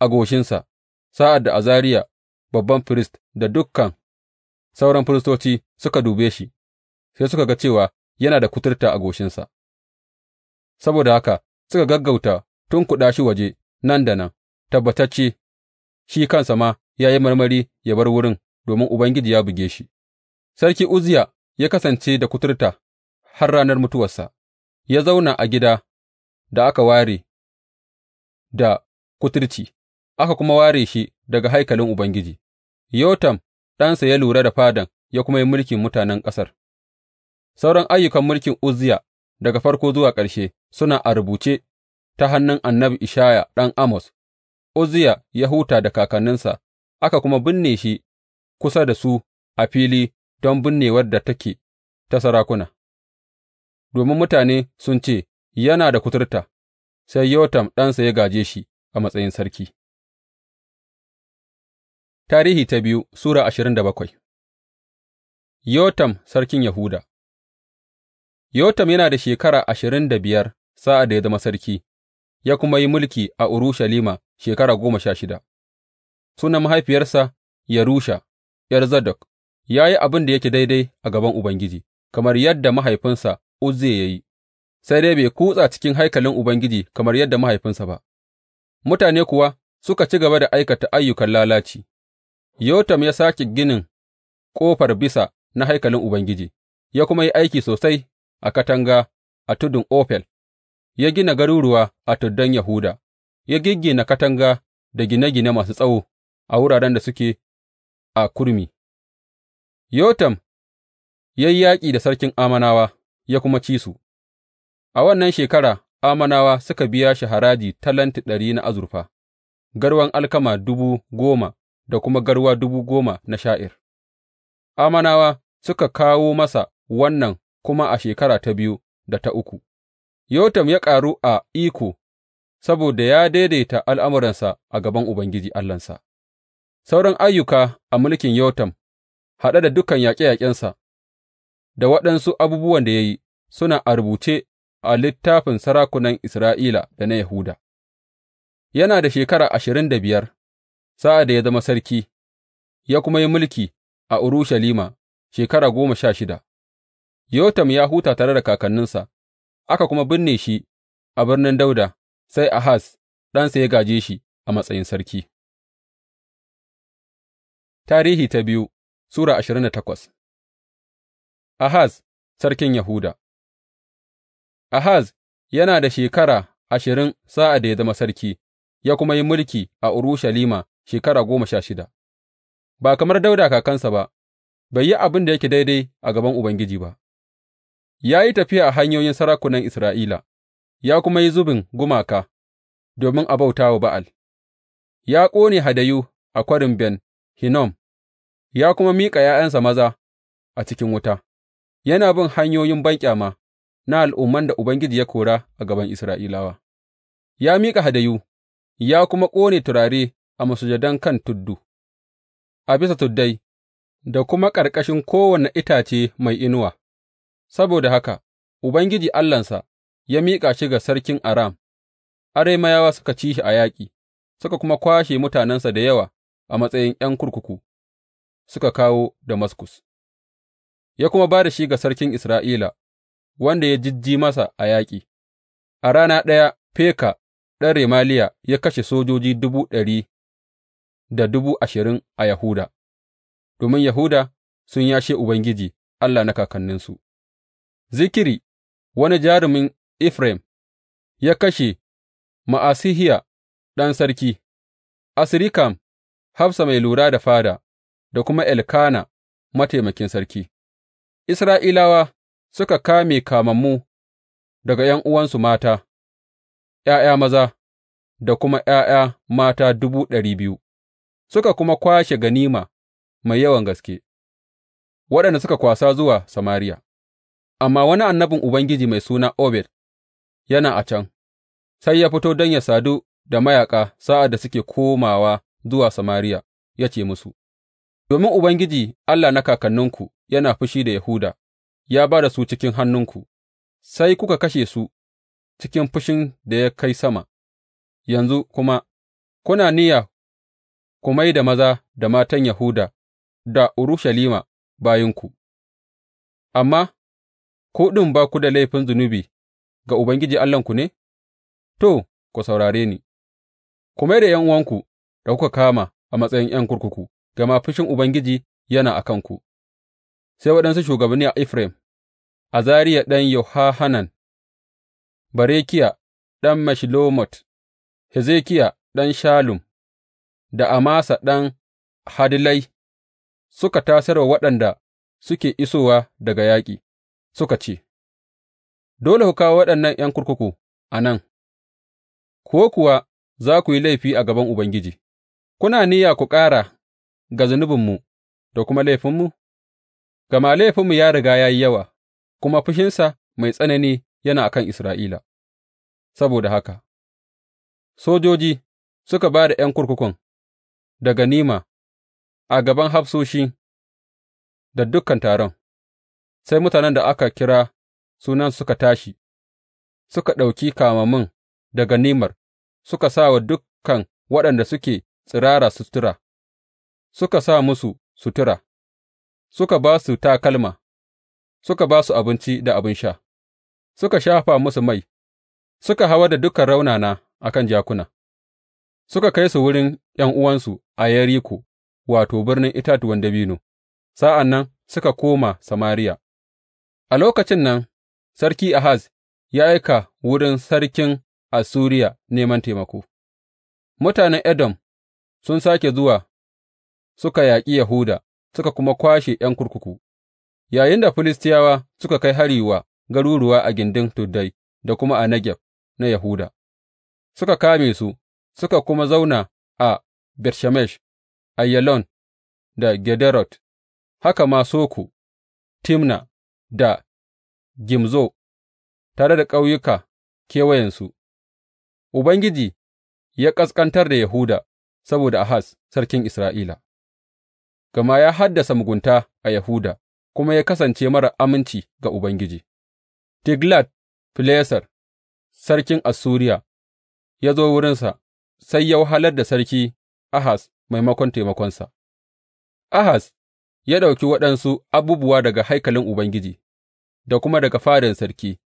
a goshinsa sa'ad da Azariya babban firist da dukan sauran firistoci suka dube shi, sai suka ga cewa yana da kuturta a goshinsa, saboda haka suka gaggauta tunkuɗa shi waje nan da nan, tabbatacce shi kansa ma ya yi marmari ya bar wurin domin Ubangiji ya buge shi. Sarki Uziya ya kasance da kuturta har ranar mutuwarsa, ya zauna a gida da aka ware da kuturci, aka kuma ware shi daga haikalin Ubangiji, Yotam ɗansa ya lura da fadan ya kuma yi mulkin mutanen ƙasar. Sauran ayyukan mulkin Uzziya daga farko zuwa ƙarshe suna a rubuce ta hannun annabi Ishaya ɗan Amos, Uzziya ya huta da kakanninsa, aka kuma binne shi kusa da su a fili don binnewar da take ta sarakuna, domin mutane sun ce, Yana da kuturta, sai Yotam ɗansa ya gāje shi a matsayin sarki. Tarihi ta biyu Sura ashirin da bakwai Yotam sarkin Yahuda Yotam yana da shekara ashirin da biyar sa'ad da ya zama sarki, ya kuma yi mulki a Urushalima shekara goma sha shida. Sunan mahaifiyarsa Yarusha, ’yar Zadok, ya yi abin da yake daidai a gaban Ubangiji, kamar yadda mahaifinsa Uzziya ya yi. sai dai bai kutsa cikin haikalin Ubangiji kamar yadda mahaifinsa ba, mutane kuwa suka ci gaba da aikata ayyukan lalaci. Yotam ya sake ginin ƙofar bisa na haikalin Ubangiji, ya kuma yi aiki sosai a katanga a tudun Ofel, ya gina garuruwa a tuddan Yahuda, ya giggina katanga da gine-gine masu tsawo a wuraren da suke a kurmi. Yotam ya yi yaƙi da sarkin amanawa, ya kuma ci su. A wannan shekara Ammonawa suka biya shi haraji talenti ɗari na azurfa, garwan alkama dubu goma da kuma garwa dubu goma na sha'ir, Ammonawa suka kawo masa wannan kuma a shekara ta biyu da ta uku, Yotam ya ƙaru a iko saboda ya daidaita al'amuransa a gaban Ubangiji Allahnsa, sauran ayyuka a mulkin Yotam, haɗe da dukan yaƙe-yaƙensa da waɗansu abubuwan da ya yi, suna a rubuce a littafin sarakunan Isra'ila da na Yahuda, yana da shekara ashirin da biyar sa'ad da ya zama sarki, ya kuma yi mulki a Urushalima shekara goma sha shida. Yotam ya huta tare da kakanninsa, aka kuma binne shi a birnin Dauda, sai Ahaz ɗansa ya gaje shi a matsayin sarki. Tarihi ta biyu Sura ashirin da takwas Ahaz sarkin Yahuda Ahaz yana da shekara ashirin sa'ad da ya zama sarki, ya kuma yi mulki a Urushalima shekara goma sha shida, ba kamar Dawuda kakansa ba, bai yi abin da yake daidai a gaban Ubangiji ba, ya yi tafiya a hanyoyin sarakunan Isra'ila, ya kuma yi zubin gumaka domin a bauta wa Ba'al, ya ƙone hadayu a kwarin Ben Hinnom, ya kuma miƙa ’ya'yansa maza a cikin wuta, yana bin hanyoyin banƙyama. na al'umman da Ubangiji ya kora a gaban Isra'ilawa, ya miƙa hadayu, ya kuma ƙone turare a masujadan kan tudu, a bisa tuddai, da kuma ƙarƙashin kowane itace mai inuwa, saboda haka Ubangiji Allahnsa ya miƙa shi ga sarkin Aram, Arameyawa suka ci shi a yaƙi, suka kuma kwashe mutanensa da yawa a matsayin ’yan kurkuku, suka kawo Damaskus, ya kuma ba da shi ga sarkin Isra'ila. wanda ya jijji masa a yaƙi, a rana ɗaya Feka ɗan Remaliya ya kashe sojoji dubu ɗari da dubu ashirin a Yahuda, domin Yahuda sun yashe Ubangiji Allah na kakanninsu. Zikiri wani jarumin Efraim, ya kashe ma'asihiya ɗan sarki, Asirikam, hafsa mai lura da fada, da kuma Elkana mataimakin sarki. Isra'ilawa suka kame kamammu daga ’yan'uwansu mata, ’ya'ya maza da kuma ’ya'ya mata dubu ɗari biyu, suka kuma kwashe ganima mai yawan gaske, waɗanda suka kwasa zuwa Samariya. Amma wani annabin Ubangiji mai suna Obed yana a can, sai ya fito don ya sadu da mayaƙa sa'ad da suke komawa zuwa Samariya, ya ce musu, Domin Ubangiji Allah na kakanninku yana fushi da Yahuda. ya ba da su cikin hannunku, sai kuka kashe su cikin fushin da ya kai sama, yanzu kuma kuna niyya ku mai da maza da matan Yahuda da Urushalima bayinku, amma ku ɗin ba ku da laifin zunubi ga Ubangiji Allahnku ne? To, ku saurare ni, ku mai da ’yan'uwanku da kuka kama a matsayin ’yan kurkuku, gama fushin Ubangiji yana a kanku. Sai waɗansu shugabanni a Efraim, Azariya ɗan Yohanan, Barekiya ɗan Mashilomot, Hezekiya ɗan Shalum da Amasa ɗan Hadilai, suka tasar wa waɗanda suke isowa daga yaƙi, suka ce, Dole ku kawo waɗannan ’yan kurkuku a nan, ko kuwa za ku yi laifi a gaban Ubangiji, kuna niyya ku ƙara ga zunubinmu da kuma laifinmu? Gama laifinmu ya riga ya yi yawa, kuma fushinsa mai tsanani yana a kan Isra'ila; saboda haka sojoji suka ba da ’yan kurkukun da ganima a gaban hafsoshi da dukan taron, sai mutanen da aka kira sunan suka tashi, suka ɗauki kamammun da ganimar suka sa wa dukan waɗanda suke tsirara sutura, suka sa musu sutura. suka ba su takalma, suka ba su abinci da abin sha, suka shafa musu mai, suka hawa da dukan raunana a kan jakuna, suka kai su wurin ’yan'uwansu a Yeriko, wato, birnin itatuwan dabino, sa'an nan suka koma Samariya. A lokacin nan, Sarki Ahaz ya aika wurin sarkin Assuriya neman taimako, mutanen Edom sun sake zuwa suka yaƙi Yahuda. suka kuma kwashe ’yan kurkuku, yayinda Filistiyawa suka kai hari wa garuruwa a gindin tuddai da kuma a Negeb na Yahuda, suka kame su, suka kuma zauna a Bershemesh, Ayalon da Gederot, haka ma Soko, Timna da Gimzo, tare da ƙauyuka kewayensu. Ubangiji ya ƙasƙantar da Yahuda saboda Ahaz sarkin Isra'ila. gama ya haddasa mugunta a Yahuda kuma ya kasance marar aminci ga Ubangiji. Tiglat Fileser sarkin Assuriya ya zo wurinsa, sai ya wahalar da sarki Ahaz maimakon taimakonsa. Ahaz ya ɗauki waɗansu abubuwa daga haikalin Ubangiji, da kuma daga fadan sarki,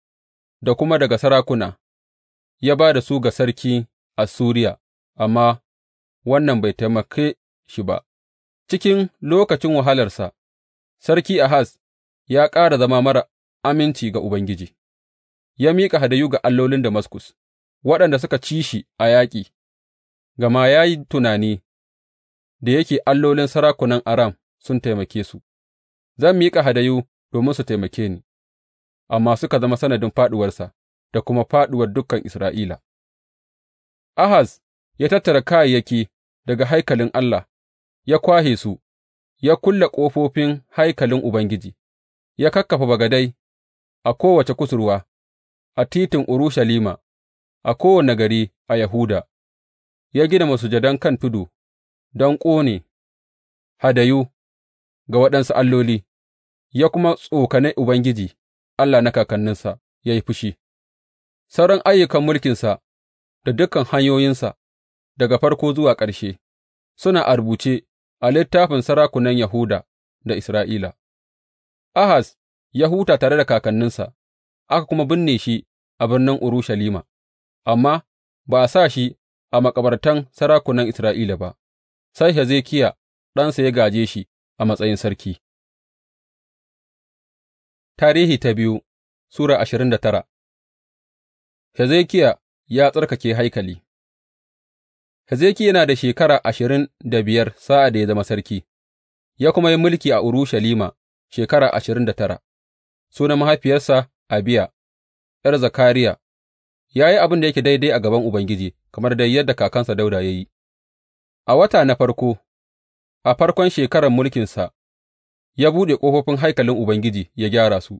da kuma daga sarakuna, ya ba da su ga sarki Assuriya, amma wannan bai taimake shi ba. Cikin lokacin wahalarsa, Sarki Ahaz ya ƙara zama mara aminci ga Ubangiji, ya miƙa hadayu ga allolin Damaskus, waɗanda suka ci shi a yaƙi, gama ya yi tunani, da yake allolin sarakunan Aram sun taimake su, zan miƙa hadayu domin su taimake ni, amma suka zama sanadin fāɗuwarsa da kuma fāɗuwar dukan Isra'ila. Ahaz ya tattara kayayyaki daga haikalin Allah ya kwashe su, ya kulle ƙofofin haikalin Ubangiji, ya kakkafa bagadai a kowace kusurwa, a titin Urushalima, a kowane gari a Yahuda, ya gina masujadan kan tudu don ƙone hadayu ga waɗansu alloli, ya kuma tsokane Ubangiji, Allah na kakanninsa, ya yi fushi. Sauran ayyukan mulkinsa da dukan hanyoyinsa daga farko zuwa ƙarshe suna a rubuce a littafin sarakunan Yahuda da Isra'ila. Ahaz ya huta tare da kakanninsa, aka kuma binne shi a birnin Urushalima, amma ba a sa shi a makabartan sarakunan Isra'ila ba, sai Hezekiya ɗansa ya gaje shi a matsayin sarki. Tarihi ta biyu Sura ashirin da tara Hezekiya ya tsarkake haikali. Hezekiya yana da shekara ashirin da biyar sa'ad da ya zama sarki, ya kuma yi mulki a Urushalima shekara ashirin da tara. Sunan mahaifiyarsa Abiya, ’yar Zakariya, ya yi abin da yake daidai a gaban Ubangiji, kamar dai yadda kakansa Dauda ya yi. A wata na farko, a farkon shekarar mulkinsa, ya buɗe ƙofofin haikalin Ubangiji ya gyara su,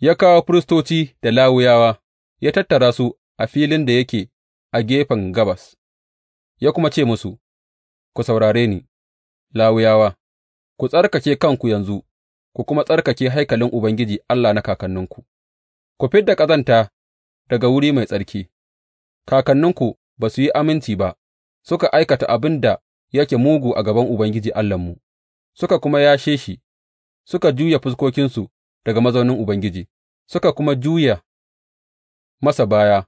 ya kawo firistoci da Lawiyawa, ya tattara su a filin da yake a gefen gabas. ya kuma ce musu, Ku saurare ni, Lawiyawa, ku tsarkake kanku yanzu, ku kuma tsarkake haikalin Ubangiji Allah na kakanninku, ku fid da ƙazanta daga wuri mai tsarki, kakanninku ba su yi aminci ba, suka aikata abin da yake mugu a gaban Ubangiji Allahnmu, suka kuma yashe shi, suka juya fuskokinsu daga mazaunin Ubangiji, suka kuma juya masa baya,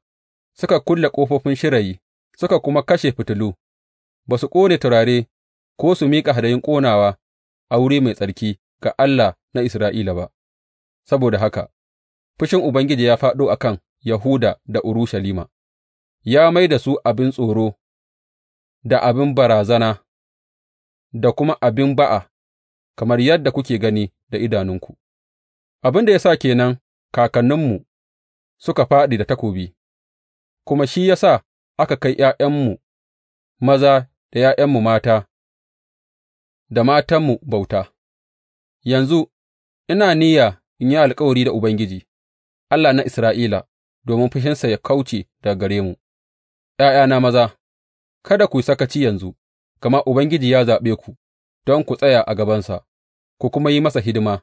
suka kulle ƙofofin shirayi, suka kuma kashe fitilu, ba su ƙone turare ko su miƙa hadayun ƙonawa a wuri mai tsarki ga Allah na Isra'ila ba, saboda haka fushin Ubangiji ya fāɗo a kan Yahuda da Urushalima, ya mai da su abin tsoro da abin barazana da kuma abin ba'a, kamar yadda kuke gani da idanunku, abin da ya sa kenan kakanninmu suka fāɗi da takobi, kuma shi ya sa aka kai ’ya'yanmu maza da ’ya'yanmu mata da matanmu bauta, yanzu ina niyya in yi alkawari da Ubangiji, Allah na Isra'ila, domin fushinsa ya kauce daga gare mu, ’ya'yana maza, kada ku yi sakaci yanzu, gama Ubangiji ya zaɓe ku don ku tsaya a gabansa, ku kuma yi masa hidima,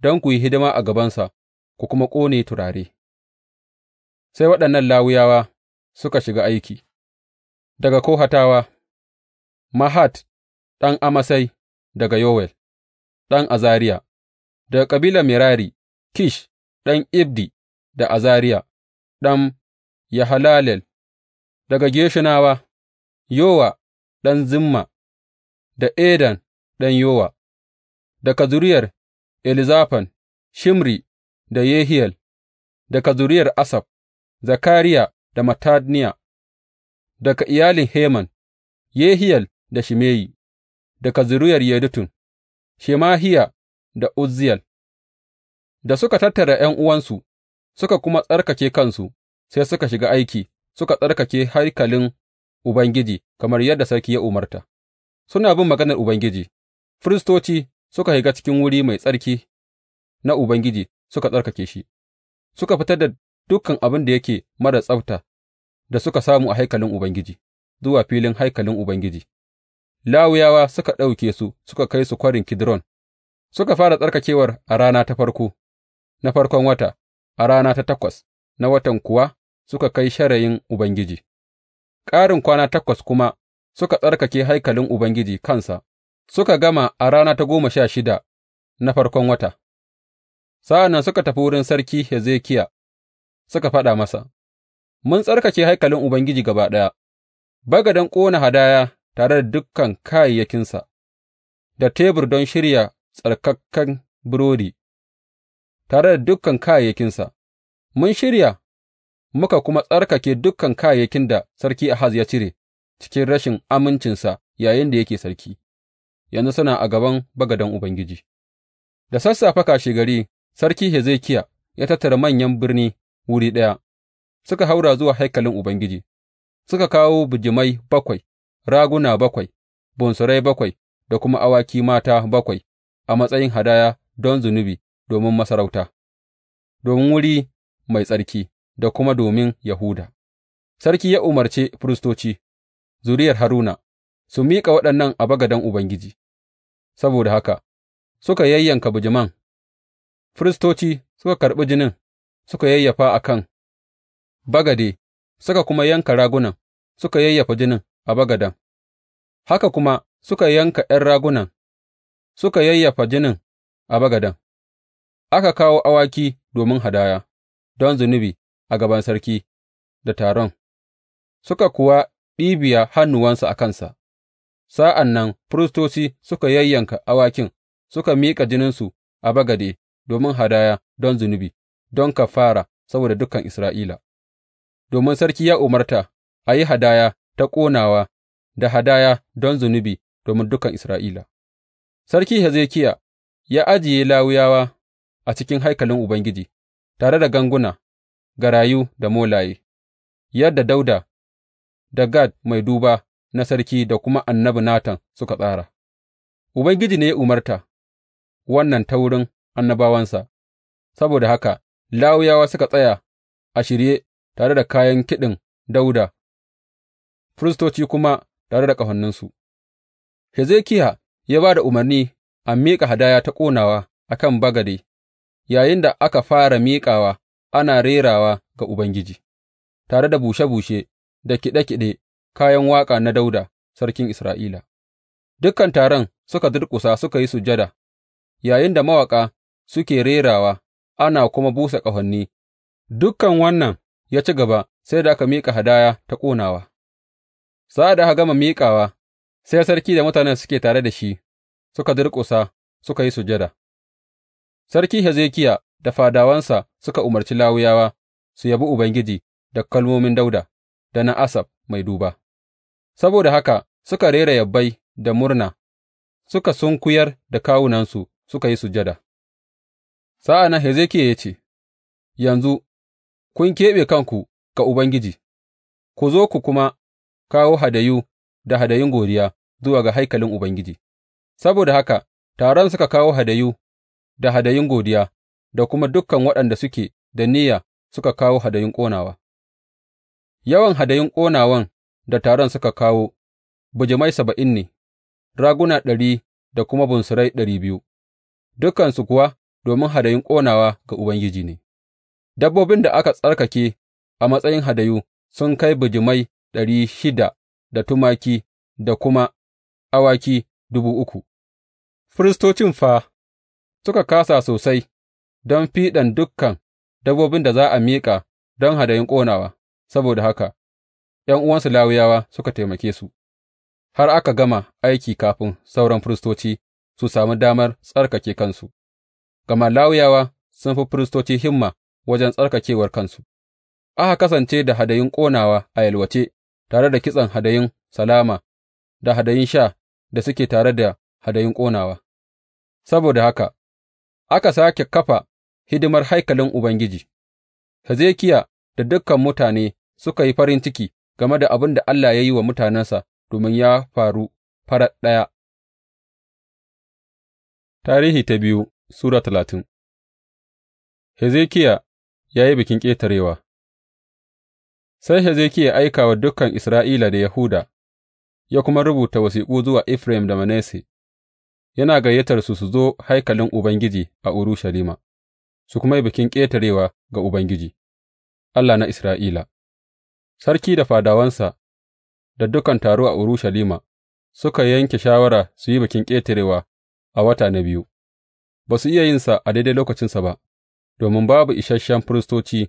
don ku yi hidima a gabansa, ku kuma ƙone turare. Sai waɗannan lawuyawa suka shiga aiki, daga Kohatawa, Mahat ɗan Amasai daga Yowel, ɗan Azariya, daga kabila Mirari, Kish ɗan Ibdi da Azariya, ɗan Yahalalel, daga Geshinawa, Yowa ɗan Zimma, da Edan ɗan Yowa, daga zuriyar Elizafan, Shimri da Yehiyel, daga zuriyar Asaf, Zakariya da Mattaniya; daga iyalin Heman, Yehiyel da Shimeyi; daga zuriyar Yedutun, Shemahiya da Uzziyel Da suka tattara ’yan'uwansu suka kuma tsarkake kansu, sai suka shiga aiki suka tsarkake haikalin Ubangiji kamar yadda sarki ya umarta, suna bin maganar Ubangiji, firistoci suka shiga cikin wuri mai tsarki na Ubangiji suka tsarkake shi, suka fitar da dukan abin da yake marar tsabta da suka samu a haikalin Ubangiji zuwa filin haikalin Ubangiji, Lawiyawa suka ɗauke su suka kai su kwarin Kidron, suka fara tsarkakewar a rana ta farko, na farkon wata, a rana ta takwas na watan kuwa suka kai sharayin Ubangiji, ƙarin kwana takwas kuma suka tsarkake haikalin Ubangiji kansa, suka gama a rana ta goma sha shida na farkon wata. Sa'an nan suka tafi wurin Sarki Hezekiya suka faɗa masa, Mun tsarkake haikalin Ubangiji gaba ɗaya, bagaden ƙona hadaya tare da dukkan kayayyakinsa, da tebur don shirya tsarkakan burodi, tare da dukkan kayayyakinsa, mun shirya muka kuma tsarkake dukan kayayyakin da sarki Ahaz ya cire cikin rashin amincinsa yayin da yake sarki, yanzu suna a gaban bagaden Ubangiji. Da sassafe kashegari, sarki Hezekiya ya tattara manyan birni wuri ɗaya, suka haura zuwa haikalin Ubangiji, suka kawo bijimai bakwai, raguna bakwai, bunsurai bakwai da kuma awaki mata bakwai a matsayin hadaya don zunubi domin masarauta, domin wuri mai tsarki da kuma domin Yahuda. Sarki ya umarci firistoci, zuriyar Haruna, su miƙa waɗannan a bagaden Ubangiji, saboda haka suka yayyanka bijiman, firistoci suka karɓi jinin suka yayyafa a kan bagade, suka kuma yanka ragunan, suka yayyafa jinin a bagaden, haka kuma suka yanka ’yan ragunan, suka yayyafa jinin a bagaden. Aka kawo awaki domin hadaya, don zunubi a gaban sarki da taron, suka kuwa ɗibiya hannuwansa a kansa, sa'an nan firistoci suka yayyanka awakin suka miƙa jininsu a bagade domin hadaya don zunubi. don kafara saboda dukan Isra'ila, domin sarki ya umarta a yi hadaya ta ƙonawa da hadaya don zunubi domin dukan Isra'ila. Sarki Hezekiya ya ajiye Lawiyawa a cikin haikalin Ubangiji tare da ganguna, garayu da molaye, yadda Dauda da Gad mai duba na sarki da kuma annabi Natan suka tsara. Ubangiji ne ya umarta wannan ta wurin annabawansa, saboda haka Lawiyawa suka tsaya a shirye tare da kayan kiɗin Dawuda, firistoci kuma tare da ƙahoninsu, Hezekiya ya ba da umarni a miƙa hadaya ta ƙonawa a kan bagade yayinda aka fara miƙawa ana rerawa ga Ubangiji, tare da bushe bushe da kiɗe kiɗe kayan waƙa na Dawuda sarkin Isra'ila. Dukan taron suka durƙusa suka yi sujada yayinda mawaƙa suke rerawa. ana kuma busa ƙahoni, dukan wannan ya ci gaba sai da aka miƙa hadaya ta ƙonawa. Sa'ad da aka gama miƙawa, sai sarki da mutanen suke tare da shi suka durƙusa suka yi sujada. Sarki Hezekiya da fadawansa suka umarci Lawiyawa su yabi Ubangiji da kalmomin Dauda da na Asaf mai duba, saboda haka suka rera yabbai da murna, suka sunkuyar da kawunansu suka yi sujada. Sa'an nan Hezekiya ya ce, Yanzu kun keɓe kanku ga Ubangiji, ku zo ku kuma kawo hadayu da hadayun godiya zuwa ga haikalin Ubangiji, saboda haka taron suka kawo hadayu da hadayun godiya da kuma dukan waɗanda suke da niyya suka kawo hadayun ƙonawa. Yawan hadayun ƙonawan da taron suka kawo bijimai saba'in ne, raguna ɗari da kuma bunsurai ɗari biyu, dukansu kuwa domin hadayun ƙonawa ga Ubangiji ne, dabbobin da aka tsarkake a matsayin hadayu sun kai bijimai ɗari shida da tumaki da kuma awaki dubu uku, firistocin fa suka kasa sosai don fiɗan dukkan dabbobin da za a miƙa don hadayun ƙonawa, saboda haka ’yan'uwansu Lawiyawa suka taimake su, har aka gama aiki kafin sauran firistoci su sami damar tsarkake kansu. gama Lawiyawa sun fi firistoci himma wajen tsarkakewar kansu, aka kasance da hadayun ƙonawa a yalwace tare da kitsen hadayun salama da hadayun sha da suke tare da hadayun ƙonawa, saboda haka aka sāke kafa hidimar haikalin Ubangiji, Hezekiya da dukan mutane suka yi farin ciki game da abin da Allah ya yi wa mutanensa domin ya faru farat ɗaya. Tarihi ta biyu Sura talatin Hezekiya ya yi bikin ƙetarewa Sai Hezekiya ya aika wa dukan Isra'ila da Yahuda, ya kuma rubuta wasiƙu zuwa Efraim da Manasse, yana gayyatarsu su zo haikalin Ubangiji a Urushalima, su kuma yi bikin ƙetarewa ga Ubangiji, Allah na Isra'ila. Sarki da fadawansa da dukan taro a Urushalima suka yanke shawara su yi bikin ƙetarewa a wata na biyu. ba su iya yinsa a daidai lokacinsa ba, domin babu isasshen firistoci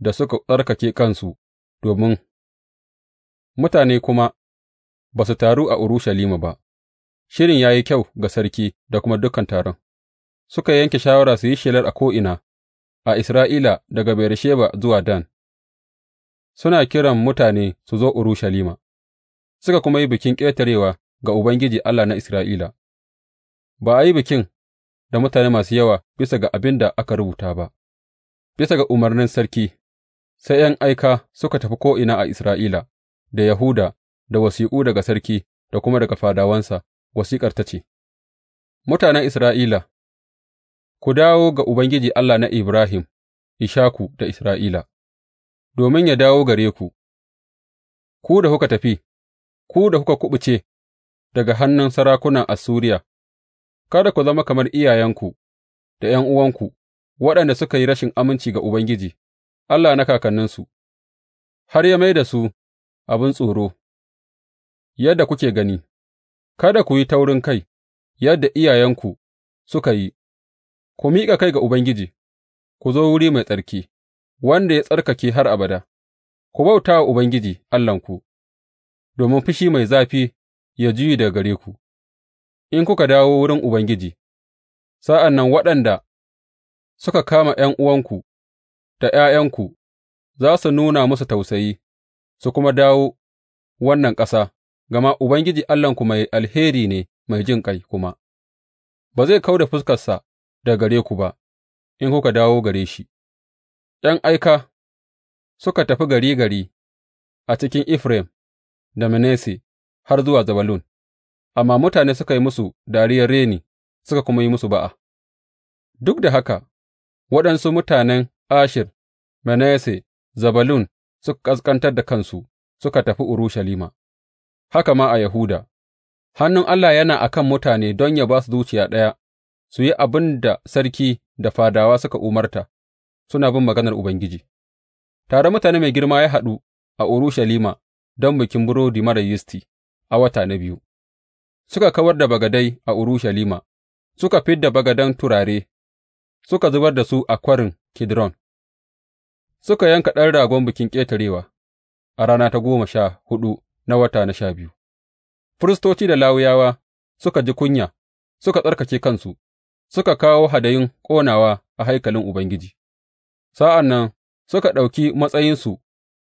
da suka tsarkake kansu domin mutane kuma ba su taru a Urushalima ba. Shirin ya yi kyau ga sarki da kuma dukan taron, suka yanke shawara su yi shelar a ko'ina a Isra'ila daga Beresheba zuwa Dan, suna kiran mutane su zo Urushalima, suka kuma yi bikin ƙetarewa ga Ubangiji Allah na Isra'ila. Ba a yi bikin da mutane masu yawa bisa ga abin da aka rubuta ba, bisa ga umarnin sarki, sai ’yan aika suka tafi ko'ina a Isra'ila da Yahuda da wasiƙu daga sarki da kuma daga fadawansa, wasiƙar ta ce, Mutanen Isra'ila, ku dawo ga Ubangiji Allah na Ibrahim, Ishaku da Isra'ila, domin ya dawo gare ku, ku da kuka tafi, ku da kuka kuɓuce daga hannun sarakunan Assuriya Kada ku zama kamar iyayenku da ’yan'uwanku, waɗanda suka yi rashin aminci ga Ubangiji, Allah na kakanninsu, har ya mai da su abin tsoro, yadda kuke gani, kada ku yi taurin kai, yadda iyayenku suka yi, ku miƙa kai ga Ubangiji, ku zo wuri mai tsarki, wanda ya tsarkake har abada, ku bauta wa Ubangiji Allahnku, domin fushi mai zafi ya juyi daga gare ku. in kuka dawo wurin Ubangiji, sa'an nan waɗanda suka kama ’yan'uwanku da ’ya'yanku za su nuna musu tausayi su kuma dawo wannan ƙasa, gama Ubangiji Allahnku mai alheri ne mai jinƙai kuma, ba zai kau da fuskarsa daga gare ku ba in kuka dawo gare shi. ’Yan aika suka tafi gari gari a cikin Efraim da Manasse har zuwa Zebulun. amma mutane suka yi musu dariyar reni suka kuma yi musu ba'a, duk da haka waɗansu mutanen ashir Manasse, Zabalun suka ƙasƙantar da kansu suka tafi Urushalima, haka ma a Yahuda, hannun Allah yana a kan mutane don ya ba su zuciya ɗaya su yi abin da sarki da fadawa suka umarta, suna bin maganar Ubangiji. Tare mutane mai girma ya haɗu a Urushalima don bikin burodi marar yisti a wata na biyu. suka kawar da bagadai a Urushalima, suka fid da bagadan turare, suka zubar da su a kwarin Kidron, suka yanka ɗan ragon bikin ƙetarewa a rana ta goma sha hudu na wata na sha biyu. Firistoci da Lawiyawa suka ji kunya, suka tsarkake kansu, suka kawo hadayin ƙonawa a haikalin Ubangiji, sa'an nan suka ɗauki matsayinsu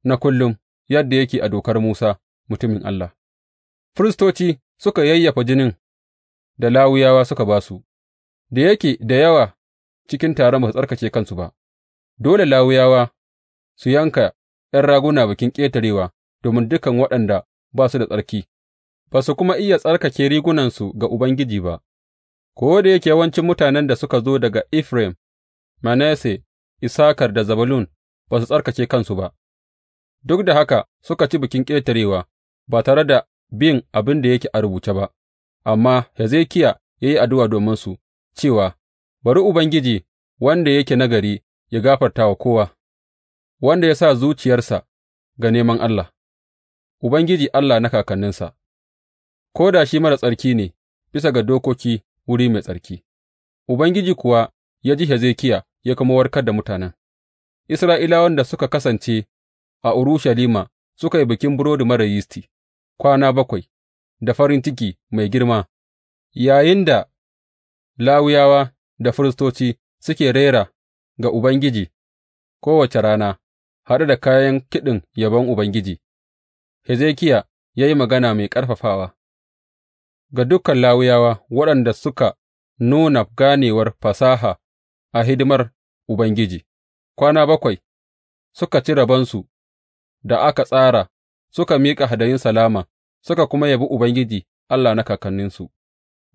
na kullum yadda yake a dokar Musa mutumin Allah. Firistoci suka yayyafa jinin da Lawiyawa suka ba su, da yake da yawa cikin taron ba su tsarkake kansu ba, dole Lawiyawa su yanka ’yan raguna Bikin Ƙetarewa domin dukan waɗanda ba su da tsarki, ba su kuma iya tsarkake rigunansu ga Ubangiji ba, ko da yake yawancin mutanen da suka zo daga Efraim, Manasse, Isakar da Zabalun ba su tsarkake kansu ba, duk da haka suka ci Bikin Ƙetarewa ba tare da bin abin da yake a rubuce ba, amma Hezekiya ya yi addu'a dominsu cewa, Bari Ubangiji wanda yake nagari ya gafarta wa kowa, wanda ya sa zuciyarsa ga neman Allah, Ubangiji Allah na kakanninsa, ko da shi mara tsarki ne bisa ga dokoki wuri mai tsarki, Ubangiji kuwa ya ji Hezekiya ya kuma warkar da mutanen. Isra'ilawan da suka kasance a Urushalima suka yi bikin burodi mara yisti. kwana bakwai da farin ciki mai girma, yayinda Lawiyawa da firistoci suke rera ga Ubangiji kowace rana, haɗe da kayan kiɗin yabon Ubangiji, Hezekiya ya yi magana mai ƙarfafawa ga dukan Lawiyawa waɗanda suka nuna ganewar fasaha a hidimar Ubangiji, kwana bakwai suka ci rabonsu da aka tsara. suka miƙa hadayun salama suka kuma yabi Ubangiji Allah na kakanninsu,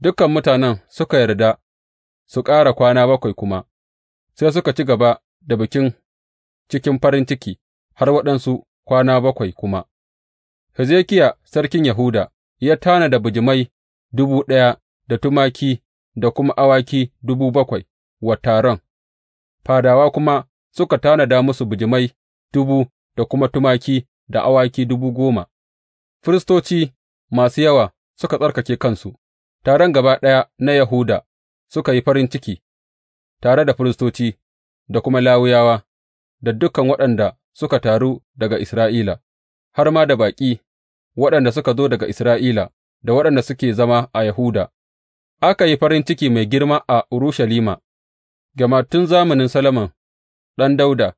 dukan mutanen suka yarda su ƙara kwana bakwai kuma, sai suka ci gaba da bikin cikin farin ciki har waɗansu kwana bakwai kuma. Hezekiya sarkin Yahuda ya tanada bijimai dubu ɗaya da tumaki da kuma awaki dubu bakwai wa taron, fadawa kuma suka tanada musu bijimai dubu da kuma tumaki da awaki dubu goma, firistoci masu yawa suka tsarkake kansu, taron gaba ɗaya na Yahuda suka yi farin ciki tare da firistoci da kuma lawuyawa, da dukan waɗanda suka taru daga Isra'ila, har ma da baƙi waɗanda suka zo daga Isra'ila da waɗanda suke zama a Yahuda. Aka yi farin ciki mai girma a Urushalima, gama tun zamanin Solomon ɗan Dauda,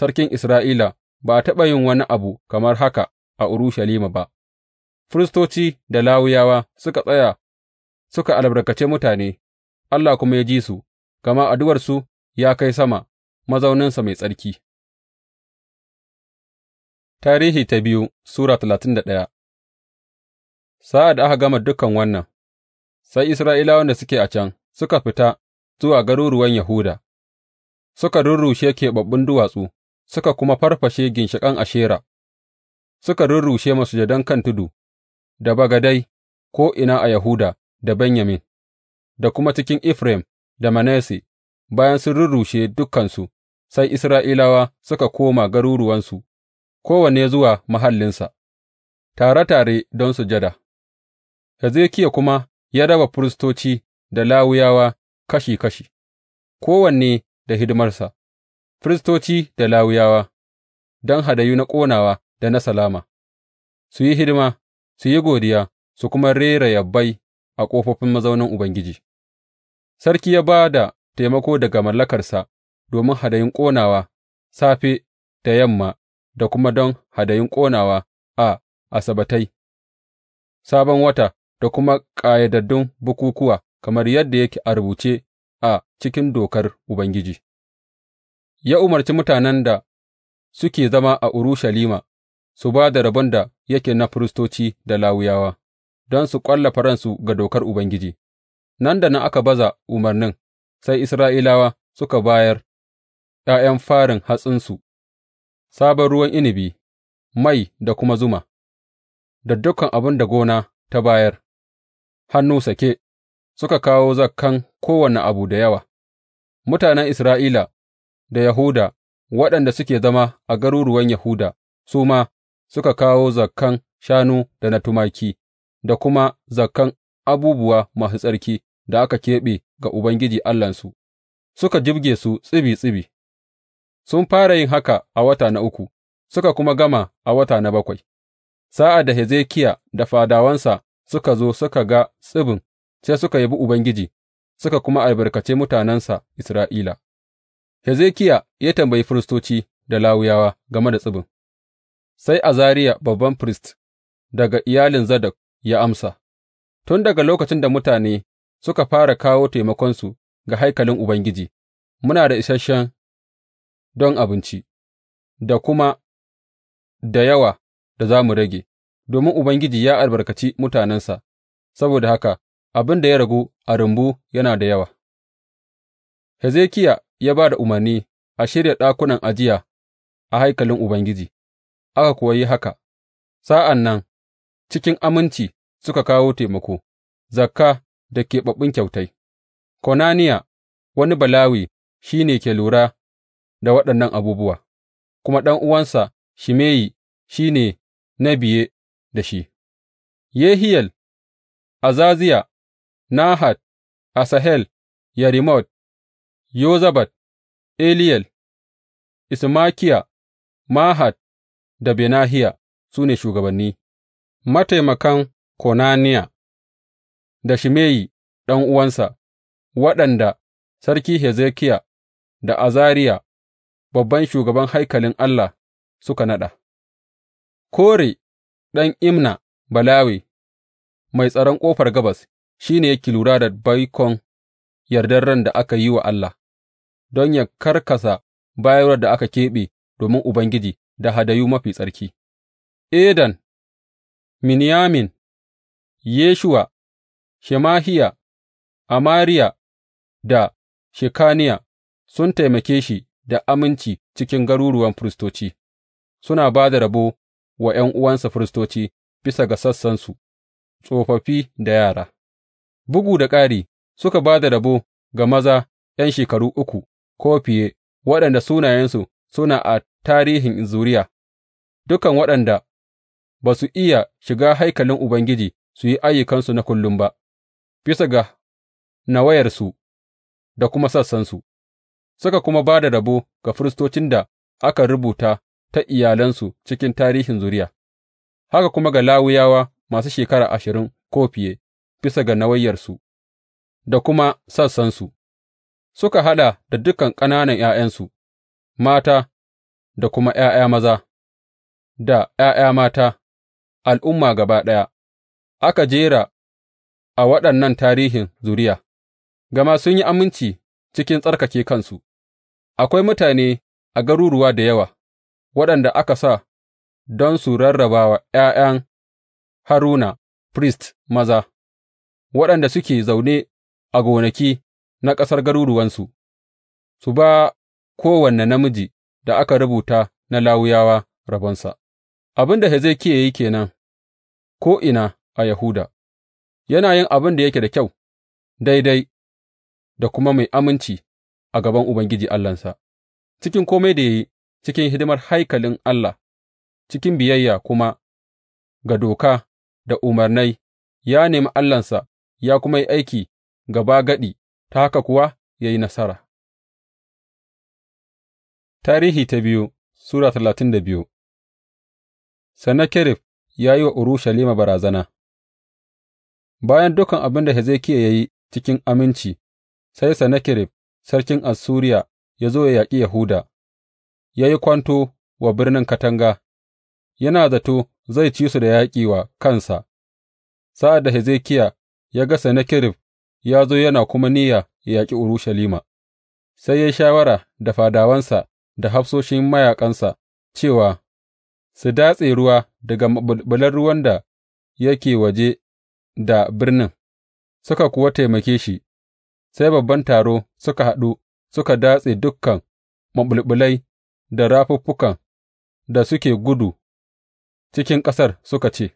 sarkin Isra'ila, ba a taɓa yin wani abu kamar haka a Urushalima ba, firistoci da Lawiyawa suka tsaya suka albarkace mutane, Allah kuma ya ji su, gama addu'arsu ya kai sama, mazauninsa mai tsarki. Tarihi ta biyu Sura talatin da ɗaya Sa'ad da aka gama dukan wannan, sai Isra'ilawan da suke a can suka fita zuwa garuruwan Yahuda, suka rurrushe keɓaɓɓun duwatsu, suka kuma farfashe ginshiƙan Ashera, suka rurrushe masujadan kan tudu, da bagadai ko'ina a Yahuda da Benyamin, da kuma cikin Efraim da Manasse, bayan sun rurrushe dukansu, sai Isra'ilawa suka koma garuruwansu, kowanne zuwa mahallinsa, tare tare don sujada. Hezekiya kuma ya raba firistoci da lawuyawa kashi kashi, kowanne da hidimarsa. firistoci da Lawiyawa don hadayu na ƙonawa da na salama, su yi hidima, su yi godiya, su kuma rera yabai a ƙofofin mazaunin Ubangiji, sarki ya ba da taimako daga mallakarsa domin hadayun ƙonawa safe da yamma da kuma don hadayun ƙonawa a Asabbatai, Sabon Wata da kuma ƙayyadaddun bukukuwa kamar yadda yake a rubuce a cikin dokar Ubangiji. ya umarci mutanen da suke zama a Urushalima su ba da rabon da yake na firistoci da Lawiyawa, don su ƙwallafa faransu ga dokar Ubangiji, nan da nan aka baza umarnin, sai Isra'ilawa suka bayar ’ya'yan farin hatsinsu, sabon ruwan inibi. mai da kuma zuma, da dukan abin da gona ta bayar, hannu sake, suka kawo zakan kowane abu da yawa, mutanen Isra'ila da Yahuda waɗanda suke zama a garuruwan Yahuda su ma suka kawo zakkan shanu da na tumaki, da kuma zakkan abubuwa masu tsarki da aka keɓe ga Ubangiji Allahnsu, suka jibge su tsibi tsibi, sun fara yin haka a wata na uku, suka kuma gama a wata na bakwai, sa'ad da Hezekiya da fadawansa suka zo suka ga tsibin, sai suka yabi Ubangiji suka kuma albarkace mutanensa Isra'ila. Hezekiya ya tambayi firistoci da Lawiyawa game da tsibin, sai Azariya babban firist daga iyalin Zadok ya amsa, Tun daga lokacin da mutane suka fara kawo taimakonsu ga haikalin Ubangiji, muna da isasshen don abinci, da kuma da yawa da za mu rage, domin Ubangiji ya albarkaci mutanensa, saboda haka abin da ya ragu a rumbu yana da yawa. Hezekiya ya ba da umarni a shirya ɗakunan ajiya a haikalin Ubangiji, aka kuwa yi haka, sa'an nan cikin aminci suka kawo taimako, zakka da keɓaɓɓun kyautai. Konaniya, wani Balawi, shi ne ke lura da waɗannan abubuwa, kuma ɗan uwansa Shimeyi shi ne na biye da shi, Yehiyel, Azaziya, Nahat, Asahel, Yerimot. Yozabad, Eliyel, Ismakiya, Mahat da Benahiya su ne shugabanni, mataimakan Konaniya da Shimeyi ɗan'uwansa, waɗanda Sarki Hezekiya da Azariya, babban shugaban haikalin Allah, suka naɗa, Kore ɗan Imna Balawe, mai tsaron ƙofar gabas, shi ne yake lura da baikon yardar ran da aka yi wa Allah. don yă karkasa bayarwar da aka keɓe domin Ubangiji da hadayu mafi tsarki, Edan, Miniyamin, Yeshuwa, Shemahiya, Amariya da Shekaniya sun taimake shi da aminci cikin garuruwan firistoci, suna ba da rabo wa 'yan uwansa firistoci bisa ga sassansu, tsofaffi da yara. Bugu da ƙari, suka ba da rabo ga maza ’yan shekaru uku ko fiye, waɗanda sunayensu suna a tarihin zuriya, dukan waɗanda ba su iya shiga haikalin Ubangiji su yi ayyukansu na kullum ba, bisa ga nawayarsu da kuma sassansu, suka kuma ba da rabo ga firistocin da aka rubuta ta iyalansu cikin tarihin zuriya, haka kuma ga lawuyawa masu shekara ashirin ko fiye, bisa ga nawayarsu da kuma sassansu. suka haɗa da dukan ƙananan ’ya'yansu mata da kuma ’ya'ya maza da ’ya'ya mata, al'umma gaba ɗaya, aka jera a waɗannan tarihin zuriya, gama sun yi aminci cikin tsarkake kansu, akwai mutane a garuruwa da yawa waɗanda aka sa don su rarraba wa ’ya'yan Haruna, firist maza, waɗanda suke zaune a gonaki na ƙasar garuruwansu, su ba kowane namiji da aka rubuta na Lawiyawa rabonsa. Abin da Hezekiya ya yi ke nan ko'ina a Yahuda, yana yin abin da yake da kyau, daidai da kuma mai aminci a gaban Ubangiji Allahnsa, cikin kome da ya yi, cikin hidimar haikalin Allah, cikin biyayya kuma ga doka da umarnai, ya nemi Allahnsa ya kuma yi aiki gabagadi ta haka kuwa ya yi nasara. Tarihi ta biyu Sura talatin da biyu Sennakerib ya yi wa Urushalima barazana Bayan dukan abin da Hezekiya ya yi cikin aminci, sai Sennakerib sarkin Assuriya ya zo ya yaƙi Yahuda, ya yi kwanto wa birnin katanga, yana zato zai ci su da yaƙi wa kansa, sa'ad da Hezekiya ya ga Sennakerib ya zo yana kuma niyya ya yaƙi Urushalima, sai ya yi shawara da fadawansa da hafsoshin mayaƙansa cewa su datse ruwa daga maɓulɓulan ruwan da yake waje da birnin, suka kuwa taimake shi, sai babban taro suka haɗu suka datse dukkan maɓulɓulai da rafuffukan da suke gudu cikin ƙasar suka ce,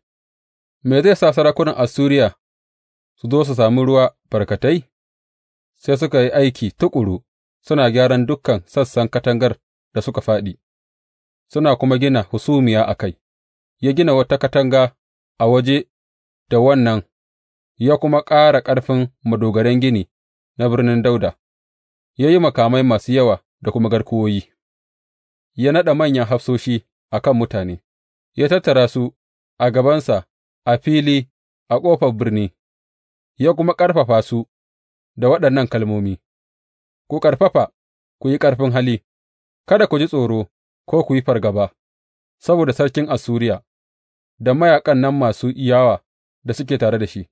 Me zai sa sarakunan Assuriya su zo su sami ruwa barkatai? Sai suka yi aiki tuƙuru suna gyaran dukan sassan katangar da suka fāɗi, suna kuma gina husumiya a kai, ya gina wata katanga a waje da wannan, ya kuma ƙara ƙarfin madogaran gini na birnin Dauda, ya yi makamai masu yawa da kuma garkuwoyi, ya naɗa manyan hafsoshi a kan mutane, ya tattara su a gabansa a fili a ƙofar birni. ya kuma ƙarfafa su da waɗannan kalmomi, Ku ƙarfafa, ku yi ƙarfin hali, kada ku ji tsoro ko ku yi fargaba, saboda sarkin Assuriya da mayaƙan nan masu yawa da suke tare da shi,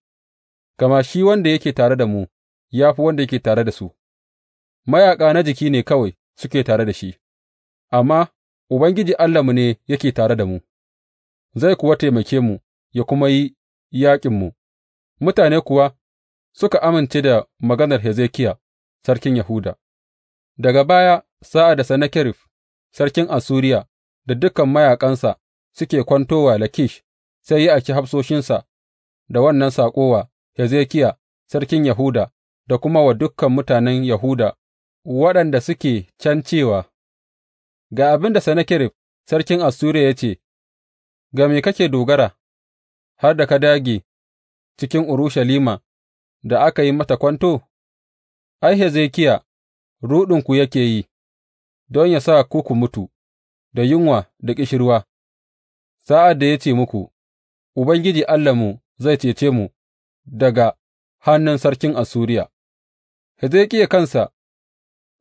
gama shi wanda yake tare da mu ya fi wanda yake tare da su, mayaƙa na jiki ne kawai suke tare da shi, amma Ubangiji Allahnmu ne yake tare da mu, zai kuwa taimake mu ya kuma yi yaƙinmu. mutane kuwa suka amince da maganar Hezekiya sarkin Yahuda. Daga baya, sa'ad da Sennakerib sarkin Assuriya da dukan mayaƙansa suke kwanto wa Lakish, sai ya aiki hafsoshinsa da wannan saƙo wa Hezekiya sarkin Yahuda da kuma wa dukan mutanen Yahuda waɗanda suke can cewa, Ga abin da Sennakerib sarkin Assuriya ya ce, Ga me kake dogara, har da ka dage. cikin Urushalima da aka yi mata kwanto? Ai, Hezekiya, ruɗinku yake yi, don yă sa ku ku mutu da yunwa da ƙishirwa, sa'ad da ya ce muku, Ubangiji Allahnmu zai cece mu daga hannun sarkin Assuriya. Hezekiya kansa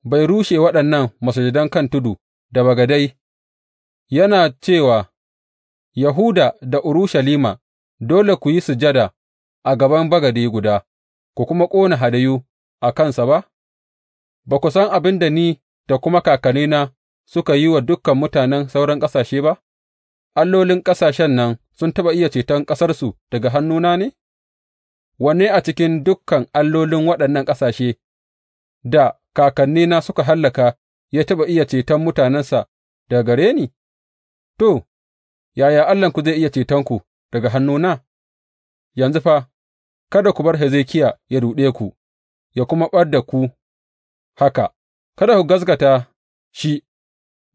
bai rushe waɗannan masujadan kan tudu da bagadai, yana cewa, Yahuda da Urushalima, dole ku yi sujada a gaban bagade guda ku kuma ƙona hadayu a kansa ba? Ba ku san abin da ni da kuma kakannina suka yi wa dukan mutanen sauran ƙasashe ba? Allolin ƙasashen nan sun taɓa iya ceton ƙasarsu daga hannuna ne? Wanne a cikin dukkan allolin waɗannan ƙasashe da kakannina suka hallaka ya taɓa iya ceton mutanensa daga gare ni? To, yaya Allahnku zai iya cetonku daga hannuna? Yanzu fa, kada ku bar Hezekiya ya ruɗe ku, ya kuma ɓad da ku haka, kada ku gaskata shi,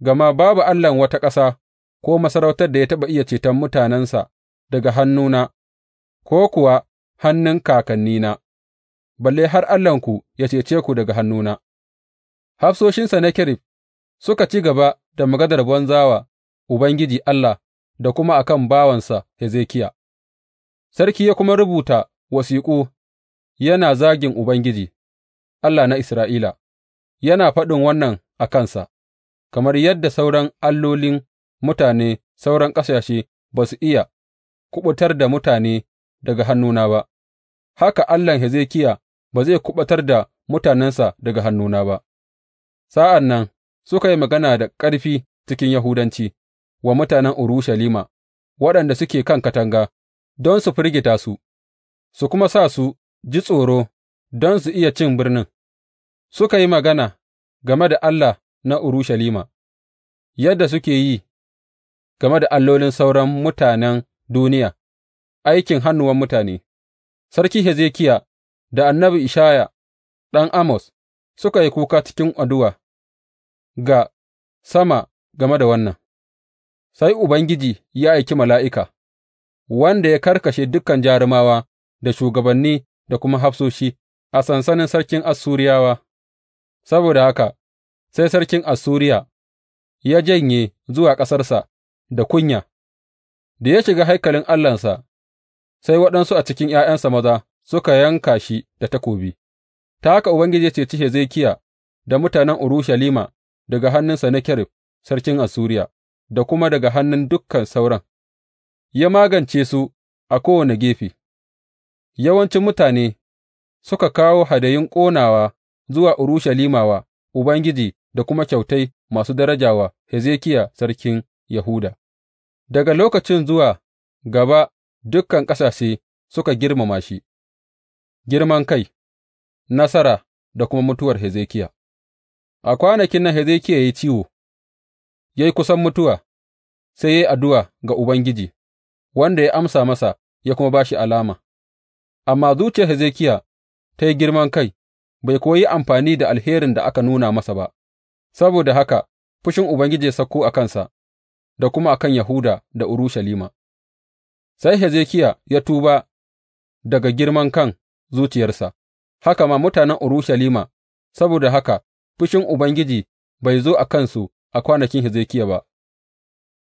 gama babu allahn wata ƙasa ko masarautar da ya taɓa iya ceton mutanensa daga hannuna ko kuwa hannun kakannina, balle har Allahnku ya cece ku daga hannuna. Hafsoshinsa na kirif suka ci gaba da maganar banzawa Ubangiji Allah da kuma a kan bawansa Hezekiya. Sarki ya kuma rubuta wasiƙu yana zagin Ubangiji, Allah na Isra'ila, yana faɗin wannan a kansa, kamar yadda sauran allolin mutane sauran ƙasashe ba su iya kuɓutar da mutane daga hannuna ba, haka Allahn Hezekiya ba zai kuɓutar da mutanensa daga hannuna ba. Sa'an nan suka yi magana da ƙarfi cikin Yahudanci wa mutanen Urushalima waɗanda suke kan katanga don su firgita su, su kuma sa su ji tsoro don su iya cin birnin, suka yi magana game da Allah na Urushalima, yadda suke yi game da allolin sauran mutanen duniya, aikin hannuwan mutane, Sarki Hezekiya da annabi Ishaya ɗan Amos suka yi kuka cikin addu'a ga sama game da wannan, sai Ubangiji ya aiki mala'ika. wanda ya karkashe dukan jarumawa da shugabanni da kuma hafsoshi a sansanin sarkin Assuriyawa, saboda haka sai sarkin Assuriya ya janye zuwa ƙasarsa da kunya, da ya shiga haikalin Allahnsa, sai waɗansu a cikin ’ya'yansa maza suka yanka shi da takobi, ta haka Ubangiji ya ceci Hezekiya da mutanen Urushalima daga hannun Sennakerib sarkin Assuriya da kuma daga hannun dukkan sauran. ya magance su a kowane gefe, yawancin mutane suka kawo hadayun ƙonawa zuwa Urushalima wa Ubangiji da kuma kyautai masu daraja wa Hezekiya sarkin Yahuda. Daga lokacin zuwa gaba dukan ƙasashe suka girmama shi, girman kai, nasara da kuma mutuwar Hezekiya. A kwanakin nan Hezekiya ya yi ciwo, ya yi kusan mutuwa, sai ya yi addu'a ga Ubangiji. wanda ya amsa masa ya kuma ba shi alama, amma zuciyar Hezekiya ta yi girman kai, bai kuwa yi amfani da alherin da aka nuna masa ba, saboda haka fushin Ubangiji ya sauko a kansa da kuma a kan Yahuda da Urushalima. Sai Hezekiya ya tuba daga girman kan zuciyarsa, haka ma mutanen Urushalima, saboda haka fushin Ubangiji bai zo a kansu a kwanakin Hezekiya ba.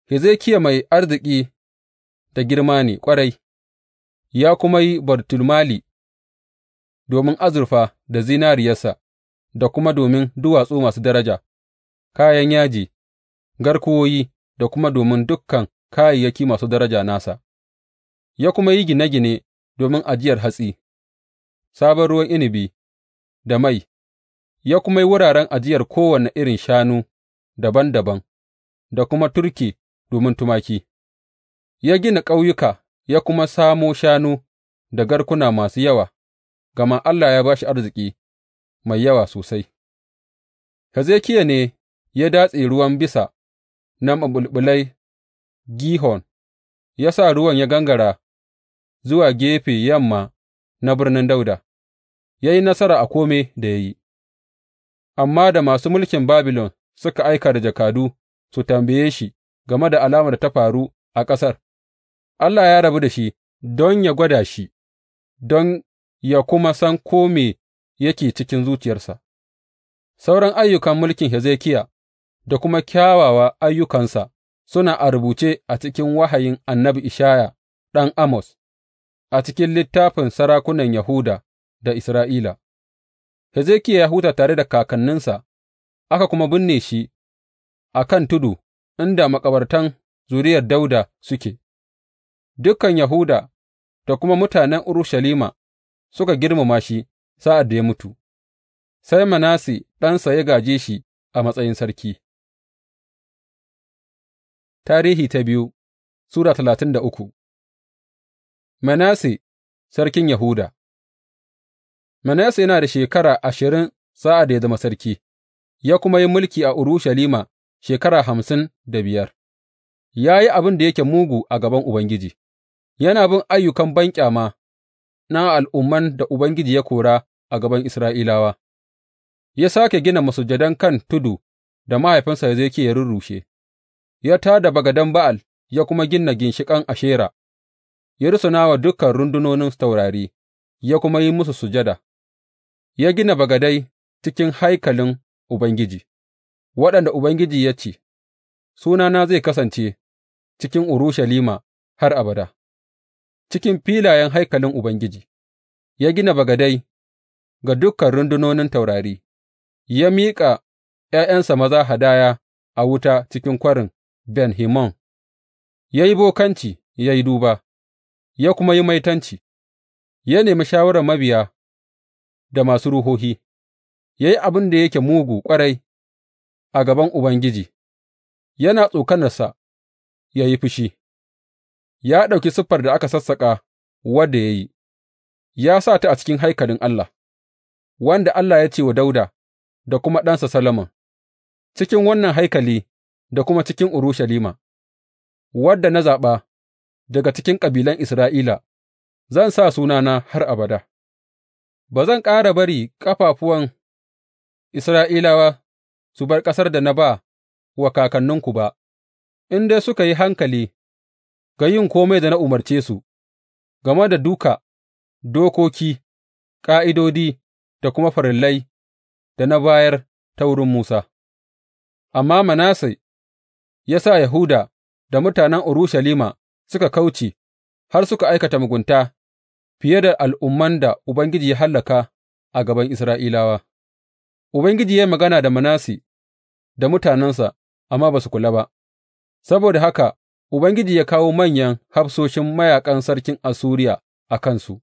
Hezekiya mai arziki da girma ne ƙwarai, ya kuma yi bartulmali domin azurfa da zinariyarsa, da kuma domin duwatsu masu daraja, kayan yaji, garkuwoyi, da kuma domin dukkan kayayyaki masu daraja nasa, ya kuma yi gine-gine domin ajiyar hatsi, sabon ruwan inabi da mai, ya kuma yi wuraren ajiyar kowane irin shanu daban-daban, da kuma turke domin tumaki. ya gina ƙauyuka ya kuma samo shanu da garkuna masu yawa, gama Allah ya ba shi arziki mai yawa sosai. Hezekiya ne ya datse ruwan bisa na maɓulɓulai Gihon, ya sa ruwan ya gangara zuwa gefe yamma na birnin Dauda. ya yi nasara a kome da ya yi, amma da masu mulkin Babilon suka aika da jakadu su tambaye shi game da alamar da ta faru a ƙasar, Allah ya rabu da shi don yă gwada shi, don ya kuma san ko me yake cikin zuciyarsa, sauran ayyukan mulkin Hezekiya da kuma kyawawa ayyukansa suna a rubuce a cikin wahayin annabi Ishaya ɗan Amos, a cikin littafin sarakunan Yahuda da Isra'ila. Hezekiya ya huta tare da kakanninsa, aka kuma binne shi a kan tudu inda makabartan zuriyar dauda suke. Dukan Yahuda da kuma mutanen Urushalima suka girmama shi sa'ad da ya mutu, sai Manasse ɗansa ya gaje shi a matsayin sarki. Tarihi ta biyu Sura talatin da uku Manasse sarkin Yahuda Manasse yana da shekara ashirin sa'ad da ya zama sarki, ya kuma yi mulki a Urushalima shekara hamsin da biyar, ya yi abin da yake mugu a gaban Ubangiji. yana bin ayyukan banƙyama na al'umman da Ubangiji ya kora a gaban Isra'ilawa, ya sāke gina masujadan kan tudu da mahaifinsa Hezekiya ya rurrushe, ya tā da bagadan Ba'al ya kuma gina ginshiƙan Ashera, ya rusuna wa dukan rundunonin taurari, ya kuma yi musu sujada, ya gina bagadai cikin haikalin Ubangiji, waɗanda Ubangiji ya ce, Sunana zai kasance cikin Urushalima har abada. cikin filayen haikalin Ubangiji, ya gina bagadai ga dukan rundunonin taurari, ya miƙa ’ya'yansa maza hadaya a wuta cikin kwarin Ben Himon, ya yi bokanci, ya yi duba, ya kuma yi maitanci, ya nemi shawarar mabiya da masu ruhohi, ya yi abin da yake mugu ƙwarai a gaban Ubangiji, yana tsokanarsa ya yi fushi. ya ɗauki siffar da aka sassaƙa wadda ya yi, ya sa ta a cikin haikalin Allah, wanda Allah ya ce wa Dauda da kuma ɗansa Solomon, cikin wannan haikali da kuma cikin Urushalima, wadda na zaɓa daga cikin ƙabilan Isra'ila, zan sa sunana har abada. Ba zan ƙara bari ƙafafuwan Isra'ilawa su bar ƙasar da na ba wa kakanninku ba, in dai suka yi hankali ga yin kome da na umarce su game da duka dokoki, ƙa'idodi da kuma farillai da na bayar ta wurin Musa. Amma Manasse ya sa Yahuda da mutanen Urushalima suka kauce har suka aikata mugunta fiye da al'umman da Ubangiji ya hallaka a gaban Isra'ilawa. Ubangiji ya yi magana da Manasse da mutanensa, amma ba su kula ba, saboda haka Ubangiji ya kawo manyan hafsoshin mayaƙan sarkin Assuriya a kansu,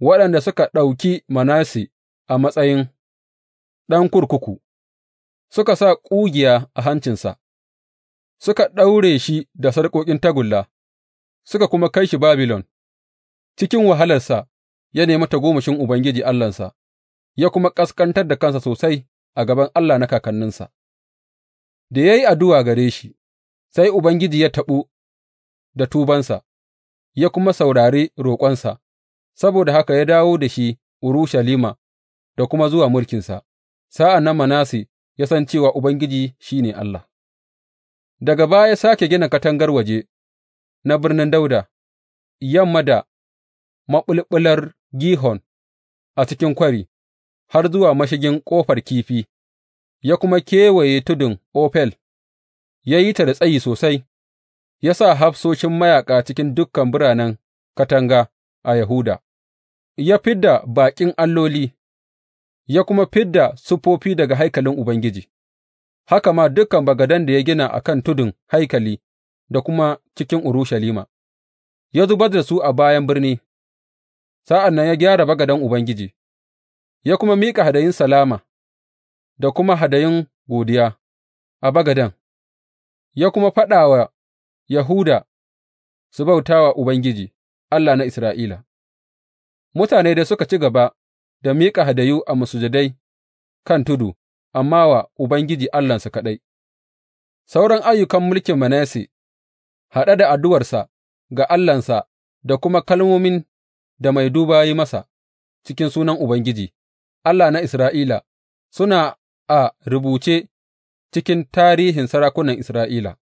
waɗanda suka ɗauki Manasse a matsayin ɗan kurkuku, suka sa ƙugiya a hancinsa, suka ɗaure shi da sarƙoƙin tagulla, suka kuma kai shi Babilon, cikin wahalarsa ya nemi tagomashin Ubangiji Allahnsa, ya kuma ƙasƙantar da kansa sosai a gaban Allah na kakanninsa, da ya yi addu'a gare shi, sai Ubangiji ya taɓu da tubansa, ya kuma saurari roƙonsa, saboda haka ya dawo da shi Urushalima da kuma zuwa mulkinsa, sa'an nan Manasse ya san cewa Ubangiji shi ne Allah. Daga baya ya sāke gina katangar waje na birnin Dawuda, yamma da maɓulɓular Gihon a cikin kwari, har zuwa mashigin Ƙofar Kifi, ya kuma kewaye tudun Ofel, ya yi ta da tsayi sosai ya sa hafsoshin mayaƙa cikin dukan biranen katanga a Yahuda, ya fid da baƙin alloli, ya kuma fid da siffofi daga haikalin Ubangiji, haka ma dukan bagadan da ya gina a kan tudun haikali da kuma cikin Urushalima, ya zubar da su a bayan birni, sa'an nan ya gyara bagadan Ubangiji, ya kuma miƙa hadayin salama da kuma hadayin godiya a bagadan. ya kuma faɗa wa Yahuda su bauta wa Ubangiji, Allah na Isra'ila Mutane dai suka ci gaba da miƙa hadayu a masujadai kan tudu, amma wa Ubangiji Allahnsa kaɗai, sauran ayyukan mulkin Manasse, haɗe da addu'arsa ga Allahnsa da kuma kalmomin da mai duba yi masa cikin sunan Ubangiji, Allah na Isra'ila, suna a rubuce cikin tarihin sarakunan Isra'ila.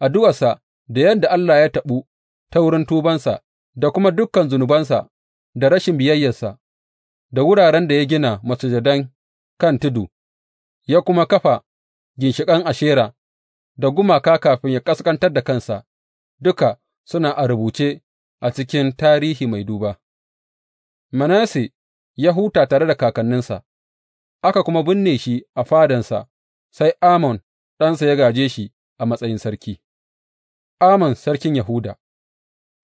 addu'arsa da yadda Allah ya taɓu ta wurin tubansa da kuma dukan zunubansa da rashin biyayyarsa, da wuraren da ya gina masujadan kan tudu, ya kuma kafa ginshiƙan Ashera da gumaka kafin ya ƙasƙantar da kansa, duka suna a rubuce a cikin tarihi mai duba. Manasse ya huta tare da kakanninsa, aka kuma binne shi a fadansa, sai Amon ɗansa ya gaje shi a matsayin sarki. Amon sarkin Yahuda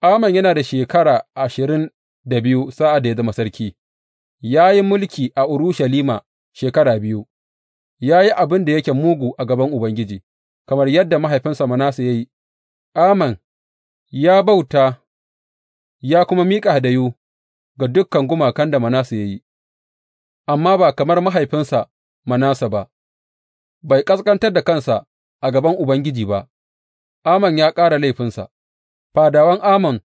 Amon yana da shekara ashirin da biyu sa'ad da ya zama sarki, ya yi mulki a Urushalima shekara biyu, ya yi abin da yake mugu a gaban Ubangiji, kamar yadda mahaifinsa Manasse ya yi, Amon ya bauta ya kuma miƙa hadayu ga dukkan gumakan da Manasse ya yi, amma ba kamar mahaifinsa Manasse ba, bai ƙasƙantar da kansa a gaban Ubangiji ba. Amon ya ƙara laifinsa, fadawan Amon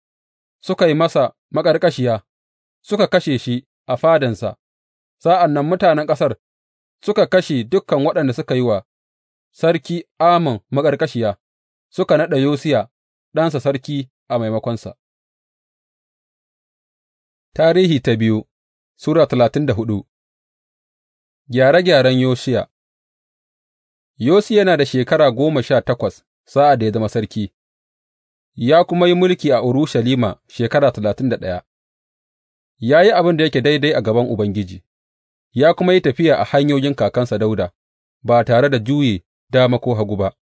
suka yi masa maƙarƙashiya, suka kashe shi a fadansa, sa'an nan mutanen ƙasar suka kashe dukan waɗanda suka yi wa sarki Amon maƙarƙashiya, suka naɗa Yosiya ɗansa sarki a maimakonsa. Tarihi ta biyu Sura talatin da hudu Gyare gyaren Yosiya. Yosiya yana da shekara goma sha takwas sa'ad da ya zama sarki, ya kuma yi mulki a Urushalima shekara talatin da ɗaya, ya yi abin da yake daidai a gaban Ubangiji, ya kuma yi tafiya a hanyoyin kakansa Dauda ba tare da juye dama ko hagu ba.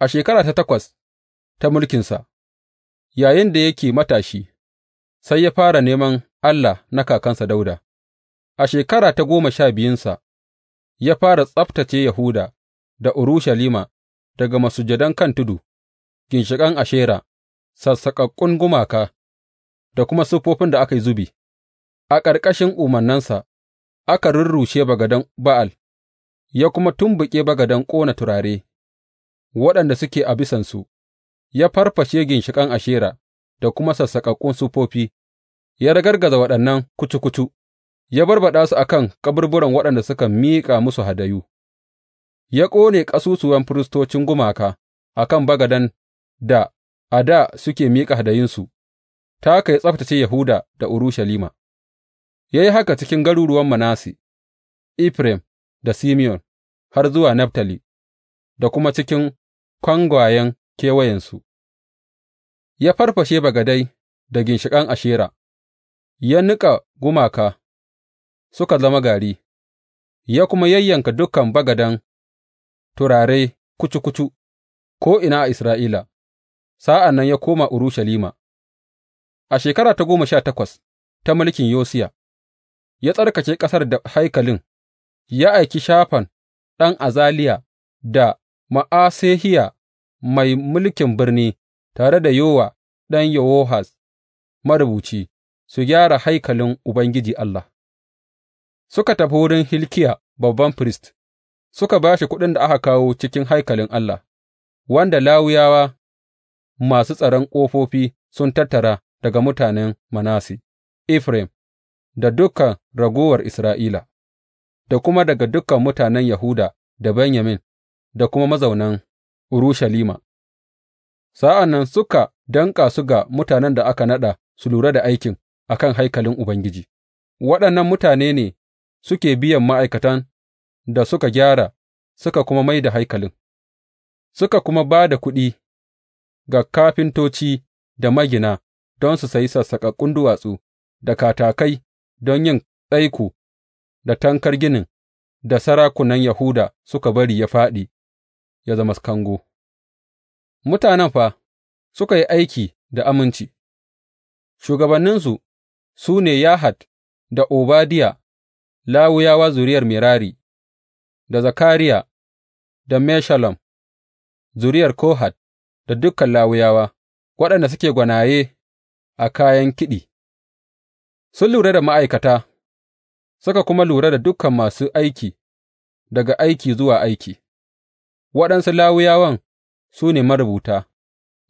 A shekara ta takwas ta mulkinsa, yayin da yake matashi, sai ya fara neman Allah na kakansa Dauda. A shekara ta goma sha biyunsa, ya fara tsabtace Yahuda da Urushalima daga masujadan kan tudu, ginshiƙan Ashera, sassaƙaƙƙun gumaka, da kuma siffofin da aka yi zubi, a ƙarƙashin umarnansa aka rurrushe bagadan Ba'al, ya kuma tumɓuke bagadan ƙona turare waɗanda suke a bisansu, ya farfashe ginshiƙan Ashera da kuma sassaƙaƙƙun siffofi, ya ragargaza waɗannan kucu kucu, ya barbaɗa su a kan kaburburan waɗanda suka miƙa musu hadayu. ya ƙone ƙasusuwan firistocin gumaka a kan bagaden da a dā suke miƙa hadayunsu, ta haka ya tsabtacce Yahuda da Urushalima, ya yi haka cikin garuruwan Manasse, Efraim da Simeyon har zuwa Naftali, da kuma cikin kwangwayen kewayensu, ya farfashe bagadai da ginshiƙan Ashera, ya niƙa gumaka suka zama gari, ya kuma yayyanka dukan bagadan turare kucu kucu ko'ina a Isra'ila, sa'an nan ya koma Urushalima. A shekara ta goma sha takwas ta mulkin Yosiya, ya tsarkake ƙasar da haikalin, ya aiki Shafan ɗan Azaliya da Ma'asehiya mai mulkin birni tare da Yowa ɗan Yowahaz marubuci su gyara haikalin Ubangiji Allah. Suka tafi wurin Hilkiya babban firist. suka ba shi kuɗin da aka kawo cikin haikalin Allah, wanda Lawiyawa masu tsaron ƙofofi sun tattara daga mutanen Manasi, Efraim, da dukan ragowar Isra'ila, da kuma daga dukan mutanen Yahuda da Benyamin, da kuma mazaunan Urushalima. Sa'an nan suka danƙa su ga mutanen da aka naɗa su lura da aikin a kan haikalin Ubangiji, waɗannan mutane ne suke biyan ma'aikatan da suka gyara suka kuma mai da haikalin, suka kuma ba da kuɗi ga kafintoci da magina don su sayi sassaƙaƙƙun duwatsu da katakai don yin tsaiko da tankar ginin da sarakunan Yahuda suka bari ya fāɗi ya zama kango. Mutanen fa suka yi aiki da aminci, shugabanninsu su ne Yahat da Obadiya, Lawuyawa zuriyar Merari, da Zakariya da Meshullam, zuriyar Kohat, da dukan Lawiyawa waɗanda suke gwanaye a kayan kiɗi, sun lura da ma'aikata suka kuma lura da dukan masu aiki daga aiki zuwa aiki, waɗansu Lawiyawan su ne marubuta,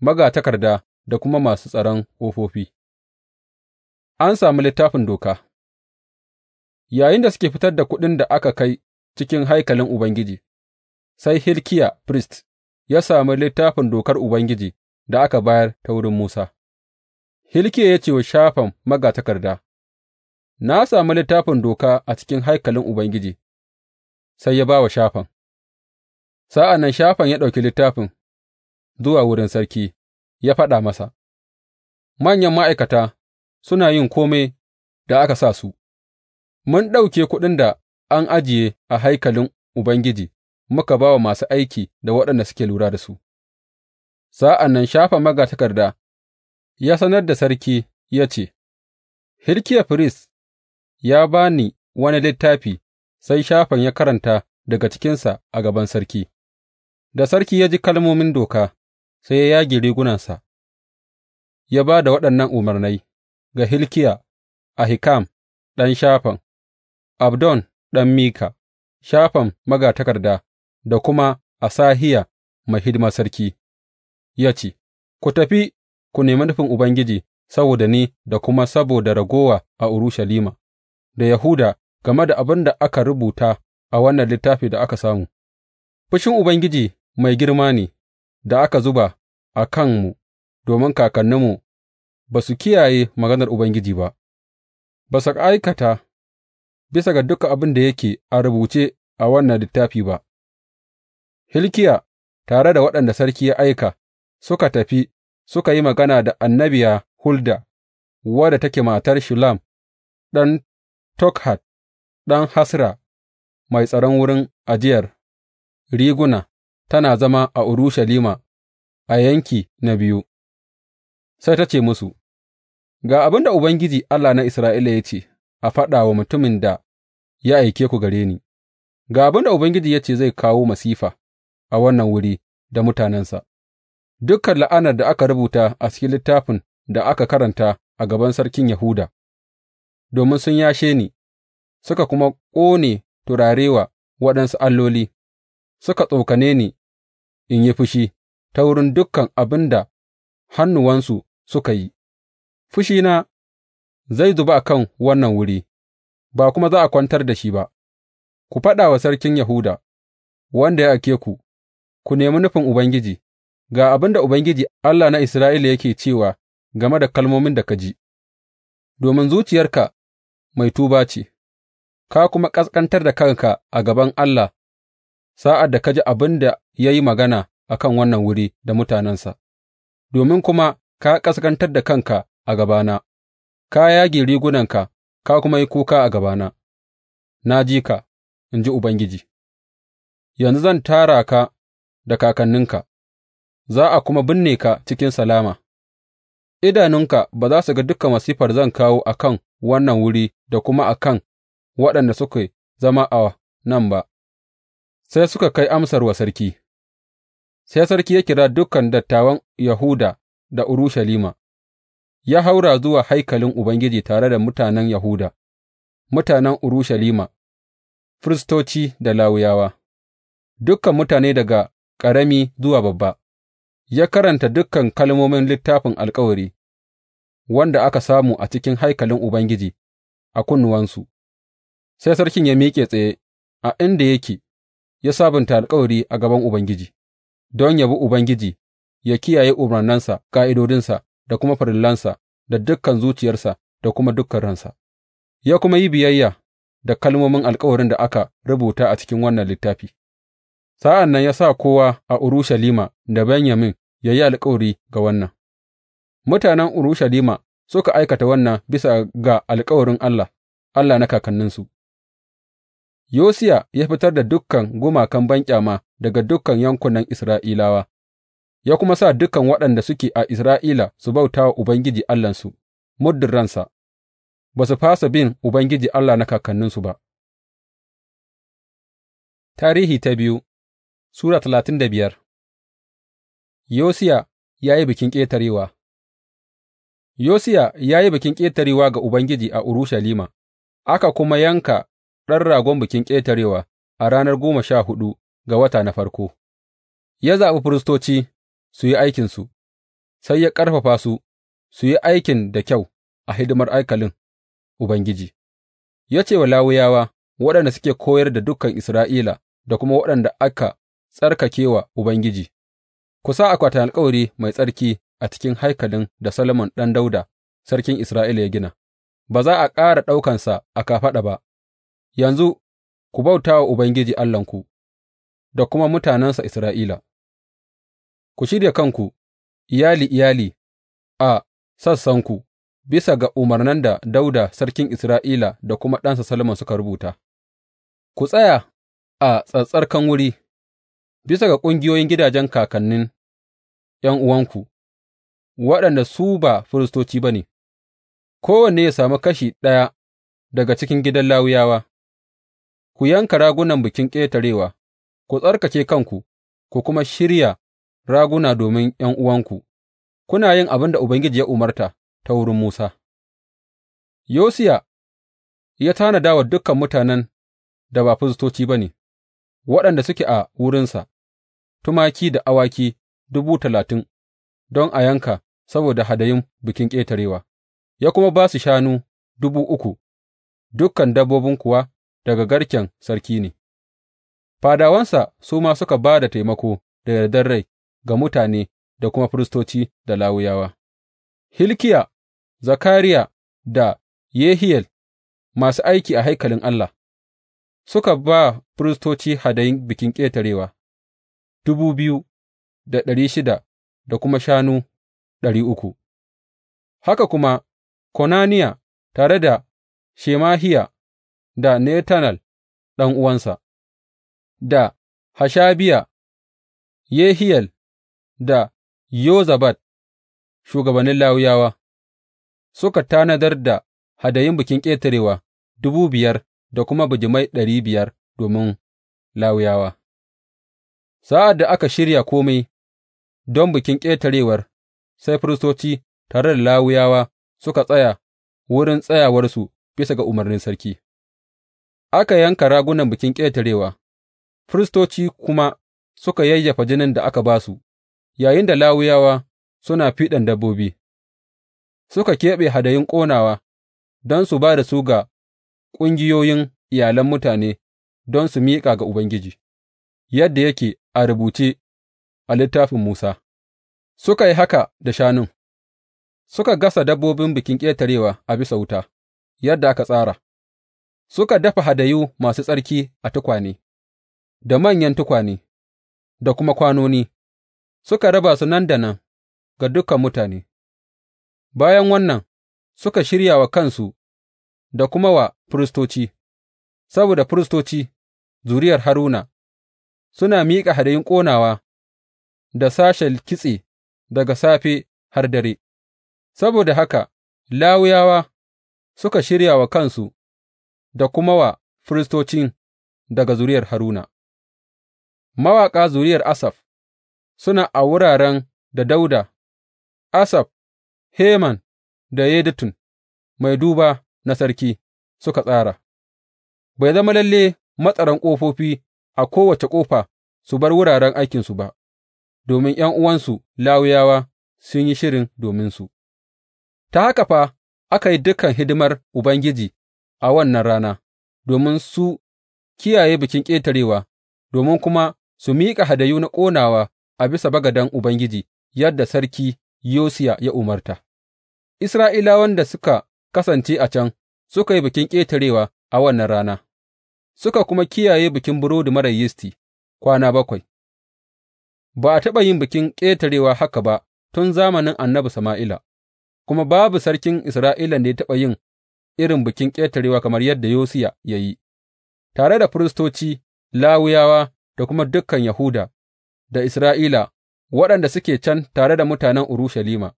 magatakarda da kuma masu tsaron ƙofofi. An sami Littafin Doka Yayin da suke fitar da kuɗin da aka kai cikin haikalin Ubangiji, sai Hilkiya firist ya sami littafin dokar Ubangiji da aka bayar ta wurin Musa. Hilkiya ya ce wa Shafan magatakarda, Na sami littafin doka a cikin haikalin Ubangiji, sai ya ba wa Shafan. Sa'an nan Shafan ya ɗauki littafin zuwa wurin sarki, ya faɗa masa, Manyan ma'aikata suna yin kome da aka sa su, mun ɗauke kuɗin da an ajiye a haikalin Ubangiji muka ba wa masu aiki da waɗanda suke lura da su. Sa'an nan shafa magatakarda ya sanar da sarki ya ce, Hilkiya firist ya ba ni wani littafi, sai Shafan ya karanta daga cikinsa a gaban sarki. Da sarki ya ji kalmomin doka, sai ya yage rigunansa, ya ba da waɗannan umarnai ga Hilkiya, Hikam ɗan Shafan, Abdon ɗan Mika, Shafan magatakarda da kuma Asahiya mai hidimar sarki, ya ce, Ku tafi ku nemi nufin Ubangiji saboda ni da kuma saboda ragowa a Urushalima da Yahuda game da abin da aka rubuta a wannan littafi da aka samu, fushin Ubangiji mai girma ne da aka zuba a kanmu domin kakanninmu ba su kiyaye maganar Ubangiji ba, ba su aikata bisa ga dukan abin da yake a rubuce a wannan littafi ba, Hilkiya tare da waɗanda sarki ya aika suka tafi suka yi magana da annabiya Hulda, wadda take matar Shulam, ɗan Tokhat, ɗan Hasra, mai tsaron wurin ajiyar riguna, tana zama a Urushalima a yanki na biyu, sai ta ce musu, Ga abin da Ubangiji Allah na Isra'ila ya ce. a faɗa wa mutumin da ya aike ku gare ni, Ga abin da Ubangiji ya ce zai kawo masifa a wannan wuri da mutanensa, Dukkan la'anar da aka rubuta a cikin littafin da aka karanta a gaban sarkin Yahuda, domin sun yashe ni, suka kuma ƙone turare wa waɗansu alloli, suka tsokane ni in yi fushi ta wurin dukan abin da hannuwansu suka yi, fushina zai zuba a kan wannan wuri, ba kuma za a kwantar da shi ba, ku faɗa wa sarkin Yahuda, wanda ya ake ku, ku nemi nufin Ubangiji, ga abin da Ubangiji Allah na Isra'ila yake cewa game da kalmomin da ka ji, domin zuciyarka mai tuba ce, ka kuma ƙasƙantar da kanka a gaban Allah sa'ad da ka ji abin da ya yi magana a kan wannan wuri da mutanensa, domin kuma ka ƙasƙantar da kanka a gabana. ka yage rigunanka ka kuma yi kuka a gabana, na ji ka, in ji Ubangiji, yanzu zan tara ka da kakanninka, za a kuma binne ka cikin salama, idanunka ba za su ga dukan masifar zan kawo a kan wannan wuri da kuma a kan waɗanda suka zama a nan ba, sai suka kai amsar wa sarki, sai sarki ya kira dukan dattawan Yahuda da Urushalima. ya haura zuwa haikalin Ubangiji tare da mutanen Yahuda, mutanen Urushalima, firistoci da Lawiyawa, dukan mutane daga ƙarami zuwa babba, ya karanta dukan kalmomin littafin alkawari wanda aka samu a cikin haikalin Ubangiji a kunnuwansu, sai sarkin ya miƙe tsaye a inda yake, ya sabunta alkawari a gaban Ubangiji, don yabi bi Ubangiji, ya kiyaye umarnansa, ƙa'idodinsa. da kuma farillansa da dukan zuciyarsa da kuma dukan ransa, ya kuma yi biyayya da kalmomin alkawarin da aka rubuta a cikin wannan littafi. Sa'an nan ya sa kowa a Urushalima da Benyamin ya yi alkawari ga wannan. Mutanen Urushalima suka aikata wannan bisa ga alkawarin Allah, Allah na kakanninsu. Yosiya ya fitar da dukkan gumakan banƙyama daga dukan yankunan Isra'ilawa ya kuma sa dukan waɗanda suke a Isra'ila su bauta wa Ubangiji Allahnsu muddin ransa, ba su fasa bin Ubangiji Allah na kakanninsu ba. Tarihi ta biyu Sura talatin da biyar Yosiya ya yi bikin ƙetarewa Yosiya ya yi bikin ƙetarewa ga Ubangiji a Urushalima, aka kuma yanka ɗan ragon bikin ƙetarewa a ranar goma sha hudu ga wata na farko, ya zaɓi firistoci su yi aikinsu, sai ya ƙarfafa su su yi aikin da kyau a hidimar aikalin? Ubangiji, ya ce wa lawuyawa waɗanda suke koyar da dukan Isra'ila da kuma waɗanda aka tsarkake wa Ubangiji, ku sa akwatin alkawari mai tsarki a cikin haikalin da salomon ɗan Dauda, sarkin Isra'ila ya gina, ba za a ƙara ɗaukansa a kafaɗa ba, yanzu ku bauta wa Ubangiji Allahnku da kuma mutanensa Isra'ila. ku shirya kanku iyali iyali a sassanku, bisa ga umarnan da Dauda sarkin Isra'ila da kuma ɗansa Solomon suka rubuta, ku tsaya a tsattsarkan wuri, bisa ga ƙungiyoyin gidajen kakannin ’yan'uwanku, waɗanda su ba firistoci ba ne, kowanne ya sami kashi ɗaya daga cikin gidan lawuyawa. ku yanka ragunan Bikin Ƙetarewa, ku tsarkake kanku, ku kuma shirya raguna domin ’yan'uwanku, kuna yin abin da Ubangiji ya umarta ta wurin Musa. Yosiya ya tanada wa dukan mutanen da ba firistoci ba ne, waɗanda suke a wurinsa, tumaki da awaki dubu talatin don a yanka saboda hadayun Bikin Ƙetarewa, ya kuma ba su shanu dubu uku, dukan dabbobin kuwa daga garken sarki ne. Fadawansa su ma suka ba da taimako da yardar rai ga mutane da kuma firistoci da Lawiyawa, Hilkiya, Zakariya da Yehiyel masu aiki a haikalin Allah, suka ba firistoci hadayin bikin ƙetarewa dubu biyu da ɗari shida da kuma shanu ɗari uku, haka kuma Konaniya tare da Shemahiya da Netanel uwansa. da Hashabiya, Yehiyel da Yozabad, shugabannin Lawiyawa, suka tanadar da hadayin Bikin Ƙetarewa dubu biyar da kuma bijimai ɗari biyar domin Lawiyawa. Sa'ad da aka shirya kome don Bikin Ƙetarewar, sai firistoci tare da Lawiyawa suka tsaya wurin tsayawarsu bisa ga umarnin sarki. Aka yanka ragunan Bikin Ƙetarewa, firistoci kuma suka yayyafa jinin da aka ba su. yayinda Lawiyawa suna fiɗan dabbobi, suka keɓe hadayun ƙonawa don su ba da su ga ƙungiyoyin iyalan mutane don su miƙa ga Ubangiji, yadda yake a rubuce a littafin Musa, suka yi haka da shanun, suka gasa dabbobin Bikin Ƙetarewa a bisa wuta, yadda aka tsara, suka dafa hadayu masu tsarki a tukwane, da manyan tukwane, da kuma kwanoni, suka raba su nan da nan ga dukan mutane, bayan wannan suka shirya wa kansu da kuma wa firistoci, saboda firistoci, zuriyar Haruna, suna miƙa hadayun ƙonawa da sashen kitse daga safe har dare, saboda haka lawuyawa suka shirya wa kansu da kuma wa firistocin daga zuriyar Haruna. Mawaƙa zuriyar Asaf. suna a wuraren da Dawuda, Asaf, Heman da Yedutun, mai duba na sarki, suka tsara, bai zama lalle matsaran ƙofofi a kowace ƙofa su bar wuraren aikinsu ba, domin 'yan uwansu Lawiyawa sun yi shirin dominsu. Ta haka fa aka yi dukan hidimar Ubangiji a wannan rana, domin su kiyaye Bikin Ƙetarewa, domin kuma su miƙa hadayu na ƙonawa a bisa bagaden Ubangiji yadda sarki Yosiya ya umarta. Isra'ilawan da suka kasance a can suka yi bikin ƙetarewa a wannan rana, suka kuma kiyaye bikin burodi marar yisti kwana bakwai. Ba a taɓa yin bikin ƙetarewa haka ba tun zamanin annabi Sama'ila, kuma babu sarkin isra'ila da ya taɓa yin irin bikin ƙetarewa kamar yadda Yosiya ya yi, tare da firistoci, lawuyawa da kuma dukan Yahuda da Isra'ila waɗanda suke can tare da mutanen Urushalima.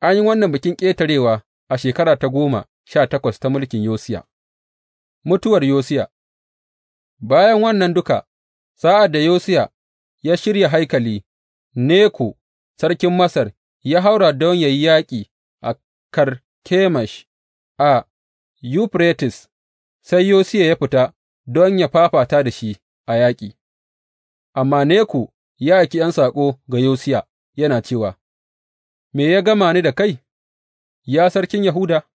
An yi wannan Bikin Ƙetarewa a shekara ta goma sha takwas ta mulkin Yosiya, mutuwar Yosiya Bayan wannan duka, sa'ad da Yosiya ya shirya haikali, Neko sarkin Masar ya haura don yă yi yaƙi a Karkemish a Yuferites, sai Yosiya ya fita don ya fafata da shi a yaƙi. amma Neko ya aiki ’yan saƙo ga Yosiya yana cewa, Me ya gama ni da kai, ya sarkin Yahuda?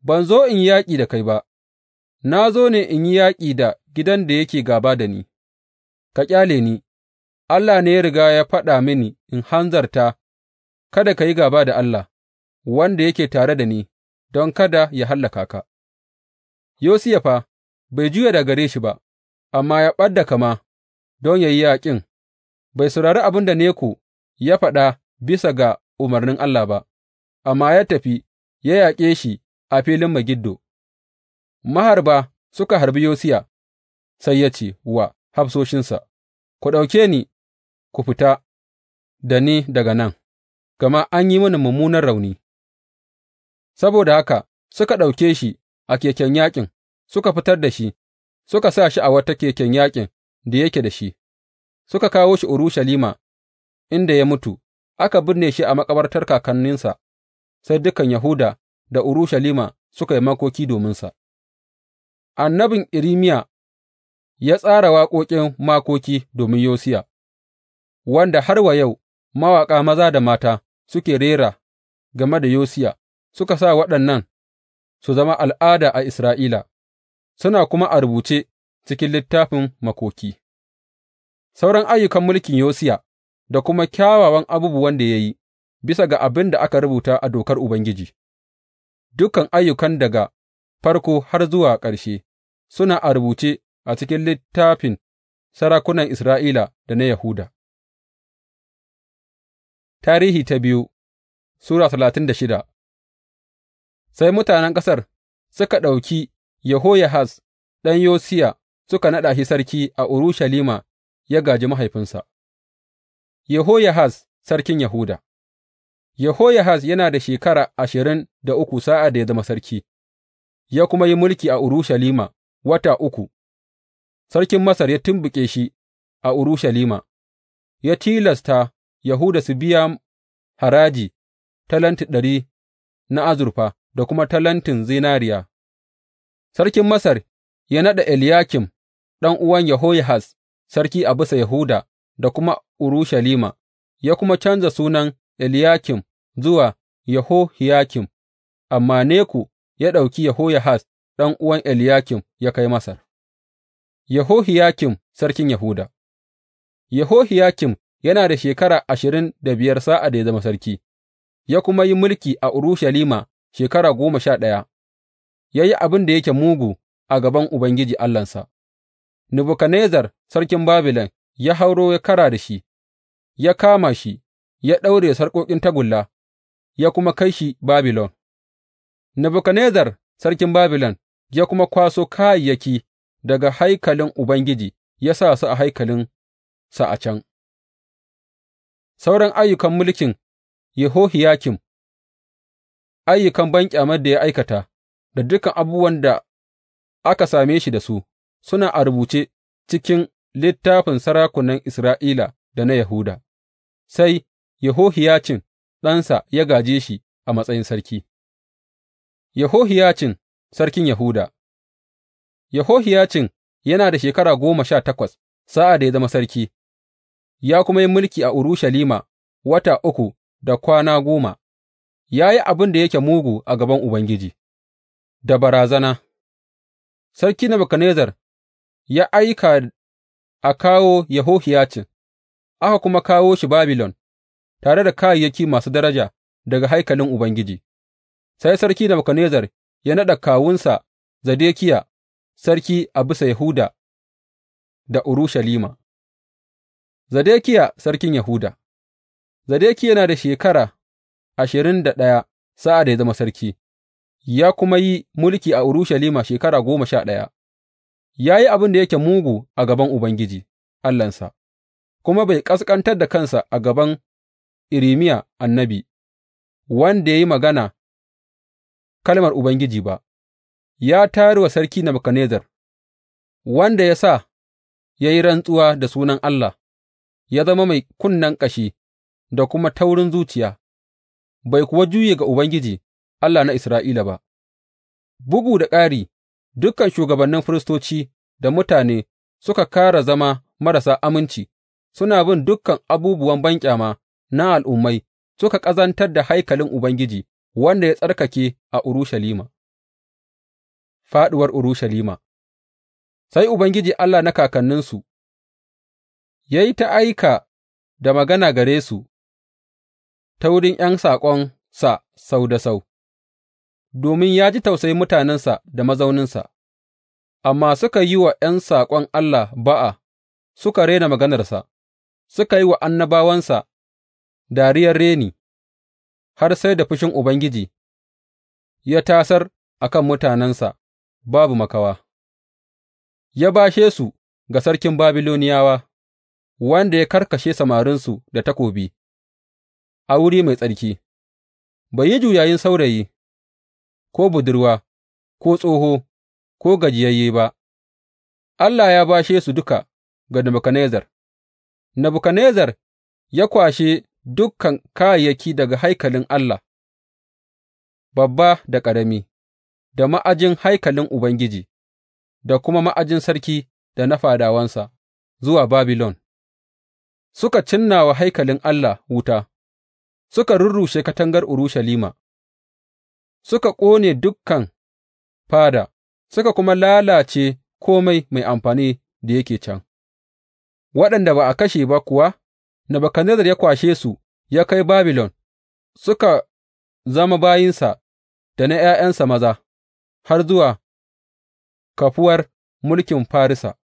Ban zo in yi yaƙi da kai ba, na zo ne in yi yaƙi da gidan da yake gāba da ni, ka ƙyale ni, Allah ne ya riga ya faɗa mini in hanzarta, kada ka yi gāba da Allah, wanda yake tare da ni, don kada ya hallaka ka. Yosiya fa bai juya daga gare shi ba, amma ya ɓad da kama don yă yi yaƙin, bai saurari abin da Neko ya faɗa bisa ga umarnin Allah ba, amma ya tafi ya yaƙe shi a filin Megiddo. Maharba suka harbi Yosiya, sai ya ce wa hafsoshinsa, Ku ɗauke ni, ku fita da ni daga nan, gama an yi mini mummunan rauni. Saboda haka suka ɗauke shi a keken yaƙin, suka fitar da shi, suka sa shi a wata keken yaƙin da yake da shi, suka kawo shi Urushalima inda ya mutu, aka binne shi a makabartar kakanninsa, sai dukan Yahuda da Urushalima suka yi makoki dominsa. Annabin irimiya ya tsara waƙoƙin makoki domin Yosiya, wanda har wa yau mawaƙa maza da mata suke rera game da Yosiya, suka sa waɗannan su zama al'ada a Isra'ila, suna kuma a rubuce cikin littafin makoki, sauran ayyukan mulkin Yosiya da kuma kyawawan abubuwan da ya yi, bisa ga abin da aka rubuta a dokar Ubangiji, dukan ayyukan daga farko har zuwa ƙarshe suna a rubuce a cikin littafin sarakunan Isra'ila da na Yahuda. Tarihi ta biyu Sura talatin da shida Sai mutanen ƙasar suka ɗauki Yehoyahaz ɗan Yosiya suka naɗa shi sarki a Urushalima ya gāji mahaifinsa, Yehoyahaz sarkin Yahuda Yehoyahaz yana da shekara ashirin da uku sa'ad da ya zama sarki, ya kuma yi mulki a Urushalima wata uku, sarkin Masar ya tumbuƙe shi a Urushalima, ya tilasta Yahuda su biya haraji talenti ɗari na azurfa da kuma talentin zinariya. Sarkin Masar ya naɗa Eliyakim ɗan'uwan Yehoyahaz sarki a bisa Yahuda da kuma Urushalima, ya kuma canza sunan Eliyakim zuwa Yehohiyakim, amma Neko ya ɗauki Yehoyahaz ɗan'uwan Eliyakim ya kai Masar. Yehohiyakim sarkin Yahuda Yehohiyakim yana da shekara ashirin da biyar sa'ad da ya zama sarki, ya kuma yi mulki a Urushalima shekara goma sha ɗaya, ya yi abin da yake mugu a gaban Ubangiji Allahnsa. Nebukadnezzar sarkin Babilon ya hauro ya kara da shi, ya kama shi, ya daure da sarƙoƙin tagulla, ya kuma kai shi Babilon. Nebukadnezzar sarkin Babilon ya kuma kwaso kayayyaki daga haikalin Ubangiji ya sa su a haikalin sa a can. Sauran ayyukan mulkin Yehohiyakim, ayyukan banƙyamar da ya aikata, da dukan abubuwan da aka same shi da su. suna a rubuce cikin littafin sarakunan Isra'ila da na Yahuda, sai Yehohiyacin ɗansa ya gāje shi a matsayin sarki. Yehohiyacin sarkin Yahuda Yehohiyacin yana da shekara goma sha takwas sa'ad da ya zama sarki, ya kuma yi mulki a Urushalima wata uku da kwana goma, ya yi abin da yake mugu a gaban Ubangiji, da barazana. Sarki Nebukadnezzar ya aika a kawo Yehohiyacin, aka kuma kawo shi Babilon tare da kayayyaki masu daraja daga haikalin Ubangiji, sai Sarki Nebuchadnezzar ya naɗa kawunsa Zedekiya sarki a bisa Yahuda da Urushalima. Zedekiya sarkin Yahuda Zedekiya yana da shekara ashirin da ɗaya sa'ad da ya zama sarki, ya kuma yi mulki a Urushalima shekara goma sha ɗaya. ya yi abin da yake mugu a gaban Ubangiji Allahnsa, kuma bai ƙasƙantar da kansa a gaban irimiya annabi, wanda ya yi magana kalmar Ubangiji ba, ya tayar wa sarki Nebukadnezzar, wanda ya sa ya yi rantsuwa da sunan Allah, ya zama mai kunnen ƙashi da kuma taurin zuciya, bai kuwa juye ga Ubangiji Allah na Isra'ila ba, bugu da ƙari. dukan shugabannin firistoci da mutane suka kara zama marasa aminci, suna bin dukan abubuwan banƙyama na al'ummai, suka ƙazantar da haikalin Ubangiji wanda ya tsarkake a Urushalima. Faɗuwar Urushalima Sai Ubangiji Allah na kakanninsu ya yi ta aika da magana gare su ta wurin ’yan saƙonsa sau da sau. domin ya ji tausayin mutanensa da mazauninsa, amma suka yi wa ’yan saƙon Allah ba'a, suka rena maganarsa, suka yi wa annabawansa dariyar reni, har sai da fushin Ubangiji ya tasar a kan mutanensa babu makawa, ya bashe su ga sarkin Babiloniyawa, wanda ya karkashe samarinsu da takobi a wuri mai tsarki, bai yi juyayin saurayi. ko budurwa, ko tsoho, ko gajiyayye ba, Allah ya bashe su duka ga Nebukadnezzar. Nebukadnezzar ya kwashe dukan kayayyaki daga haikalin Allah, babba da ƙarami, da ma'ajin haikalin Ubangiji, da kuma ma'ajin sarki da na fadawansa zuwa Babilon. Suka cinna wa haikalin Allah wuta, suka rurrushe katangar Urushalima, suka ƙone dukan fada, suka kuma lalace kome mai amfani da yake can, waɗanda ba a kashe ba kuwa, Nebuchadnezzar ya kwashe su ya kai Babilon, suka zama bayinsa da na ’ya'yansa maza har zuwa kafuwar mulkin Farisa,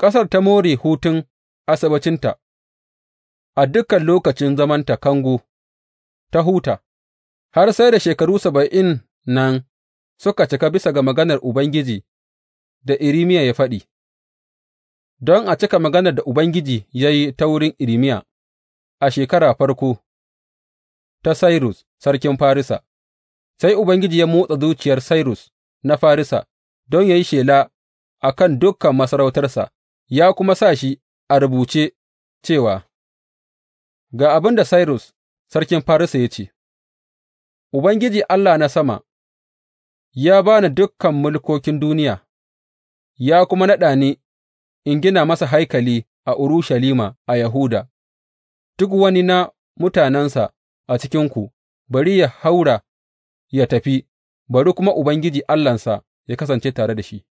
ƙasar ta more hutun Asabacinta, a dukan lokacin zamanta kango ta huta. har sai da shekaru saba'in nan suka cika bisa ga maganar Ubangiji da Irimiya ya faɗi, don a cika maganar da Ubangiji ya yi ta wurin Irimiya a shekara farko ta Sairus sarkin Farisa, sai Ubangiji ya motsa zuciyar Sairus na Farisa don ya yi shela a kan dukan masarautarsa, ya kuma sa shi a rubuce cewa, Ga abin da Sairus sarkin Farisa ya ce. Ubangiji Allah na sama ya ba ni dukan mulkokin duniya, ya kuma naɗa ni in gina masa haikali a Urushalima a Yahuda, duk wani na mutanensa a cikinku, bari ya haura ya tafi, bari kuma Ubangiji Allahnsa ya kasance tare da shi.